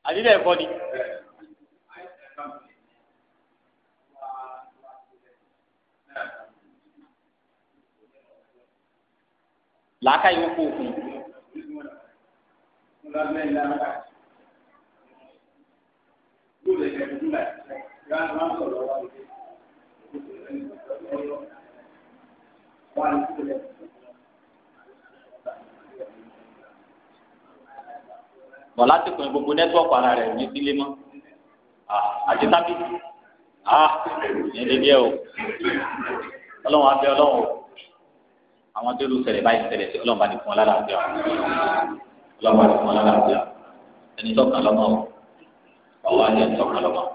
àdídẹ̀ ẹ̀kọ́ làákà yóò kó òfin. Thank bọ̀ láti pin gbogbo nẹ́tíwọ̀kì ara rẹ̀ ní sílé mọ́ àti tábìlì ní dédé o ọlọ́run á ọlọ́run o àwọn tó lù ṣẹlẹ̀ báyìí ṣẹlẹ̀ sí ọlọ́run bá ní fún ọ lálàáfíà ọlọ́run bá ní fún ọ lálàáfíà ẹni tọ́ka lọ́mọ o ọ̀wá ni ẹni tọ́ka lọ́mọ o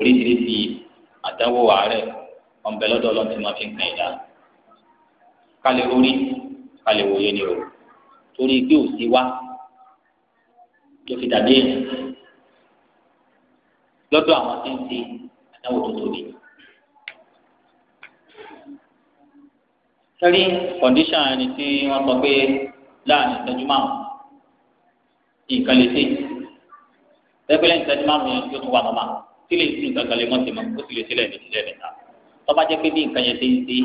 oríṣiríṣi àdánwò àárẹ̀ ọ̀nbẹ lọ́dọ̀ ọlọ́run tí wọ́n fi ń kàn yín dá. ká lè rórí ká lè wòye ni o torí pé òsì wá ló fi dàbí èèyàn lọ́dọ̀ àwọn tí ń ti àdánwò tó tóbi. sẹ́rí kọ̀ǹdíṣàn ẹni tí wọ́n sọ pé láàrin ìtọ́jú márùn-ún nǹkan lè ṣe ìtẹ́pẹ́lẹ́ ìtọ́jú márùn-ún yẹn tó tún wà nọ́mà tí lè ti nǹkan kan lè mọ́ sí ma ó sì lè sílẹ̀ ní sílẹ̀ mẹ́ta tọ́ba jẹ́ pé bí nǹkan yẹn ti ń ṣe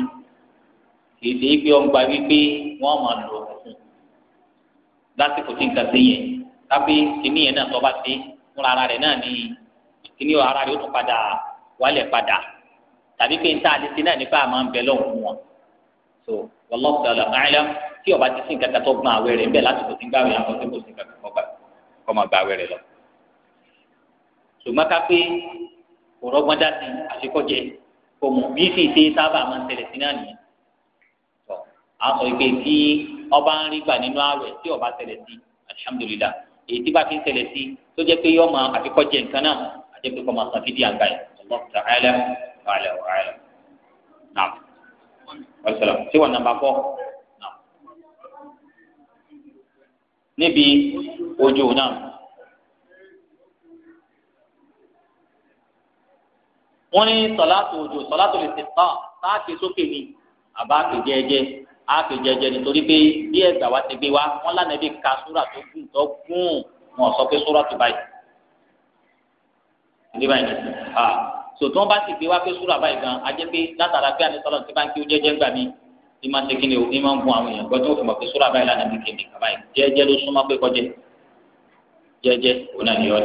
kì í ṣe é pé ọ̀n gba wípé wọ́n máa lò ó fún lásìkò tí nǹkan ṣe yẹn tábí kìíní yẹn náà tọ́ba ṣe fúnra ara rẹ̀ náà ní kìíní ara rẹ̀ ó tún padà wálẹ̀ padà tàbí pé nta àti sinai nípa àmà ń bẹ lọ́hùn fún wọn so wallahu ta'ala a'lam tí ọba ti sin kankan tó gbọ́n àwẹ̀ rẹ̀ ń bẹ lásìkò tí ń gbàwé àwọn tó kò sin kankan kọ́ máa gbàwé rẹ̀ lọ ṣùgbọ́n ká pé kò rọ́gbọ́n dá sí àṣekọ́jẹ kò mọ̀ bí sì ṣe sábà máa ń tẹ̀lẹ̀ sí náà nìyẹn. tọ́ a sọ pé tí ọba ń rí gbà nínú ààwẹ̀ tí ọba tẹ̀lẹ̀ sí alihamudulilayi èyí tí bá ti ń tẹ̀lẹ̀ sí tó jẹ́ pé yọ máa àṣekọ́jẹ nǹkan náà àti pé kọ́ máa san fídíà ń báyìí ọlọ́run ta àìlẹ́ àìlẹ́ wọ́n ní sọ̀látò òjò sọ̀látò lè ti tán sáàkì sókè ni àbá kejẹjẹ àkejẹjẹ nítorí pé bí ẹgbà wa ti gbé wa wọ́n lánàá bí ka súrà tó gùn tó gùn wọn sọ pé súrà tó báyìí ìdí báyìí ni ha sòtú wọ́n bá ti gbé wa pé súrà báyìí gan ajẹ́ pé látara pé àti sọlọ ti bá ń kí ó jẹ́jẹ́ gbà mí ní máa ṣe kíni o ní máa ń gun àwọn èèyàn gbọ́ tí wọ́n pé súrà báyìí lánàá bí kéde kàbá yìí jẹ́jẹ́ ló súnmọ́ pé kọjẹ́ jẹ́jẹ́ òun náà ni yọ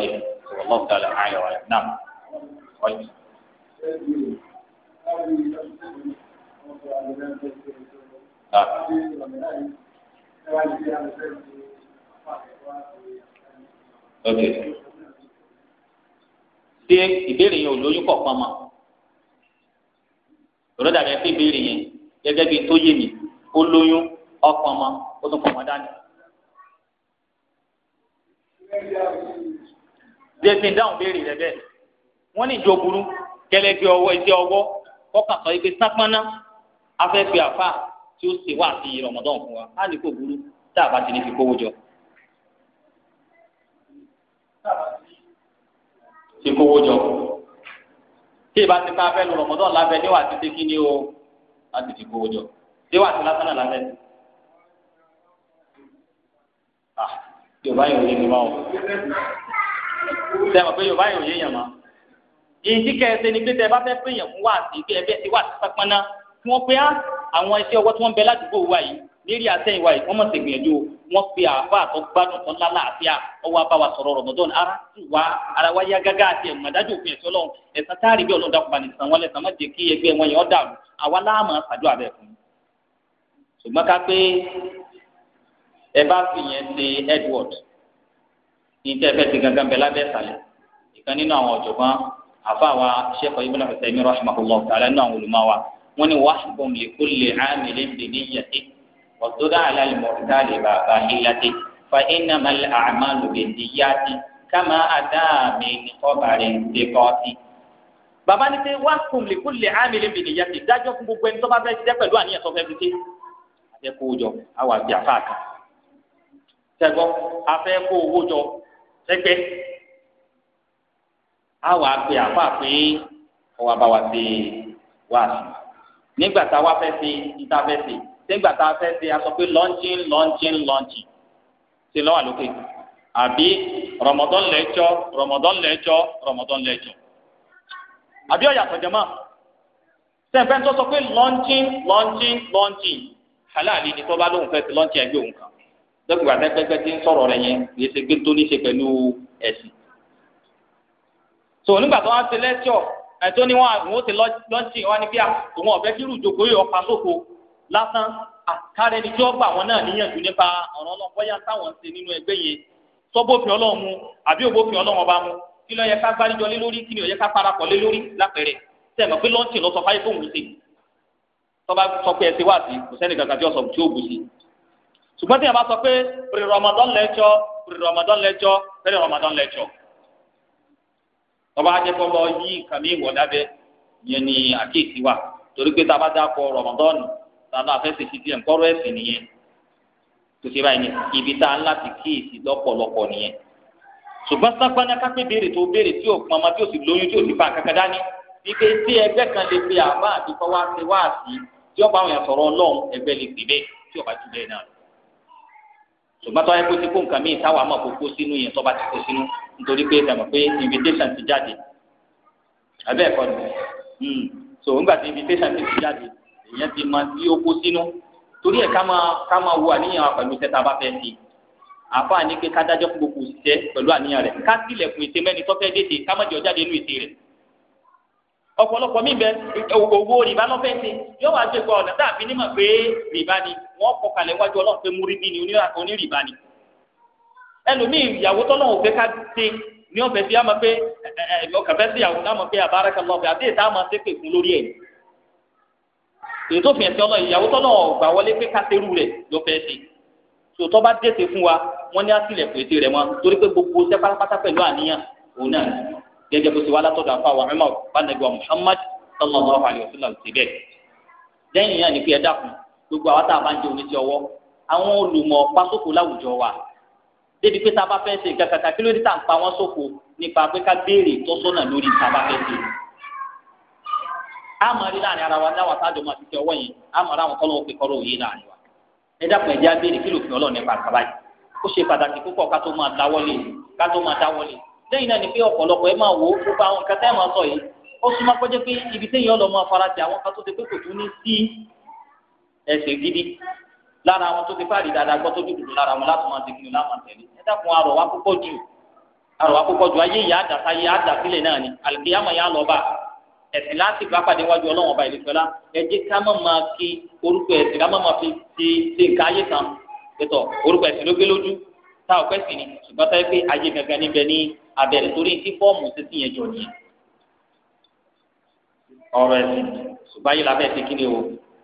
Ah. ok ṣé ìbéèrè yẹn ò lóyún kọ̀ọ̀kan mọ́ lọ́dọ̀ dàbí ẹ pé ìbéèrè yẹn gẹ́gẹ́ bíi tó yé mi ó lóyún ọkàn mọ́ ó tún pọ̀ mọ́ dání. jẹ́sìn dáhùn béèrè rẹ bẹ́ẹ̀ wọ́n ní ìjọ burú kẹlẹ fi ọwọ́ iṣẹ́ ọwọ́ kọkàn sọ ibi sápánná afẹ́ fi àfa tí ó ṣe wá sí rọmọdán fún wa á ní kò burú tá a bá ti ní fi kówó jọ. ti kówó jọ tí ìbá ti ká afẹ́ lu rọmọdán lábẹ́ níwà tí ṣe kí ni o láti fi kówó jọ níwà tí lásán náà lábẹ́ ah, yorùbá yóò yé mi máa wò sẹ́wọ̀n pé yorùbá yóò yé yàn máa èyí tí kẹsẹ̀ ni pé tẹ bá fẹ́ pè yàn fún wáàsí pé ẹbẹ́ ti wáàsí pápán náà tí wọ́n pe á àwọn iṣẹ́ ọwọ́ tí wọ́n bẹ ládùúgbò wa yìí lérí àtẹ̀yìn wa yìí wọ́n mọ̀ sí gbìyànjú wọ́n pe àáfà tó gbádùn tó ńlá láàfíà ọwọ́ abáwa sọ̀rọ̀ rọ̀mọdọ́n ara tù wá ara wa yá gágá àti ẹ̀mọ̀ dájú òfin ẹ̀sọ́ lọ́wọ́ ẹ̀sán táàrí bí ọlọ́dà Edward ní tẹ́ fẹ́ ti gangan bẹ lábẹ́ àfàwà sẹ́kọ̀ ibùdó ọ̀sẹ̀mí rahimahullah ta'ala náà olùmọ̀wá wọn ni wàhùn lè kó lè àmìlẹ̀ bìnní yàtí wọ́tọ́dá àlàlẹ̀ mọ̀tálì bàbá ìlàtí fa iná malẹ̀ àmàlù bìnní yàtí kama àdáàmì nìkọ́bàrẹ̀ ńdẹ́kọ́tì. bàbá ní pé wàhùn lè kó lè àmìlẹ̀ bìnní yàtí dájọ́ fún gbogbo ẹni tó bá fẹ́ ṣiṣẹ́ pẹ̀lú àníyàn tó fẹ́ fi ṣe. afẹ́ kó jọ àwọn àbí àfáà kan. sẹ́gbọ́n afẹ́ kó owó á wàá pe àfa pé ọwọ́ àbáwá ti wá sí nígbà tá a wá fẹ́ ṣe níta fẹ́ ṣe nígbà tá a fẹ́ ṣe a sọ pé launching launching launching ṣe lọ́wọ́ àlókè àbí Ramadan lecture Ramadan lecture Ramadan lecture àbí ọ̀yà àtọ̀jọ́mọ́ sẹ́ńpẹ́ tó sọ pé launching launching launching halali ni tó bá lóun fẹ́ ti launching ẹgbẹ́ òun kan lọ́gbìgbà tẹ́gbẹ́gbẹ́ ti ń sọ̀rọ̀ rẹ̀ yẹn kì í ṣe gbé tó ní ṣe pẹ̀lú ẹ̀sìn tó nígbà tó wá ṣe lẹ́tíọ̀ ẹ̀tọ́ ni wọn àwọn ti lọ́ọ̀tì wọn ni bí àwọn ọ̀bẹ kí rúdòkó yọ ọ̀pá sóko lásán àkàrẹ́ ni tí wọ́n gbà wọn náà níyànjú nípa ọ̀rọ̀ ọlọ́run bóyá táwọn ṣe nínú ẹgbẹ́ yẹn sọ́bófin ọlọ́run mu àbí òbófin ọlọ́run ọba mu kí ló yẹ ká gbáríjọ lé lórí kí ló yẹ ká parapọ̀ lé lórí lápẹ̀rẹ̀ sẹ́mi pé lọ́ọ̀tì lọ Ramadan lecture Ramadan lecture Ramadan lecture tọ́ba ajẹ́kọ́ lọ yí nǹkan mi yẹn ni àkéèsí wa torí pé tába dákọ̀ rọ̀mọ́dọ́ọ̀nù tàbí àfẹ́sẹ̀ sí ti ẹ̀ńkọ́rọ̀ ẹ̀sìn nìyẹn tó báyìí ni ibi tá a ń láti kíyèsí lọ́pọ̀lọpọ̀ nìyẹn ṣùgbọ́n sápáná kápẹ́ béèrè tó béèrè tí ò pamọ́ tí ò sì lóyún tí ò sì fa kankan dání wípé tí ẹgbẹ́ kan lè pe àbá àti kọ́wá ṣe wáàsí tí ọba ṣùgbọ́n tó wáyé kó ti kó nǹkan míì táwa mọ̀ kó kó sínú yẹn tó bá ti kó sínú nítorí pé ẹ mọ̀ pé invitation ti jáde abẹ́ ẹ̀kọ́ ni hmm. so ńgbà tí invitation ti jáde èèyàn ti mọ tí ó kó sínú torí ẹ̀ ká máa ká máa wo àníyàn wa pẹ̀lú iṣẹ́ tá a bá fẹ́ ṣe àfáà ní pé ká dájọ́ fún gbogbo òṣìṣẹ́ pẹ̀lú àníyàn rẹ̀ ká tilẹ̀kùn ètè mẹ́ni tó fẹ́ dé ọ̀pọ̀lọpọ̀ mi bẹ owó rìbá lọ́fẹ́ ṣe yóò wá gbé ọ̀nà tàbí nímọ̀ pé rìbá ni wọ́n kọ kalẹ̀ wájú ọlọ́run pé múrídìí ni onírìbá ni ẹlòmíì ìyàwó tọ́lọ́run ò fẹ́ ká ṣe ní ọ̀fẹ́ fi àmọ́ pé ọkàn fẹ́ sí ìyàwó náà mọ̀ pé àbáraka lọ́fẹ́ àti ètò àmọ́ ṣe pè fún lórí ẹ̀ èyí tó fi ẹ̀sìn ọlọ́run ìyàwó tọ́lọ́run gbà wọlé pé ká serú rẹ̀ ló fẹ́ ṣe tòótọ́ bá dé ṣe fún wa wọ́n ní gẹ́gẹ́ bó ti wá látọ̀dọ̀ àfa wa Umar fanabi wa Muhammad sallallahu alayhi wa sallam ti ni gbogbo àwọn tá a bá ń jẹ àwọn wa débi pé a fẹ́ ṣe nǹkan kí ló dé tá ń pa wọ́n sófo nípa pé ká béèrè tọ́sọ́nà lórí fẹ́ láàrin ara wa láwọn àtàjọ máa ti tẹ ọwọ́ yẹn àmọ́ ara láàrin wa kí ló lẹ́yìn náà ni pé ọ̀pọ̀lọpọ̀ ẹ máa wò ó gbogbo àwọn nǹkan tẹ́ ẹ máa sọ yìí ó súnmọ́ pẹ́jẹ́ pé ibi téèyàn lọ máa fara ti àwọn kan tó ti pé kò tún ní sí ẹsẹ̀ gidi lára àwọn tó ti fàrí dáadáa gbọ́ tó dúdú lára wọn láti máa dèkìlì láwọn àtẹ̀lé ẹ dákun arọ̀ púpọ̀ jù arọ̀ púpọ̀ jù ayé ìyá àdàtà yé àdàsílẹ̀ náà ni àlùkìyàmọ̀ yà lọ́ba ẹ̀sìn láti bá pàdé wájú ọlọ́wọ́n ọba ìlẹ̀fẹ́lá ẹ jẹ́ ká má máa kí orúkọ ẹ̀sìn ká má máa fi ṣe ṣe nǹkan ayé kan pẹ̀tọ̀ orúkọ ẹ̀sìn ló gbé lójú tá ò ni ṣùgbọ́n táyé pé ayé gangan níbẹ̀ ní abẹ́rẹ́ torí tí fọ́ọ̀mù títí yẹn jọ nìyẹn ọ̀rọ̀ ẹ̀sìn ṣùgbọ́n ayé labẹ́ ti kíni o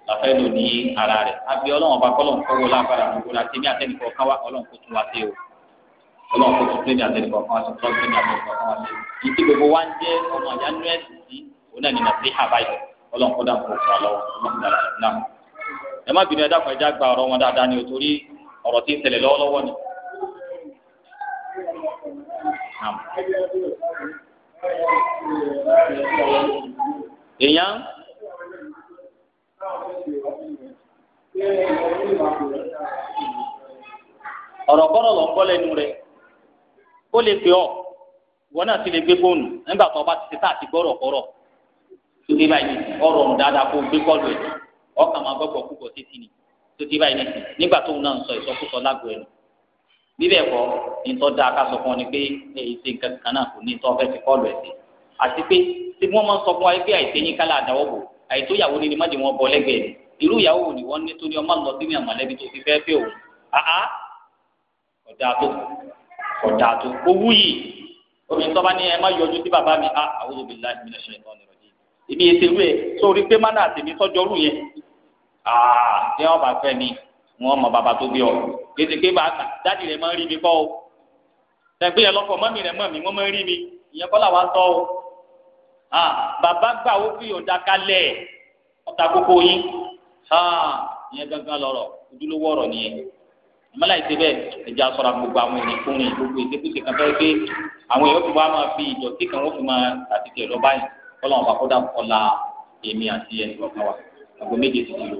làfẹ́ lò ní ara rẹ̀ àbí ọlọ́run ọba kọ́lọ́n kọ́wọ́ lágbára gbogbo la tẹ́mi àtẹnìkọ̀ kan wá ọlọ́run kò tún wá sí o ọlọ́run kò tún tẹ́mi àtẹnìkọ̀ kan wá sí ọlọ́run tẹ́mi àtẹnìkọ̀ kan wá sí i tí gbogbo wa ń jẹ́ ọmọ àyà nú ẹ̀sìn sí òun náà ní nàfẹ́ àbáyọ ọlọ́run kó dà kó fún ọlọ́wọ́ ọlọ́run ham. èèyàn. ọ̀rọ̀ kọ́rọ̀ lọ gbọ́ wọn náà ti lè gbé fóònù nígbà tó o bá ti ṣe tá àti kọ́rọ̀ tó ti báyìí ọ̀rọ̀ ọ̀hún dáadáa kó o gbé kọ́ọ̀lù ẹ̀ ọkàn máa gbọ́gbọ́ púpọ̀ títí ni tó ti báyìí nígbà náà sọ ìsọkúsọ bíbẹ̀ kọ́ nítọ́ da ká sọ fún ọ ni pé èyí ṣe nǹkan kan náà kò ní tọ́ fẹ́ fi kọ́ọ̀lù ẹ̀ sí àti pé tí wọ́n máa ń sọ fún wa pé àìsè yín kálá àdáwọ̀ bò àìtó ìyàwó ni má di wọn bọ lẹ́gbẹ̀ẹ́ irú ìyàwó ni wọ́n ní torí ọmọ lọ sí mi àmọ̀lẹ́bí tó fi fẹ́ fẹ́ òun àá ọ̀dà tó ọ̀dà tó owú yìí obìnrin tó bá ẹ má yọjú sí bàbá mi ah a'udhu billahi minash shaitanir rajim èmi ètè rú ẹ sórí pé má náà tèmi sọ́jọ́rú yẹn ah tí wọ́n bá fẹ́ mi wọ́n mọ bàbá gbèsè pé bá a kà dáàdi rẹ̀ máa ń rí mi kọ́ o tẹ̀gbé yẹn lọ́kọ̀ mọ́mí rẹ̀ mọ́ mi wọ́n máa ń rí mi ìyẹn kọ́ làwa sọ o bàbá gbà ó fi ọ̀dà kalẹ̀ ọ̀tà kókó yín ìyẹn gangan lọ̀rọ̀ ojúlówó ọ̀rọ̀ nìyẹn ìmọ̀lá ìṣe bẹ́ẹ̀ ẹja sọ̀rọ̀ gbogbo àwọn ènìyàn kúrin gbogbo ìṣekúṣe kan fẹ́ pé àwọn èèyàn fún wa máa fi ìdọ̀tí kan wọ́n fi máa tàtìtì lọ báyìí kọ́lọ́wọ́n bá kọ́dà kọ́la èmi àti ẹnì kọ̀ọ̀kan àgbo méje ti di lò.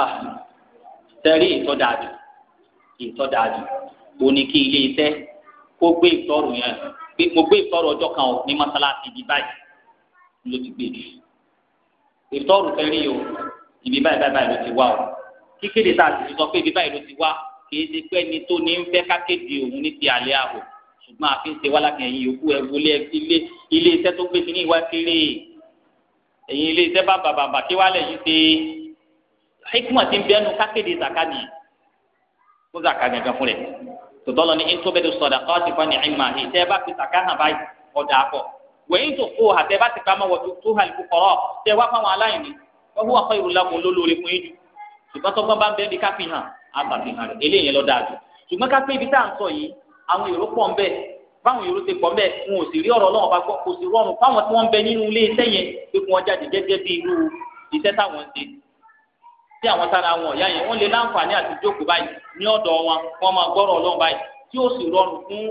Ah, tẹ̀rí ìtọ́dájú ìtọ́dájú ó ní kí ilé iṣẹ́ kó gbé ìtọ́rù yẹn pé mo gbé ìtọ́rù ọjọ́ kan ò ní mọ́sálásí ibi báyìí ló ti gbé jù ìtọ́rù tẹ̀rí o ibi báyìí báyìí ló ti wá o kíkéde tá a sì sọ pé ibi báyìí ló ti wá kìí ṣe pé ẹni tó ní ń fẹ́ kákéde òun ní ti àlẹ́ ààbò ṣùgbọ́n àfi ń ṣe wá lákàn yòókù ẹ wọlé ilé ilé iṣẹ́ tó gbé sí ní ìwá kéré ẹ̀yin ilé iṣẹ́ bá bàbàbà kí wàá lẹ̀ yín ṣe hikma ti ń bẹ́nu kákéde zaka nìyí fún zaka gangan fún rẹ̀ tòtọ́ lọ ní intobẹ́tò sọ̀dà kọ́ọ̀tì fún ní ìmọ̀ àhìn tẹ́ bá fi zaka hàn báyìí ọ̀dà àpọ̀ wẹ̀yìn tó kó hà tẹ́ bá ti pamọ́ wọ̀tú tó hà lùkù kọ̀rọ̀ tẹ́ wá fáwọn aláìní wọ́n fún wa kọ́ ìrùlá lólórí fún yín jù ṣùgbọ́n tó gbọ́n bá ń bẹ́ẹ̀ bí ká á bàtì hàn rẹ̀ eléyìí lọ dáa jù ṣùgbọ́n ká ibi tá à ń sọ yìí àwọn èrò pọ̀ ń bẹ́ẹ̀ báwọn yòrò ti pọ̀ mbẹ́ wọn ò sì rí ọ̀rọ̀ náà ọba gbọ́ kò sì rọrùn fáwọn tí wọ́n ń bẹ nínú ilé iṣẹ́ yẹn pé kí wọ́n jáde gẹ́gẹ́ bí irú iṣẹ́ táwọn ń ṣe tí àwọn sára wọn ọ̀yá yẹn wọ́n lè láǹfààní àti jókòó báyìí ní ọ̀dọ̀ wọn wọ́n máa gbọ́rọ̀ ọlọ́run báyìí tí ó sì rọrùn fún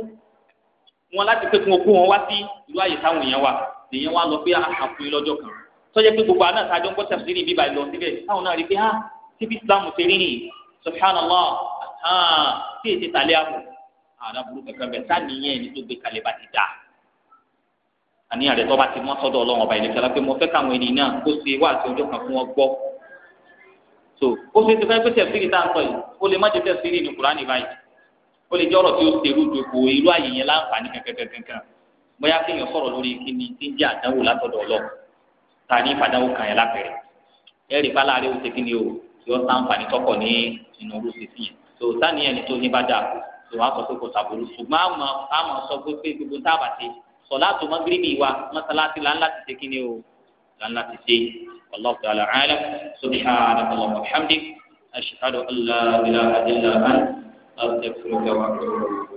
wọn láti pé kí wọ́n kó wọn wá sí ìlú àyè táwọn èèyàn wà lèyàn wá lọ pé àkùn ah, yìí lọ́jọ́ kan ah, subhanallah tí èsì tàlẹ́ àpò àdá burú kankan bẹ sáníyàn ẹni tó gbé kalẹ̀ bá ti dà àníyàn rẹ tó bá ti mọ́ sọ́dọ̀ ọlọ́run ọba ìlẹ̀kẹ́ la pé mo fẹ́ káwọn ènìyàn náà kó ṣe wá àti ọjọ́ kan fún wọn gbọ́ so ó ṣe é ti fẹ́ pé tẹ̀síìrì tá à ń sọ yìí ó lè má jẹ tẹ̀síìrì ní kúránì báyìí ó lè jẹ́ ọ̀rọ̀ tí ó ṣerú ju kò irú àyè yẹn láǹfààní kankankankan bóyá kéèyàn sọ̀rọ̀ lórí kíni tí ń jẹ́ àdánwò látọ̀dọ̀ ọlọ́run ta ní ìfàdánwò kan yẹn oh. so sáníyàn ni tó ní bá dáa ìwà sọ pé kò sàbòrò ṣùgbọ́n àmọ́ àmọ́ sọ pé pé gbogbo tá a bá ti sọ láti mọ́gírìbì wa mọ́sálásí là ń láti ṣe kíni o là ń láti ṣe wallahu ta'ala a'lam subhanaka wa bihamdik ashhadu an la ilaha illa anta astaghfiruka wa atubu ilayk